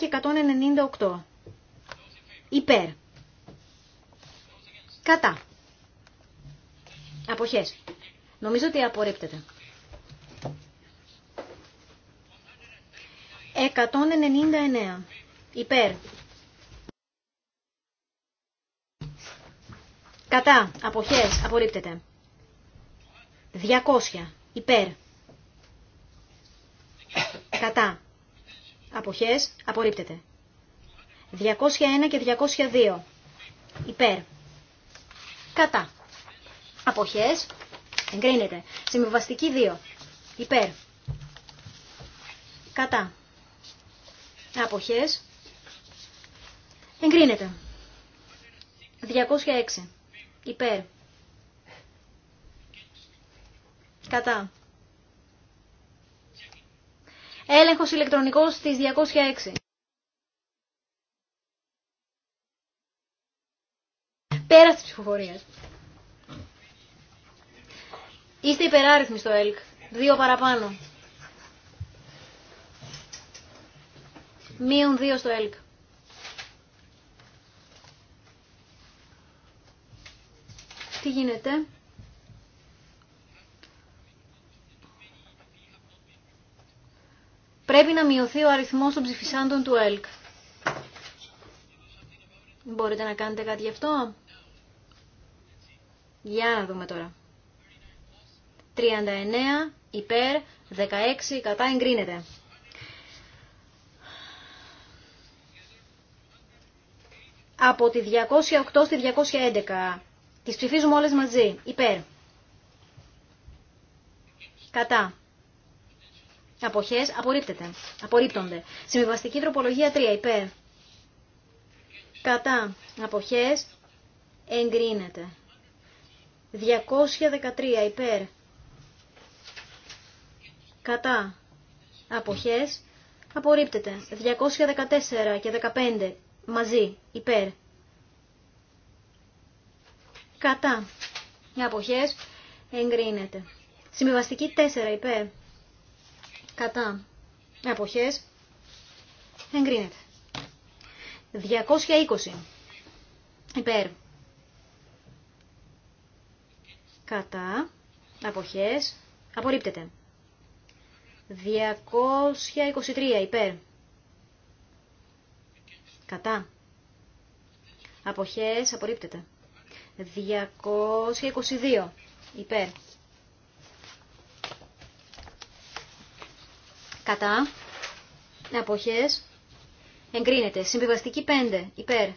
και 198. Υπέρ. Κατά. Αποχές. Νομίζω ότι απορρίπτεται. 199. Υπέρ. Κατά. Αποχές. Απορρίπτεται. 200. Υπέρ. Κατά. Αποχές. Απορρίπτεται. 201 και 202. Υπέρ. Κατά. Αποχές. Εγκρίνεται. Συμβιβαστική 2. Υπέρ. Κατά. Αποχές. Εγκρίνεται. 206. Υπέρ. Κατά. Έλεγχος ηλεκτρονικός στις 206. Τέρας της ψηφοφορίας. Είστε υπεράριθμοι στο ΕΛΚ. Δύο παραπάνω. Μείον δύο στο ΕΛΚ. Τι γίνεται. Πρέπει να μειωθεί ο αριθμός των ψηφισάντων του ΕΛΚ. Μπορείτε να κάνετε κάτι γι' αυτό. Για να δούμε τώρα. 39 υπέρ 16 κατά εγκρίνεται. Από τη 208 στη 211. Τις ψηφίζουμε όλες μαζί. Υπέρ. Κατά. Αποχές απορρίπτεται. Απορρίπτονται. Συμβιβαστική τροπολογία 3. Υπέρ. Κατά. Αποχές εγκρίνεται. 213 υπέρ. Κατά. Αποχές. Απορρίπτεται. 214 και 15 μαζί υπέρ. Κατά. Αποχές. Εγκρίνεται. Συμβιβαστική 4 υπέρ. Κατά. Αποχές. Εγκρίνεται. 220 υπέρ κατά, αποχές, απορρίπτεται. 223 υπέρ, κατά, αποχές, απορρίπτεται. 222 υπέρ, κατά, αποχές, εγκρίνεται. Συμβιβαστική 5 υπέρ,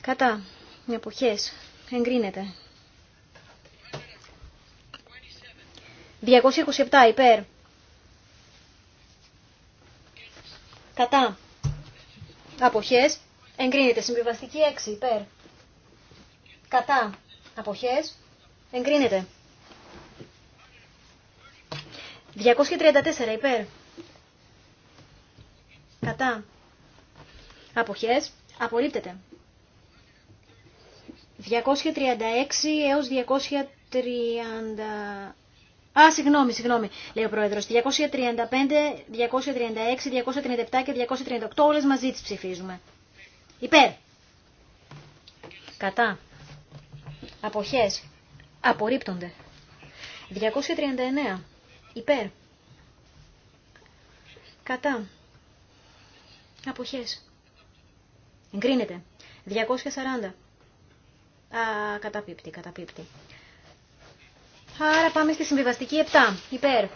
κατά, αποχές, εγκρίνεται. 227 υπέρ. Κατά. Αποχές. Εγκρίνεται. Συμβιβαστική 6 υπέρ. Κατά. Αποχές. Εγκρίνεται. 234 υπέρ. Κατά. Αποχές. Απορρίπτεται. 236 έως 230... Α, συγγνώμη, συγγνώμη, λέει ο πρόεδρο. 235, 236, 237 και 238, όλε μαζί τι ψηφίζουμε. Υπέρ. Κατά. Αποχέ. Απορρίπτονται. 239. Υπέρ. Κατά. Αποχέ. Εγκρίνεται. 240. Α, καταπίπτει, καταπίπτει. Άρα πάμε στη συμβιβαστική 7. Υπέρ.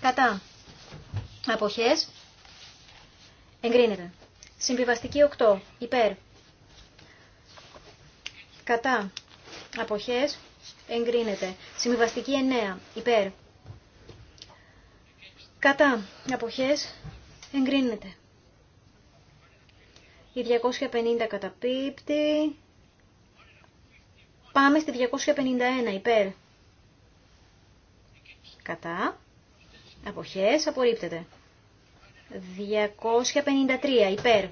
Κατά. Αποχές. Εγκρίνεται. Συμβιβαστική 8. Υπέρ. Κατά. Αποχές. Εγκρίνεται. Συμβιβαστική 9. Υπέρ. Κατά. Αποχές. Εγκρίνεται. Η 250 καταπίπτει. Πάμε στη 251 υπέρ. Κατά. Αποχές απορρίπτεται. 253 υπέρ.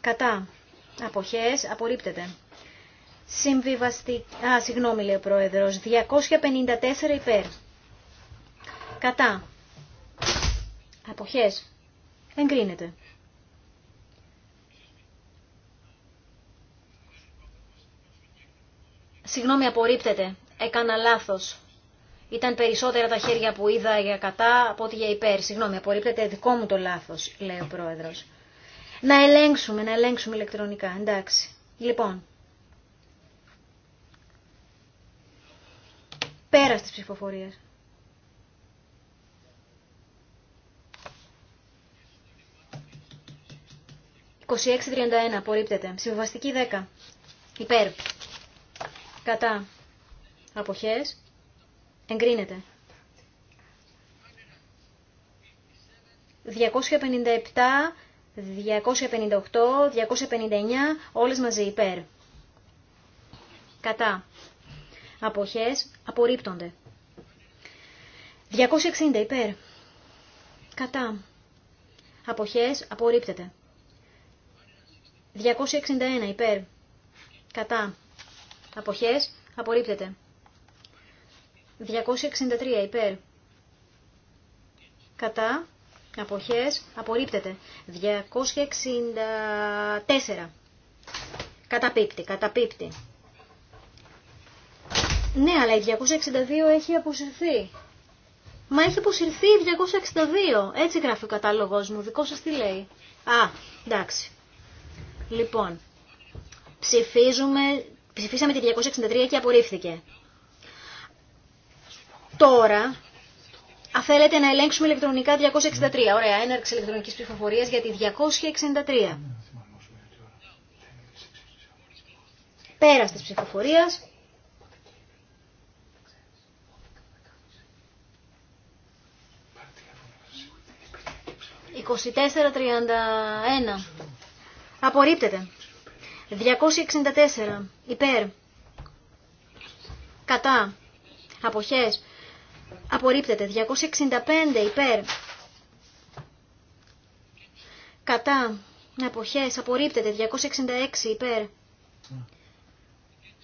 Κατά. Αποχές απορρίπτεται. Συμβιβαστική... Α, συγγνώμη λέει ο Πρόεδρος. 254 υπέρ. Κατά. Αποχές. Εγκρίνεται. Συγγνώμη, απορρίπτεται. Έκανα λάθος. Ήταν περισσότερα τα χέρια που είδα για κατά από ότι για υπέρ. Συγγνώμη, απορρίπτεται δικό μου το λάθος, λέει ο πρόεδρος. Να ελέγξουμε, να ελέγξουμε ηλεκτρονικά. Εντάξει. Λοιπόν. Πέρα στις ψηφοφορίες. απορρίπτεται. Συμβαστική 10. Υπέρ κατά αποχές εγκρίνεται. 257, 258, 259, όλες μαζί υπέρ. Κατά. Αποχές απορρίπτονται. 260 υπέρ. Κατά. Αποχές απορρίπτεται. 261 υπέρ. Κατά αποχές, απορρίπτεται. 263 υπέρ, κατά, αποχές, απορρίπτεται. 264, καταπίπτει, καταπίπτει. Ναι, αλλά η 262 έχει αποσυρθεί. Μα έχει αποσυρθεί η 262. Έτσι γράφει ο κατάλογος μου. Δικό σας τι λέει. Α, εντάξει. Λοιπόν, ψηφίζουμε Ψηφίσαμε τη 263 και απορρίφθηκε. Τώρα, αν θέλετε να ελέγξουμε ηλεκτρονικά 263. Ωραία, έναρξη ηλεκτρονική ψηφοφορία για τη 263. Πέρα τη ψηφοφορία. 24 Απορρίπτεται. 264 υπέρ. Κατά. Αποχές. Απορρίπτεται. 265 υπέρ. Κατά. Αποχές. Απορρίπτεται. 266 υπέρ.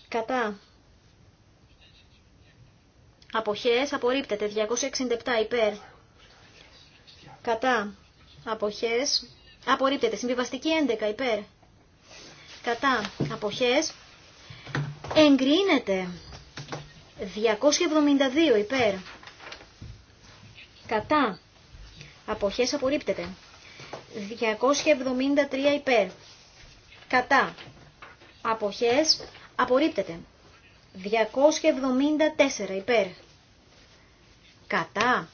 Κατά. Αποχές. Απορρίπτεται. 267 υπέρ. Κατά. Αποχές. Απορρίπτεται. Συμβιβαστική 11 υπέρ κατά αποχές εγκρίνεται 272 υπέρ κατά αποχές απορρίπτεται 273 υπέρ κατά αποχές απορρίπτεται 274 υπέρ κατά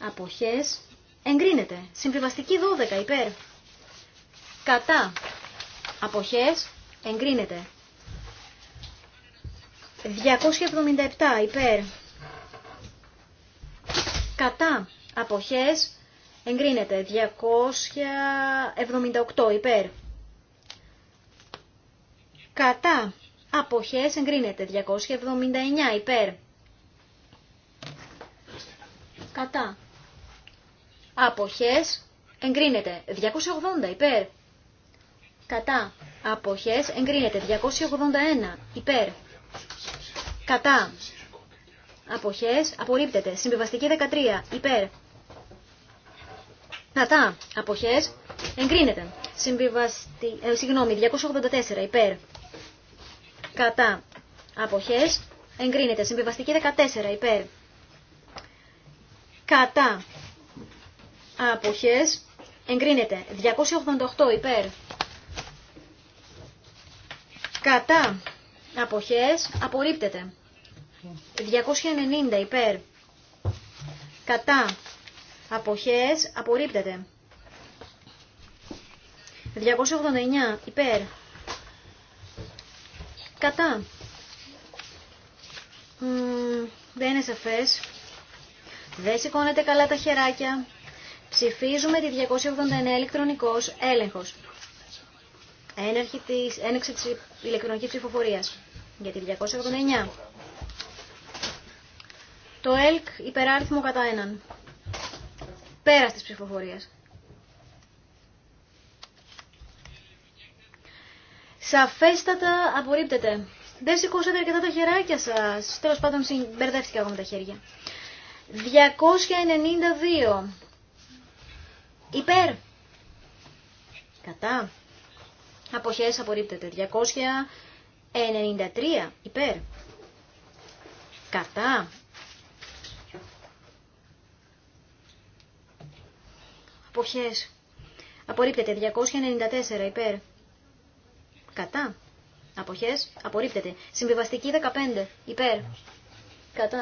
αποχές εγκρίνεται συμβιβαστική 12 υπέρ κατά αποχές Εγκρίνεται. 277 υπέρ. Κατά αποχές εγκρίνεται. 278 υπέρ. Κατά αποχές εγκρίνεται. 279 υπέρ. Κατά αποχές εγκρίνεται. 280 υπέρ. Κατά αποχές εγκρίνεται. 281 υπέρ κατά αποχές απορρίπτεται. Συμβιβαστική 13 υπέρ κατά αποχές εγκρίνεται. Συμβιβαστη... Ε, συγγνώμη, 284 υπέρ κατά αποχές εγκρίνεται. Συμβιβαστική 14 υπέρ κατά αποχές εγκρίνεται. 288 υπέρ κατά αποχές απορρίπτεται. 290 υπέρ κατά αποχές απορρίπτεται. 289 υπέρ κατά. Μ, δεν είναι σαφές. Δεν σηκώνετε καλά τα χεράκια. Ψηφίζουμε τη 289 ηλεκτρονικός έλεγχος ένερχη της, ένεξη της ηλεκτρονικής ψηφοφορίας για τη 289. Το ΕΛΚ υπεράριθμο κατά έναν. Πέρας της ψηφοφορίας. Σαφέστατα απορρίπτεται. Δεν σηκώσατε αρκετά τα χεράκια σας. Τέλος πάντων μπερδεύτηκα εγώ με τα χέρια. 292. Υπέρ. Κατά αποχές απορρίπτεται. 293 υπέρ. Κατά. Αποχές. Απορρίπτεται. 294 υπέρ. Κατά. Αποχές. Απορρίπτεται. Συμβιβαστική 15 υπέρ. Κατά.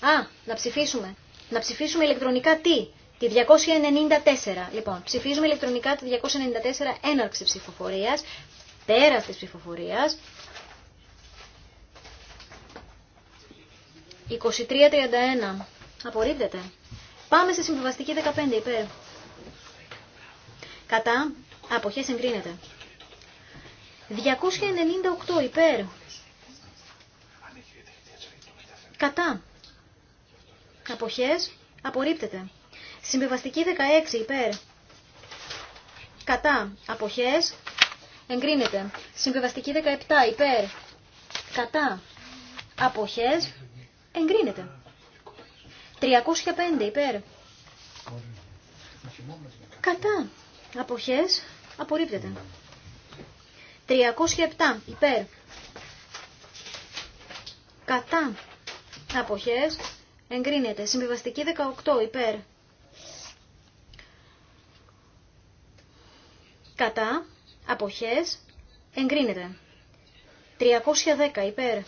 Α, να ψηφίσουμε. Να ψηφίσουμε ηλεκτρονικά τι. Τη 294. Λοιπόν, ψηφίζουμε ηλεκτρονικά τη 294 έναρξη ψηφοφορίας, πέρας της ψηφοφοριας 2331. 23-31. Απορρίπτεται. Πάμε στη συμβιβαστική 15 υπέρ. Κατά. απόχέ εγκρίνεται. 298 υπέρ. Κατά. Αποχές απορρίπτεται. Συμβιβαστική 16 υπέρ. Κατά. Αποχές. Εγκρίνεται. Συμβιβαστική 17 υπέρ. Κατά. Αποχές. Εγκρίνεται. 305 υπέρ. Κατά. Αποχές. Απορρίπτεται. 307 υπέρ. Κατά. Αποχές. Εγκρίνεται. Συμβιβαστική 18 υπέρ. κατά, αποχές, εγκρίνεται. 310 υπέρ,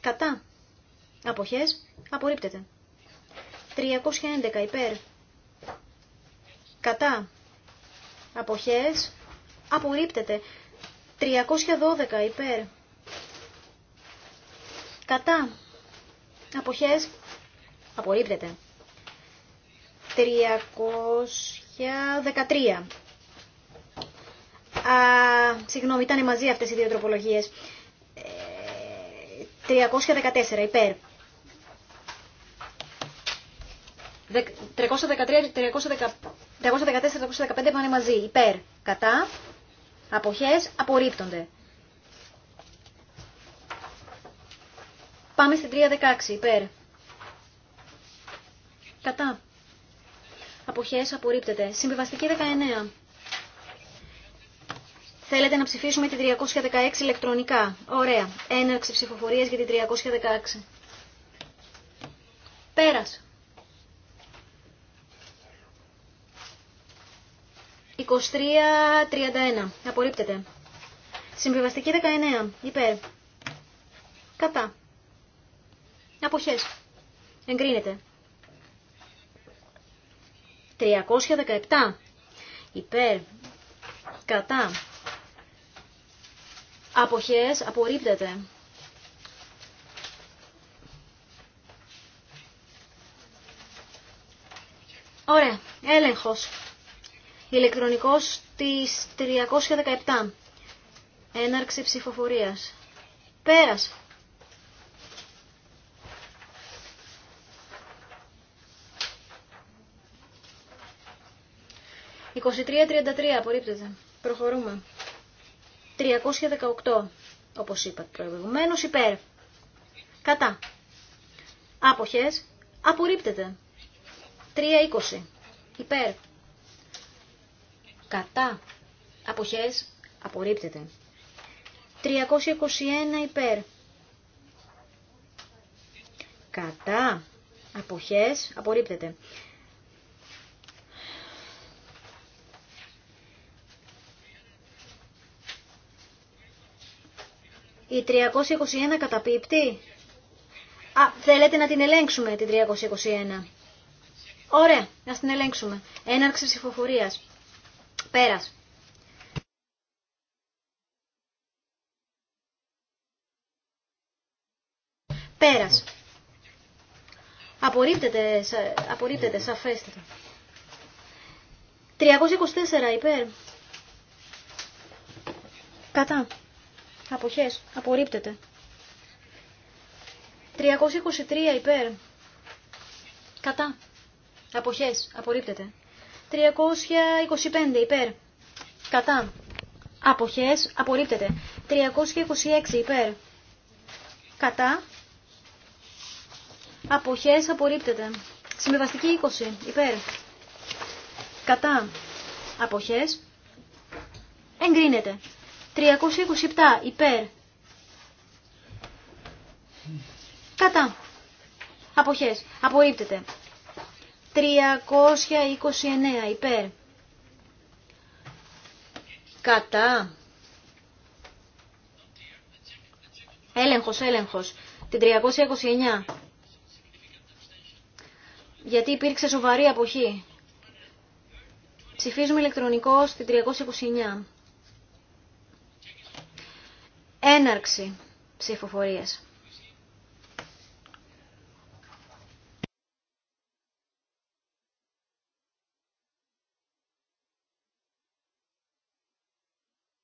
κατά, αποχές, απορρίπτεται. 311 υπέρ, κατά, αποχές, απορρίπτεται. 312 υπέρ, κατά, αποχές, απορρίπτεται. 313 Α, συγγνώμη, ήταν μαζί αυτές οι δύο τροπολογίες. 314 ε, υπέρ. 314, 315 πάνε μαζί. Υπέρ. Κατά. Αποχές απορρίπτονται. Πάμε στην 316. Υπέρ. Κατά. Αποχές απορρίπτεται. Συμβιβαστική 19. Θέλετε να ψηφίσουμε τη 316 ηλεκτρονικά. Ωραία. Έναρξη ψηφοφορία για την 316. Πέρας. 23-31. Απορρίπτεται. Συμβιβαστική 19. Υπέρ. Κατά. Αποχές. Εγκρίνεται. 317. Υπέρ. Κατά αποχές απορρίπτεται. Ωραία, έλεγχος. Ηλεκτρονικός της 317. Έναρξη ψηφοφορίας. Πέρας. «23-33 απορρίπτεται. Προχωρούμε. 318, όπως είπα προηγουμένως, υπέρ. Κατά. Άποχες. Απορρίπτεται. 320. Υπέρ. Κατά. Αποχές. Απορρίπτεται. 321 υπέρ. Κατά. Αποχές. Απορρίπτεται. Η 321 καταπίπτει. Α, θέλετε να την ελέγξουμε την 321. Ωραία, να την ελέγξουμε. Έναρξη ψηφοφορία. Πέρας. Πέρας. Απορρίπτεται, απορρίπτεται σαφέστατα. 324 υπέρ. Κατά. Αποχές. Απορρίπτεται. 323 υπέρ. Κατά. Αποχές. Απορρίπτεται. 325 υπέρ. Κατά. Αποχές. Απορρίπτεται. 326 υπέρ. Κατά. Αποχές. Απορρίπτεται. Συμβεβαστική 20 υπέρ. Κατά. Αποχές. Εγκρίνεται. 327 υπέρ. Κατά. Αποχές. Απορρίπτεται. 329 υπέρ. Κατά. Έλεγχος, έλεγχος. Την 329. Γιατί υπήρξε σοβαρή αποχή. Ψηφίζουμε ηλεκτρονικό στην 329. Έναρξη ψηφοφορίας.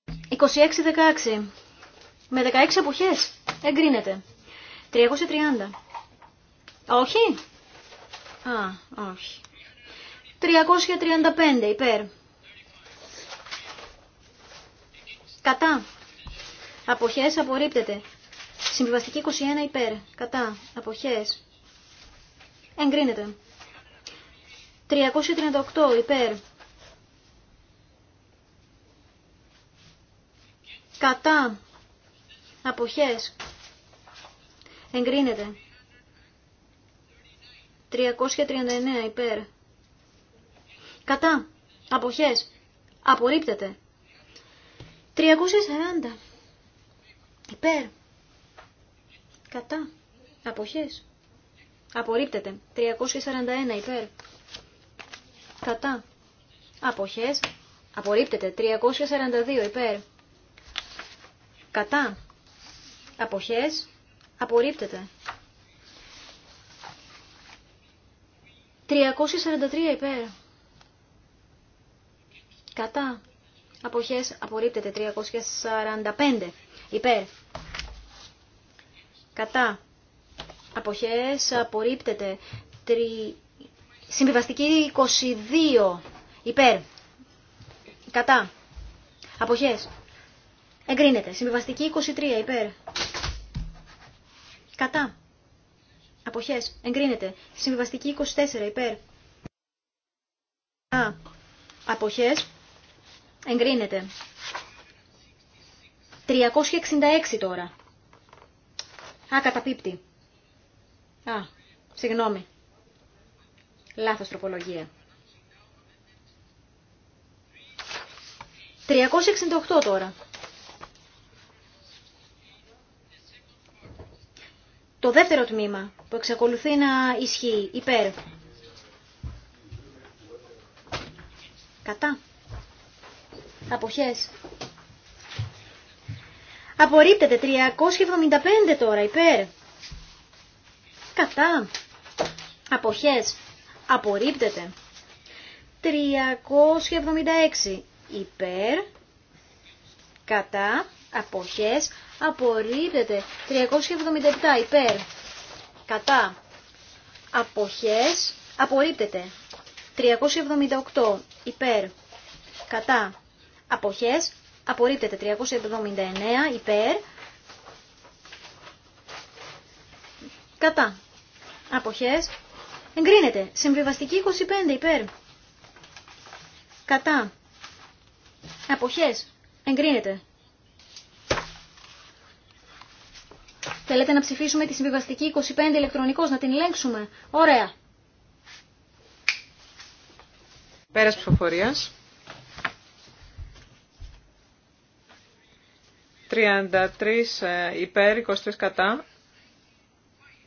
Είναι 26-16. Με 16 εποχές. Εγκρίνεται. 330. Όχι. Α, όχι. 335 υπέρ. Κατά. Αποχές απορρίπτεται. Συμβιβαστική 21 υπέρ. Κατά. Αποχές. Εγκρίνεται. 338 υπέρ. Κατά. Αποχές. Εγκρίνεται. 339 υπέρ. Κατά. Αποχές. Απορρίπτεται. 340 Υπέρ. Κατά. Αποχές. Απορρίπτεται. 341 υπέρ. Κατά. Αποχές. Απορρίπτεται. 342 υπέρ. Κατά. Αποχές. Απορρίπτεται. 343 υπέρ. Κατά. Αποχές απορρίπτεται 345 Υπέρ. Κατά. Αποχές απορρίπτεται. Τρι... Συμβιβαστική 22. Υπέρ. Κατά. Αποχές. Εγκρίνεται. Συμβιβαστική 23. Υπέρ. Κατά. Αποχές. Εγκρίνεται. Συμβιβαστική 24. Υπέρ. Α. Αποχές. Εγκρίνεται. 366 τώρα. Α, καταπίπτει. Α, συγγνώμη. Λάθος τροπολογία. 368 τώρα. Το δεύτερο τμήμα που εξακολουθεί να ισχύει υπέρ. Κατά. Αποχές. Απορρίπτεται 375 τώρα υπέρ. Κατά. Αποχές. Απορρίπτεται. 376 υπέρ. Κατά. Αποχές. Απορρίπτεται. 377 υπέρ. Κατά. Αποχές. Απορρίπτεται. 378 υπέρ. Κατά. Αποχές απορρίπτεται 379 υπέρ κατά αποχές εγκρίνεται συμβιβαστική 25 υπέρ κατά αποχές εγκρίνεται Θέλετε να ψηφίσουμε τη συμβιβαστική 25 ηλεκτρονικός, να την ελέγξουμε. Ωραία. Πέρας ψηφοφορίας. 33 ε, υπέρ, 23 κατά.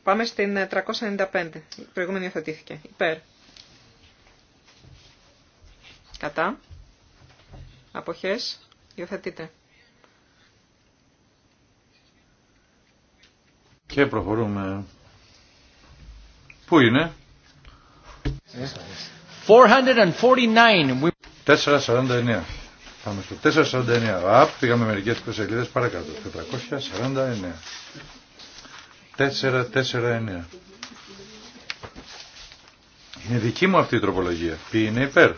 Πάμε στην 395. Ε, Η προηγούμενη υιοθετήθηκε. Υπέρ. Κατά. Αποχές. Υιοθετείτε. Και προχωρούμε. Πού είναι? 449. 449. Πάμε στο 449. Απ, πήγαμε μερικε προσελίδε παρακάτω. 449. 449. Είναι δική μου αυτή η τροπολογία. Ποιοι είναι υπέρ.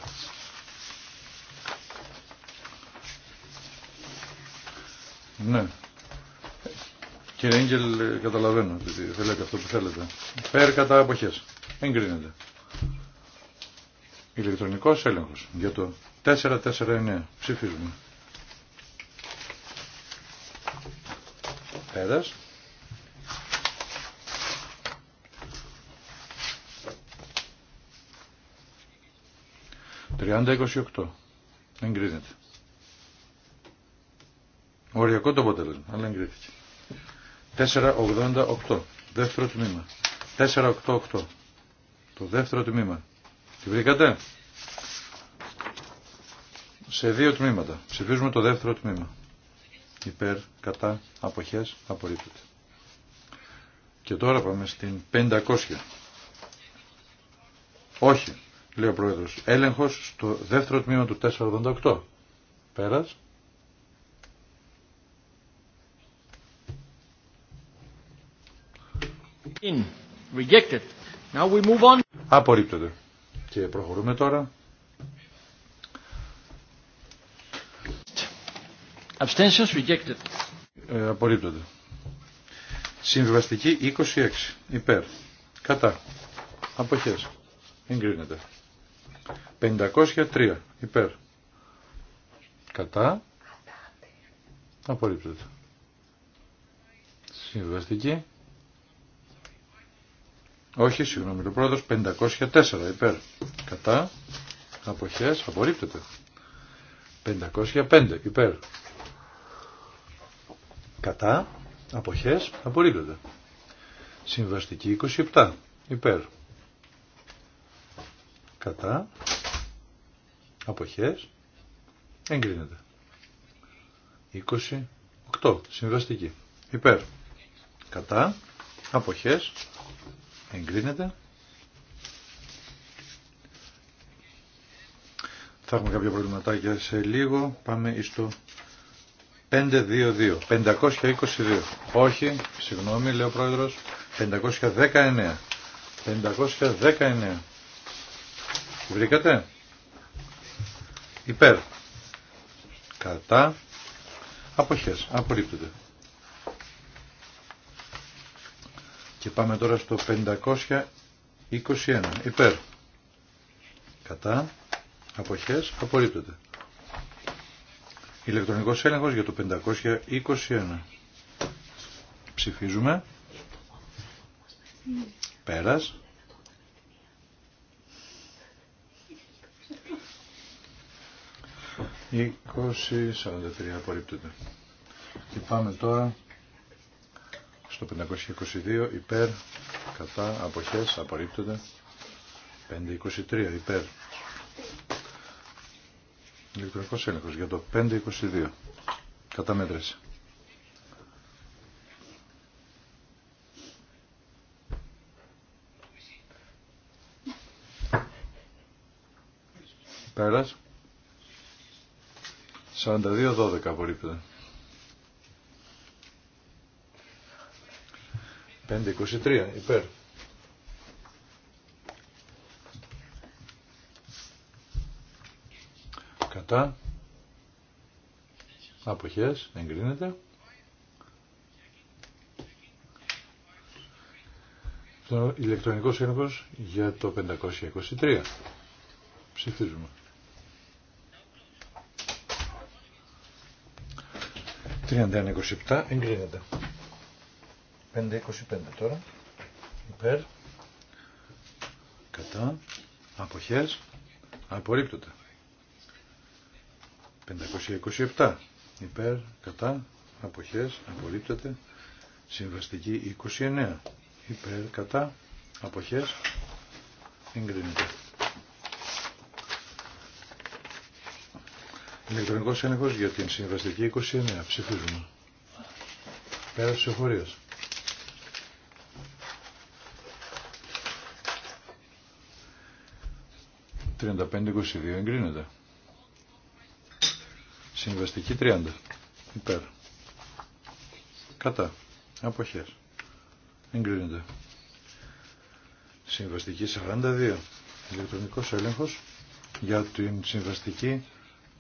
Ναι. Κύριε Έγγελ, καταλαβαίνω ότι θέλετε αυτό που θέλετε. Υπέρ κατά αποχές. Εγκρίνεται. Ηλεκτρονικός έλεγχος για το 449. Ψηφίζουμε. Πέρας. Τριάντα δεν Εγκρίνεται. Οριακό το αποτέλεσμα, αλλά εγκρίθηκε. 488. Δεύτερο τμήμα. 488. Το δεύτερο τμήμα. Τη βρήκατε. Σε δύο τμήματα. Ψηφίζουμε το δεύτερο τμήμα. Υπέρ, κατά, αποχές, απορρίπτεται. Και τώρα πάμε στην 500. Όχι, λέει ο Πρόεδρος. Έλεγχος στο δεύτερο τμήμα του 488. Πέρας. In. Και προχωρούμε τώρα. Abstentions rejected. Ε, απορρίπτονται. Συμβιβαστική 26. Υπέρ. Κατά. Αποχές. Εγκρίνεται. 503. Υπέρ. Κατά. Απορρίπτεται. Συμβιβαστική όχι, συγγνώμη, το πρόεδρος 504 υπέρ. Κατά αποχές απορρίπτεται. 505 υπέρ. Κατά αποχές απορρίπτεται. Συμβαστική 27 υπέρ. Κατά αποχές εγκρίνεται. 28 συμβαστική υπέρ. Κατά αποχές εγκρίνεται. Θα έχουμε κάποια προβληματάκια σε λίγο. Πάμε στο 522. 522. Όχι, συγγνώμη, λέει ο πρόεδρος. 519. 519. Βρήκατε. Υπέρ. Κατά. Αποχές. Απορρίπτεται. Και πάμε τώρα στο 521. Υπέρ. Κατά. Αποχές. Απορρίπτεται. Ηλεκτρονικός έλεγχος για το 521. Ψηφίζουμε. Πέρας. Είκοσι, απορρίπτεται. Και πάμε τώρα στο 522 υπέρ κατά αποχές απορρίπτωται 523 υπέρ ηλεκτρονικός έλεγχος για το 522 καταμέτρηση πέρας 42-12 απορρίπτονται. 5.23 υπέρ. Κατά. Αποχές, εγκρίνεται. Το ηλεκτρονικό έλεγχος για το 523. Ψηφίζουμε. εγκρίνεται. 5.25 τώρα. Υπέρ. Κατά. Αποχές. Απορρίπτωτα. 527. Υπέρ. Κατά. Αποχές. Απορρίπτωτα. Συμβαστική 29. Υπέρ. Κατά. Αποχές. Εγκρίνεται. Ηλεκτρονικός έλεγχος για την συμβαστική 29. Ψηφίζουμε. ο της 35-22 εγκρίνεται. Συμβαστική 30. Υπέρ. Κατά. Αποχές. Εγκρίνεται. Συμβαστική 42. Ηλεκτρονικός έλεγχος για την συμβαστική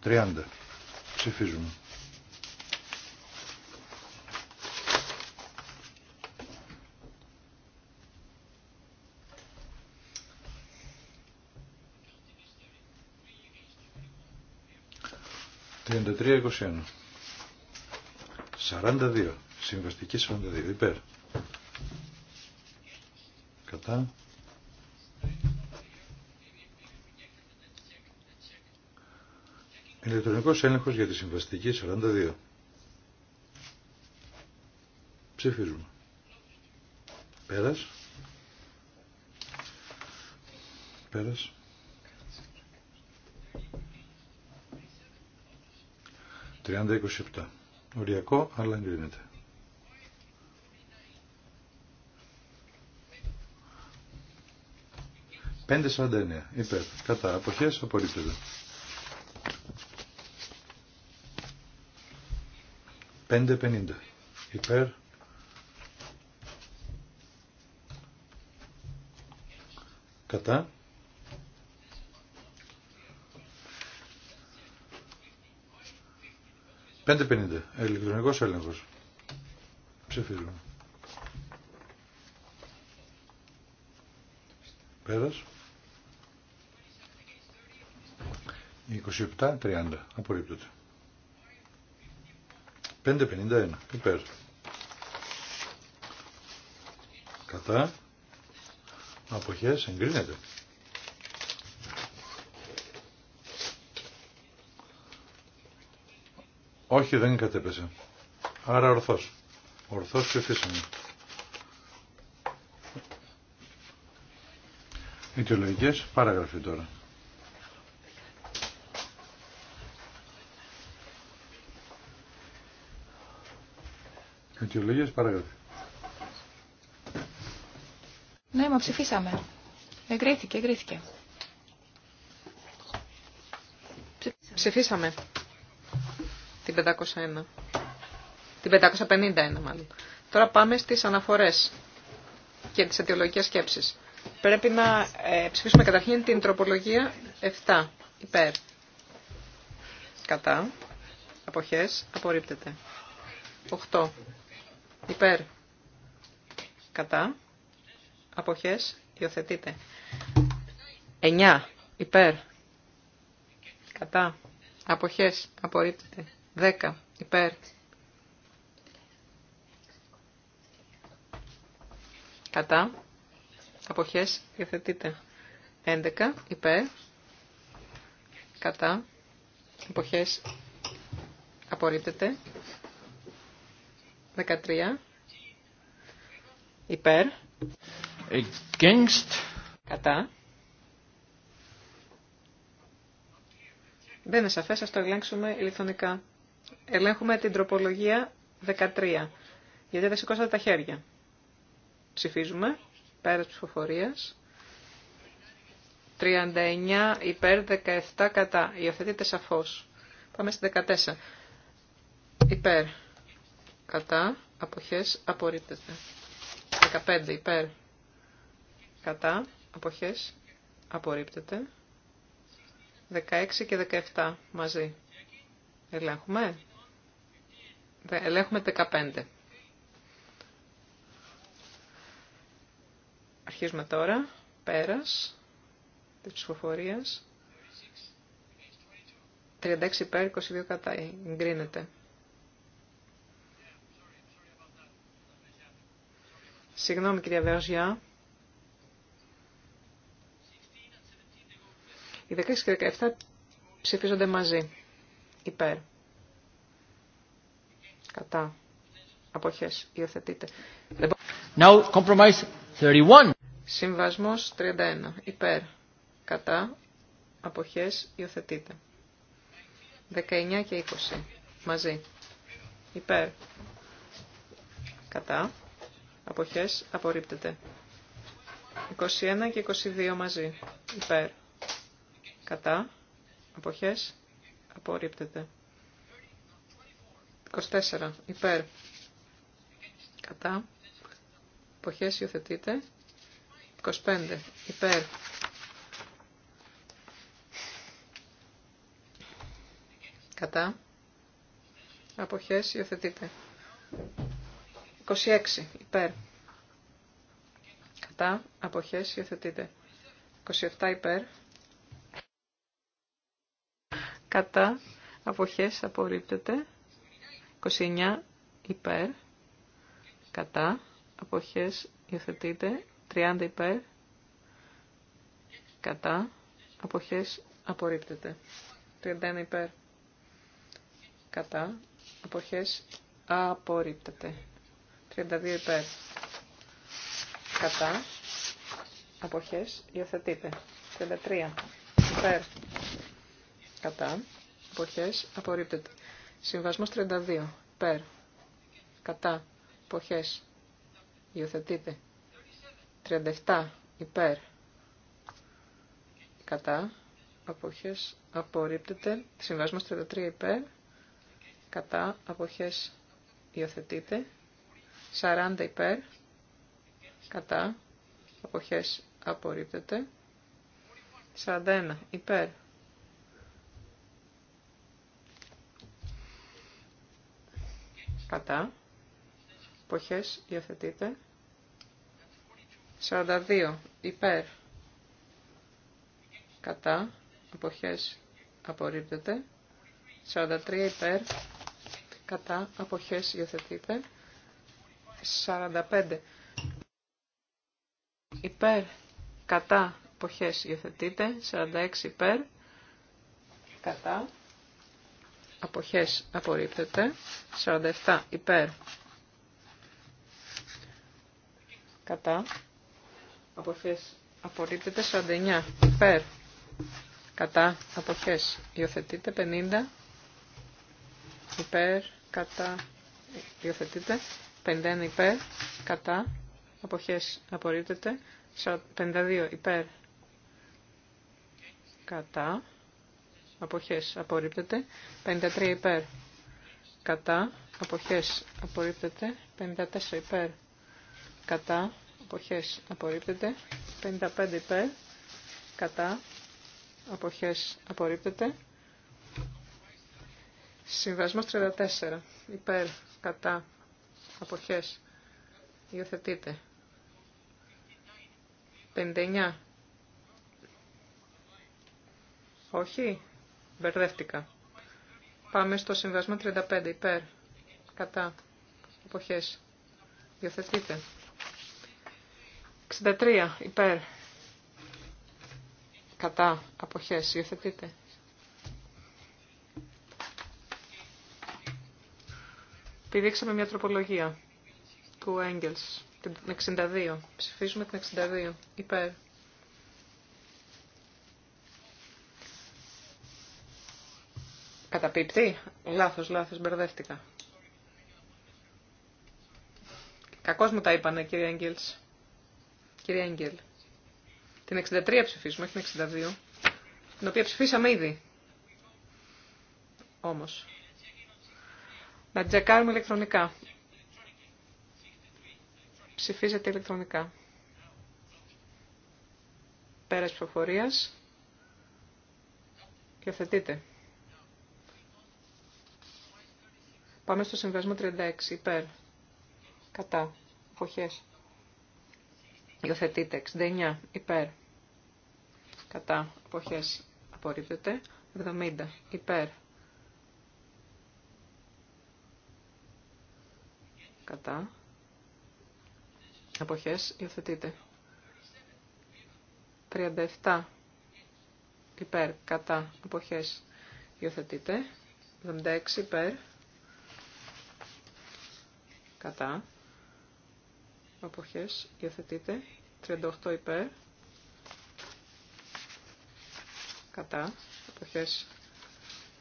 30. Ψηφίζουμε. 43-21. 42. Συμβαστική 42. Υπέρ. Κατά. Ηλεκτρονικός έλεγχος για τη συμβαστική 42. Ψηφίζουμε. Πέρας. Πέρας. 30-27. Οριακό, αλλά εγκρίνεται. Πέντε σαντένια. Υπέρ. Κατά. Αποχές απορρίπτεται. Πέντε πενήντα. Υπέρ. Κατά. 5.50. Ελεκτρονικό έλεγχο. Ψηφίζουμε. Πέρας. 27.30. Απορρίπτωται. 5.51. Υπέρ. Κατά. Αποχέ εγκρίνεται. Όχι, δεν κατέπεσε. Άρα ορθός. και ψηφίσαμε. Ιδεολογικές παραγράφη τώρα. Αιτιολογίες παραγράφη. Ναι, μα ψηφίσαμε. Εγκρίθηκε, εγκρίθηκε. Ψηφίσαμε την 501. Την 551 μάλλον. Τώρα πάμε στις αναφορές και τις αιτιολογικές σκέψεις. Πρέπει να ε, ψηφίσουμε καταρχήν την τροπολογία 7. Υπέρ. Κατά. Αποχές. Απορρίπτεται. 8. Υπέρ. Κατά. Αποχές. Υιοθετείται. 9. Υπέρ. Κατά. Αποχές. Απορρίπτεται. 10 υπέρ. Κατά. Αποχές υιοθετείται. 11 υπέρ. Κατά. Αποχές απορρίπτεται. 13 υπέρ. Κατά. Δεν είναι σαφές, ας το ελέγξουμε ηλεκτρονικά. Ελέγχουμε την τροπολογία 13. Γιατί δεν σηκώσατε τα χέρια. Ψηφίζουμε. της ψηφοφορίας. 39 υπέρ 17 κατά. Υιοθετείτε σαφώς. Πάμε στη 14. Υπέρ. Κατά. Αποχές. Απορρίπτεται. 15 υπέρ. Κατά. Αποχές. Απορρίπτεται. 16 και 17 μαζί. Ελέγχουμε. Ελέγχουμε 15. Αρχίζουμε τώρα. Πέρας της ψηφοφορία. 36 υπέρ, 22 κατά. Εγκρίνεται. Συγγνώμη κυρία Βεωζιά. Οι 16 και 17 ψηφίζονται μαζί υπέρ. Κατά. Αποχές. Υιοθετείτε. Now compromise 31. Συμβασμός 31. Υπέρ. Κατά. Αποχές. Υιοθετείτε. 19 και 20. Μαζί. Υπέρ. Κατά. Αποχές. Απορρίπτεται. 21 και 22 μαζί. Υπέρ. Κατά. Αποχές. Απορρίπτεται. 24. Υπέρ. Κατά. Εποχές υιοθετείται. 25. Υπέρ. Κατά. Αποχές υιοθετείται. 26. Υπέρ. Κατά. Αποχές υιοθετείται. 27. Υπέρ κατά αποχές απορρίπτεται 29 υπέρ κατά αποχές υιοθετείται 30 υπέρ κατά αποχές απορρίπτεται 31 υπέρ κατά αποχές απορρίπτεται 32 υπέρ κατά αποχές υιοθετείται 33 υπέρ Κατά. εποχές, Απορρίπτεται. Συμβασμός 32. Περ. Κατά. εποχές, Υιοθετείται. 37. Υπέρ. Κατά. Αποχές. Απορρίπτεται. Συμβασμός 33. Υπέρ. Κατά. Αποχές. Υιοθετείται. 40. Υπέρ. Κατά. Αποχές. Απορρίπτεται. 41. Υπέρ. κατά, εποχές υιοθετείτε, 42 υπέρ, κατά, εποχές απορρίπτεται. 43 υπέρ, κατά, εποχές υιοθετείτε, 45 υπέρ, κατά, εποχές υιοθετείτε, 46 υπέρ, κατά, αποχές απορρίπτεται, 47 υπέρ κατά, αποχές απορρίπτεται, 49 υπέρ κατά, αποχές υιοθετείται, 50 υπέρ κατά, υιοθετείται, 51 υπέρ κατά, αποχές απορρίπτεται, 52 υπέρ κατά, αποχές απορρίπτεται, 53 υπέρ κατά, αποχές απορρίπτεται, 54 υπέρ κατά, αποχές απορρίπτεται, 55 υπέρ κατά, αποχές απορρίπτεται, Συμβασμός 34 υπέρ κατά, αποχές υιοθετείται. 59. Όχι. Μπερδεύτηκα. Πάμε στο συμβασμό 35. Υπέρ. Κατά. Εποχές. Διοθετείτε. 63. Υπέρ. Κατά. Αποχές. Υιοθετείτε. Πηδήξαμε μια τροπολογία του Έγγελς. Την 62. Ψηφίζουμε την 62. Υπέρ. Καταπίπτει. Λάθος, λάθος, μπερδεύτηκα. Κακός μου τα είπανε, κύριε Έγγελς. Κύριε Έγγελ. Την 63 ψηφίσουμε, όχι την 62. Την οποία ψηφίσαμε ήδη. Όμως. Να τζεκάρουμε ηλεκτρονικά. Ψηφίζεται ηλεκτρονικά. Πέρας ψηφοφορίας. Και θετείτε. Πάμε στο συμβασμό 36. Υπέρ. Κατά. Αποχές. Υιοθετείτε. 69. Υπέρ. Κατά. Αποχές. Απορρίπτεται. 70. Υπέρ. Κατά. Αποχές. Υιοθετείτε. 37. Υπέρ. Κατά. Αποχές. Υιοθετείτε. 76. Υπέρ κατά, αποχές υιοθετείται, 38 υπέρ, κατά, αποχές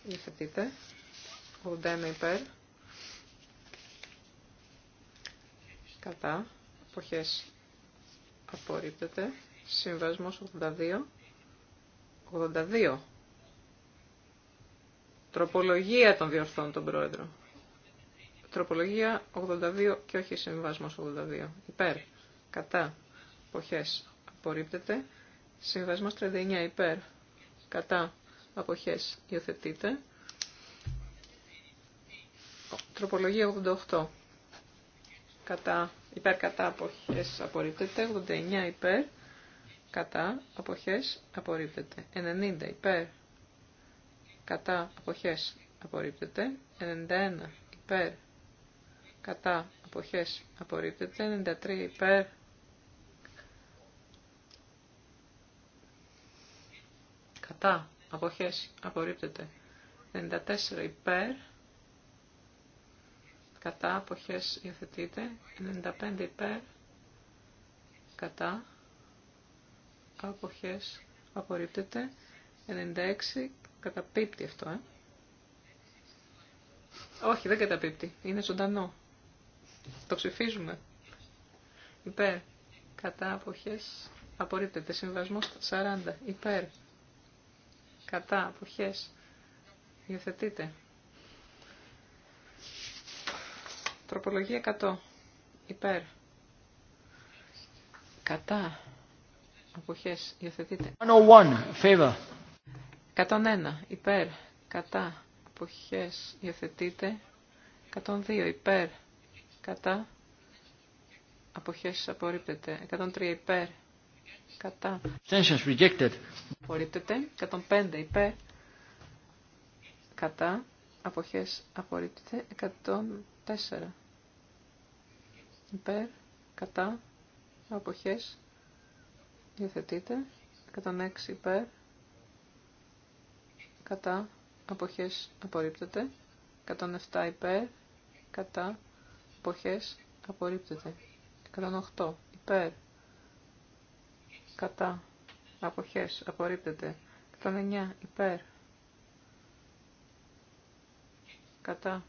υιοθετείται, 81 υπέρ, κατά, αποχές απορρίπτεται, συμβασμός 82, 82, τροπολογία των διορθών των πρόεδρων. Τροπολογία 82 και όχι συμβασμός 82. Υπέρ. Κατά. Αποχές. Απορρίπτεται. Συμβασμός 39. Υπέρ. Κατά. Αποχές. Υιοθετείται. Τροπολογία 88. Κατά. Υπέρ. Κατά. Αποχές. Απορρίπτεται. 89. Υπέρ. Κατά. Αποχές. Απορρίπτεται. 90. Υπέρ. Κατά. Αποχές. Απορρίπτεται. 91. Υπέρ κατά αποχές απορρίπτεται 93 υπέρ κατά αποχές απορρίπτεται 94 υπέρ κατά αποχές υιοθετείται 95 υπέρ κατά αποχές απορρίπτεται 96 καταπίπτει αυτό ε. όχι δεν καταπίπτει είναι ζωντανό το ψηφίζουμε. Υπέρ. Κατά αποχές απορρίπτεται. Συμβασμός 40. Υπέρ. Κατά αποχές Υιοθετείτε. Τροπολογία 100. Υπέρ. Κατά. Αποχές. Υιοθετείτε. 101. Favor. 101. Υπέρ. Κατά. Αποχές. Υιοθετείτε. 102. Υπέρ κατά αποχές απορρίπτεται 103 υπέρ κατά rejected. απορρίπτεται 105 υπέρ κατά αποχές απορρίπτεται 104 υπέρ κατά αποχές διαθετείται 106 υπέρ κατά αποχές απορρίπτεται 107 υπέρ κατά ποχές απορρίπτεται. 108 υπέρ κατά αποχές απορρίπτεται. 109 υπέρ κατά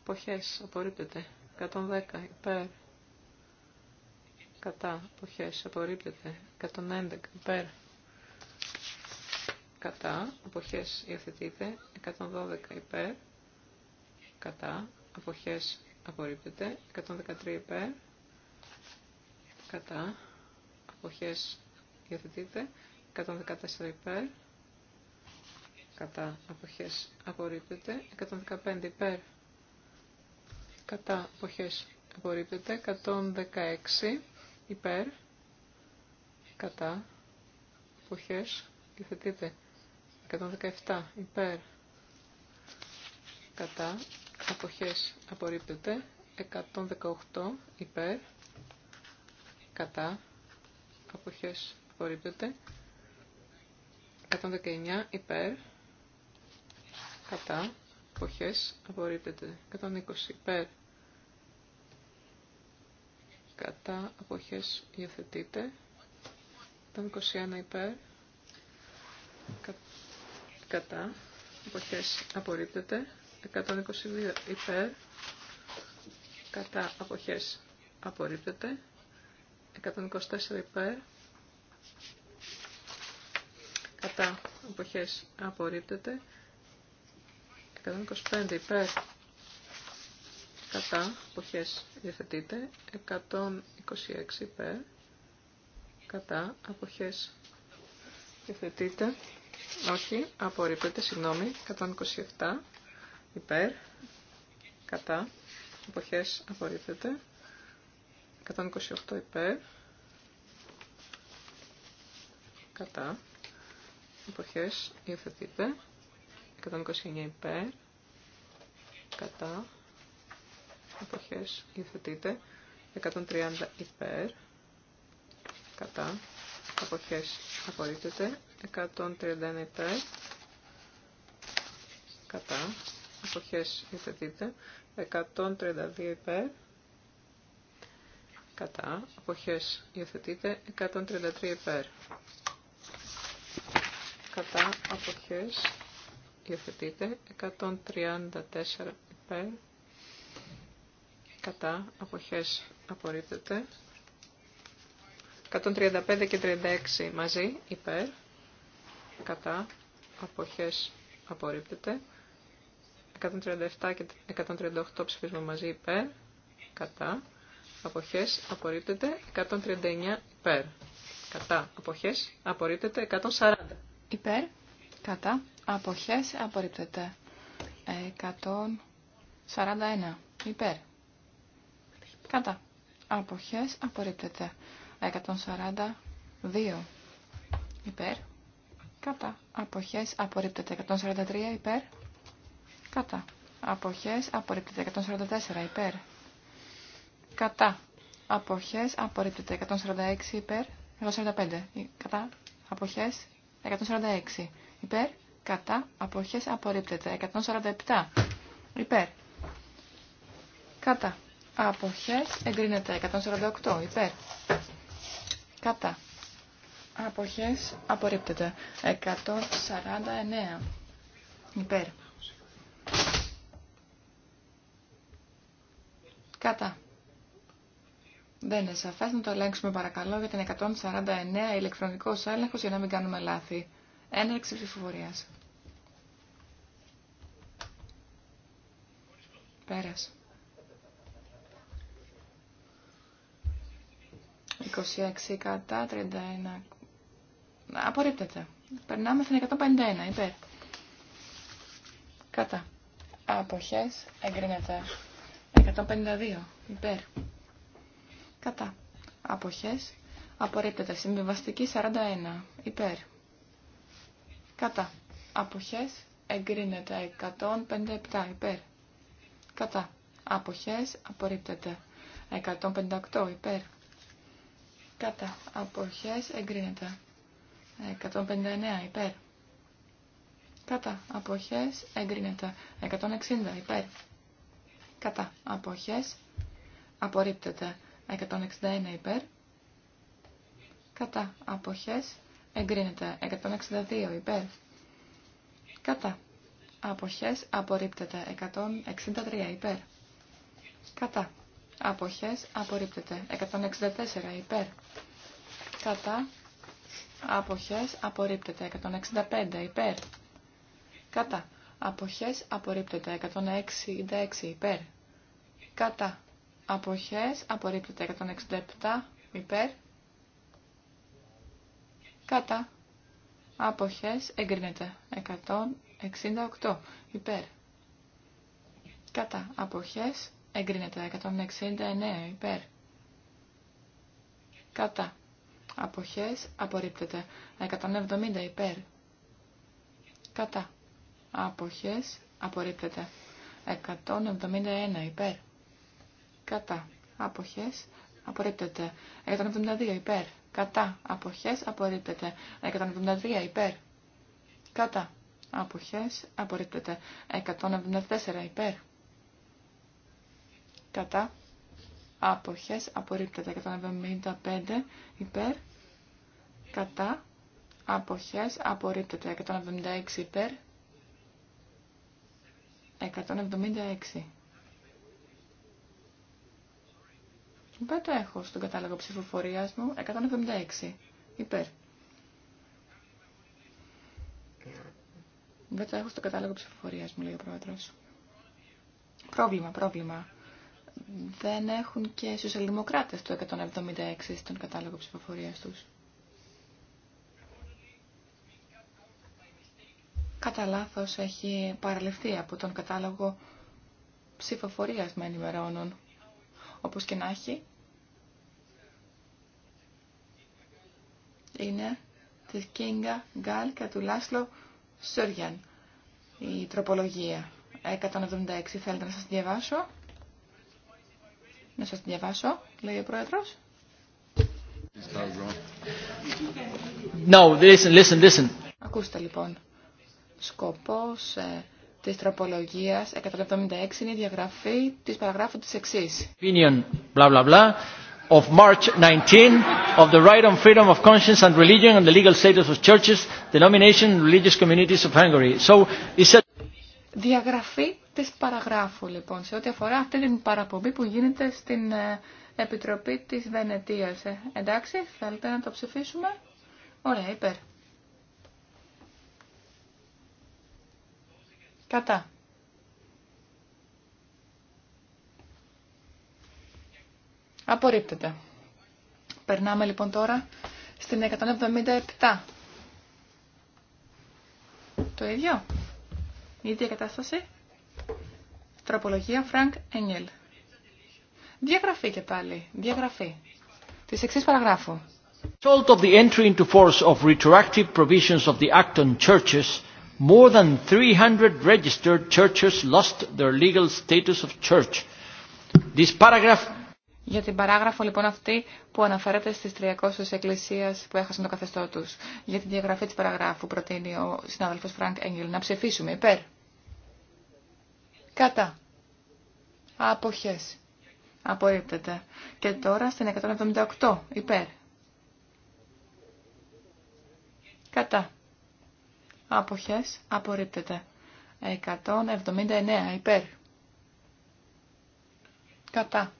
αποχές απορρίπτεται. 110 υπέρ κατά αποχές απορρίπτεται. 111 υπέρ κατά αποχές υιοθετείται. 112 υπέρ κατά αποχές απορρίπτεται. 113 υπέρ, κατά, αποχές υιοθετείται. 114 υπέρ, κατά, αποχές απορρίπτεται. 115 υπέρ, κατά, αποχές απορρίπτεται. 116 υπέρ, κατά, αποχές υιοθετείται. 117 υπέρ, κατά, αποχές απορρίπτεται 118 υπέρ κατά αποχές απορρίπτεται 119 υπέρ κατά αποχές απορρίπτεται 120 υπέρ κατά αποχές υιοθετείται 121 υπέρ κατά αποχές απορρίπτεται 122 υπέρ κατά αποχές απορρίπτεται 124 υπέρ κατά αποχές απορρίπτεται 125 υπέρ κατά αποχές διαθετείται 126 υπέρ κατά αποχές διαθετείται όχι απορρίπτεται συγγνώμη 127 υπέρ, κατά, εποχές απορρίπτεται, 128 υπέρ, κατά, εποχές υιοθετείται, 129 υπέρ, κατά, εποχές υιοθετείται, 130 υπέρ, κατά, εποχές απορρίπτεται, 131 υπέρ, κατά, αποχές υιοθετείται. 132 υπέρ, κατά, αποχές υιοθετείτε, 133 υπέρ, κατά, αποχές υιοθετείτε. 134 υπέρ, κατά, αποχές απορρίπτεται. 135 και 36 μαζί, υπέρ, κατά, αποχές απορρίπτεται. 137 και 138 ψηφίσμα μαζί υπέρ, κατά, αποχές, απορρίπτεται, 139 υπέρ, κατά, αποχές, απορρίπτεται, 140 υπέρ, κατά, αποχές, απορρίπτεται, 141 υπέρ, κατά, αποχές, απορρίπτεται, 142 υπέρ, κατά, αποχές, απορρίπτεται, 143 υπέρ, Κατά. Αποχές απορρίπτεται 144 υπέρ. Κατά. Αποχές απορρίπτεται 146 υπέρ. 145 κατά. Αποχές 146 υπέρ. Κατά. Αποχές απορρίπτεται 147 υπέρ. Κατά. Αποχές εγκρίνεται 148 υπέρ. Κατά. Αποχές απορρίπτεται 149 υπέρ. Κατά. Δεν είναι σαφές να το ελέγξουμε παρακαλώ για την 149 ηλεκτρονικός έλεγχος για να μην κάνουμε λάθη. Έναρξη ψηφοφορίας. Πέρας. 26 κατά, 31. Απορρίπτεται. Περνάμε στην 151, υπέρ. Κατά. Αποχές εγκρίνεται. 152 υπέρ. Κατά. Αποχές. Απορρίπτεται. Συμβιβαστική 41 υπέρ. Κατά. Αποχές. Εγκρίνεται. 157 υπέρ. Κατά. Αποχές. Απορρίπτεται. 158 υπέρ. Κατά. Αποχές. Εγκρίνεται. 159 υπέρ. Κατά. Αποχές εγκρίνεται. 160 υπέρ κατά αποχές απορρίπτεται 161 υπέρ κατά αποχές εγκρίνεται 162 υπέρ κατά αποχές απορρίπτεται 163 υπέρ κατά αποχές απορρίπτεται 164 υπέρ κατά αποχές απορρίπτεται 165 υπέρ κατά Αποχές απορρίπτεται 166 υπέρ. Κατά. Αποχές απορρίπτεται 167 υπέρ. Κατά. Αποχές εγκρίνεται 168 υπέρ. Κατά. Αποχές εγκρίνεται 169 υπέρ. Κατά. Αποχές απορρίπτεται 170 υπέρ. Κατά αποχές απορρίπτεται. 171 υπέρ. Κατά. Αποχές απορρίπτεται. 172 υπέρ. Κατά. Αποχές απορρίπτεται. 173 υπέρ. Κατά. Αποχές απορρίπτεται. 174 υπέρ. Κατά. Αποχές απορρίπτεται. 175 υπέρ. Κατά. Αποχές απορρίπτεται. 176 υπέρ. 176. Δεν το έχω στον κατάλογο ψηφοφορίας μου. 176. Υπέρ. Δεν το έχω στο κατάλογο ψηφοφορίας μου, λέει ο πρόεδρος. Πρόβλημα, πρόβλημα. Δεν έχουν και οι σοσιαλδημοκράτες το 176 στον κατάλογο ψηφοφορίας τους. κατά λάθο έχει παραλευθεί από τον κατάλογο ψηφοφορίας με ενημερώνων. Όπως και να έχει, είναι της Κίνγκα Γκάλ και του Λάσλο Σούριαν. Η τροπολογία 176 θέλετε να σας διαβάσω. Να σας διαβάσω, λέει ο Πρόεδρος. No, listen, listen, listen. Ακούστε λοιπόν. Σκοπός ε, της τροπολογίας 176 είναι η διαγραφή της παραγράφου της εξής. Opinion, blah, blah, blah, of March 19 of the right on freedom of conscience and religion and the legal status of churches, denomination religious communities of Hungary. So, is a... Διαγραφή της παραγράφου λοιπόν σε ό,τι αφορά αυτή την παραπομπή που γίνεται στην ε, Επιτροπή της Βενετίας. Ε, εντάξει, θέλετε να το ψηφίσουμε. Ωραία, υπέρ. Κατά. Απορρίπτεται. Περνάμε λοιπόν τώρα στην 177. Το ίδιο. Η ίδια κατάσταση. Τροπολογία Φρανκ Έγγελ. Διαγραφή και πάλι. Διαγραφή. Της εξής παραγράφου. Result of the entry into force of retroactive provisions of the Acton churches για την παράγραφο λοιπόν αυτή που αναφέρεται στις 300 εκκλησίες που έχασαν το καθεστώ τους. Για την διαγραφή της παραγράφου προτείνει ο συνάδελφος Φρανκ Έγγελ να ψηφίσουμε υπέρ. Κατά. Αποχές. Απορρίπτεται. Και τώρα στην 178 υπέρ. Κατά. Αποχές απορρίπτεται. 179 υπέρ. Κατά.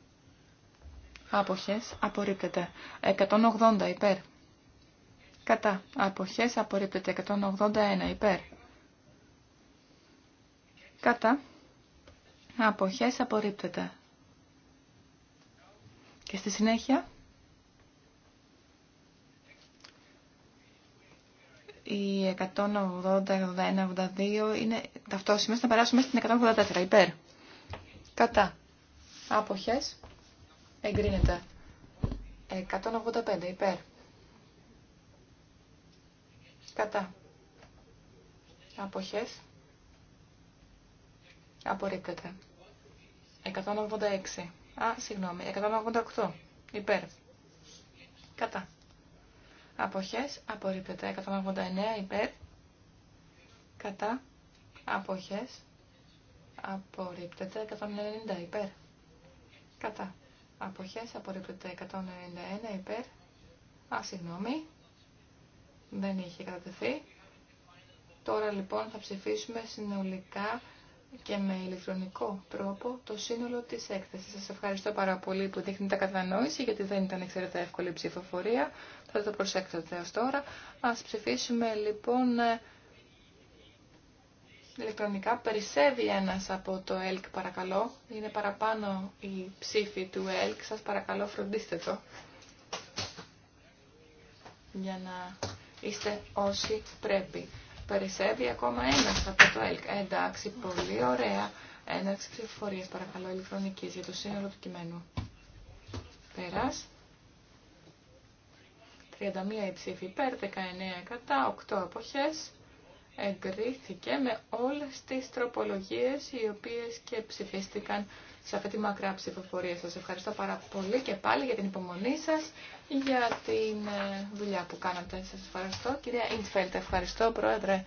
Αποχές απορρίπτεται. 180 υπέρ. Κατά. Αποχές απορρίπτεται. 181 υπέρ. Κατά. Αποχές απορρίπτεται. Και στη συνέχεια οι 180, 81, 82 είναι ταυτόσιμες. Να περάσουμε στην 184. Υπέρ. Κατά. Άποχες. Εγκρίνεται. 185. Υπέρ. Κατά. Άποχες. Απορρίπτεται. 186. Α, συγγνώμη. 188. Υπέρ. Κατά. Αποχές απορρίπτεται 189 υπέρ. Κατά. Αποχές απορρίπτεται 190 υπέρ. Κατά. Αποχές απορρίπτεται 191 υπέρ. Α, συγγνώμη. Δεν είχε κατατεθεί. Τώρα λοιπόν θα ψηφίσουμε συνολικά και με ηλεκτρονικό τρόπο το σύνολο της έκθεση. Σας ευχαριστώ πάρα πολύ που δείχνετε κατανόηση γιατί δεν ήταν εξαιρετικά εύκολη η ψηφοφορία. Θα το προσέξετε ως τώρα. Ας ψηφίσουμε λοιπόν ε, ηλεκτρονικά. Περισσεύει ένας από το ΕΛΚ παρακαλώ. Είναι παραπάνω η ψήφη του ΕΛΚ. Σας παρακαλώ φροντίστε το για να είστε όσοι πρέπει. Περισσεύει ακόμα ένα από το ΕΛΚ. Ε, εντάξει, πολύ ωραία. Έναρξη ψηφοφορία παρακαλώ, ηλεκτρονική για το σύνολο του κειμένου. Περά. 31 η ψήφη υπέρ, 19 κατά, 8 εποχέ. Εγκρίθηκε με όλε τι τροπολογίε οι οποίε και ψηφίστηκαν σε αυτή τη μακρά ψηφοφορία. Σας ευχαριστώ πάρα πολύ και πάλι για την υπομονή σας, για την ε, δουλειά που κάνατε. Σας ευχαριστώ. Κυρία Ίντφελτ, ευχαριστώ Πρόεδρε.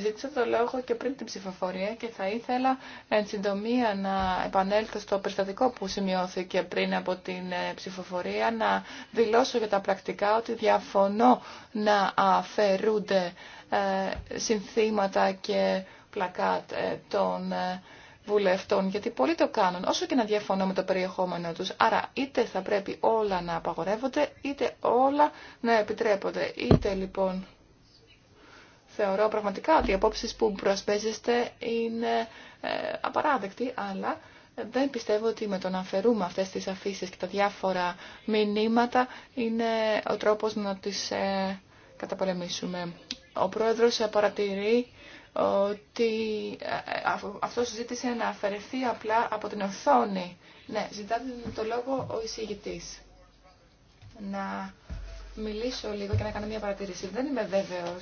Ζήτησα το λόγο και πριν την ψηφοφορία και θα ήθελα εν συντομία να επανέλθω στο περιστατικό που σημειώθηκε πριν από την ε, ψηφοφορία να δηλώσω για τα πρακτικά ότι διαφωνώ να αφαιρούνται ε, συνθήματα και πλακάτ των βουλευτών, γιατί πολλοί το κάνουν, όσο και να διαφωνώ με το περιεχόμενο τους. Άρα είτε θα πρέπει όλα να απαγορεύονται, είτε όλα να επιτρέπονται. Είτε λοιπόν θεωρώ πραγματικά ότι οι απόψεις που προσπέζεστε είναι ε, απαράδεκτοι, αλλά δεν πιστεύω ότι με το να αφαιρούμε αυτές τις αφήσει και τα διάφορα μηνύματα είναι ο τρόπος να τις ε, καταπολεμήσουμε. Ο πρόεδρος παρατηρεί ότι ε, ε, αυτό ζήτησε να αφαιρεθεί απλά από την οθόνη. Ναι, ζητάτε το λόγο ο εισηγητή. Να μιλήσω λίγο και να κάνω μια παρατήρηση. Δεν είμαι βέβαιο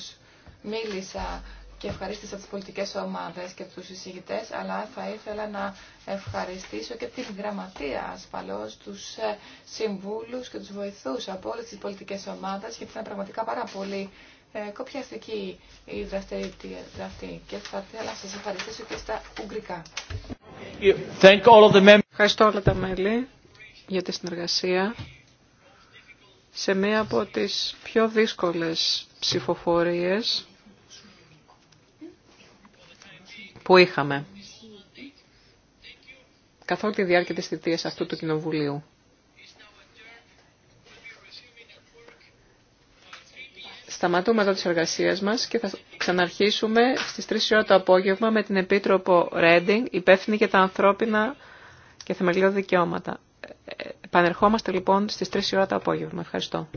Μίλησα και ευχαρίστησα τις πολιτικές ομάδες και τους εισηγητέ, αλλά θα ήθελα να ευχαριστήσω και την γραμματεία ασφαλώ τους ε, συμβούλους και τους βοηθούς από όλε τι πολιτικέ ομάδε γιατί ήταν πραγματικά πάρα πολύ ε, κοπιαστική η δραστηριότητα αυτή και θα ήθελα να σας ευχαριστήσω και στα ουγγρικά. Ευχαριστώ όλα τα μέλη για τη συνεργασία σε μία από τις πιο δύσκολες ψηφοφορίες που είχαμε καθ' όλη τη διάρκεια της θητείας αυτού του Κοινοβουλίου. Σταματούμε εδώ τις εργασίες μας και θα ξαναρχίσουμε στις 3 ώρα το απόγευμα με την Επίτροπο Ρέντινγκ, υπεύθυνη για τα ανθρώπινα και θεμελιώδη δικαιώματα. Ε, ε, επανερχόμαστε λοιπόν στις 3 ώρα το απόγευμα. Ευχαριστώ.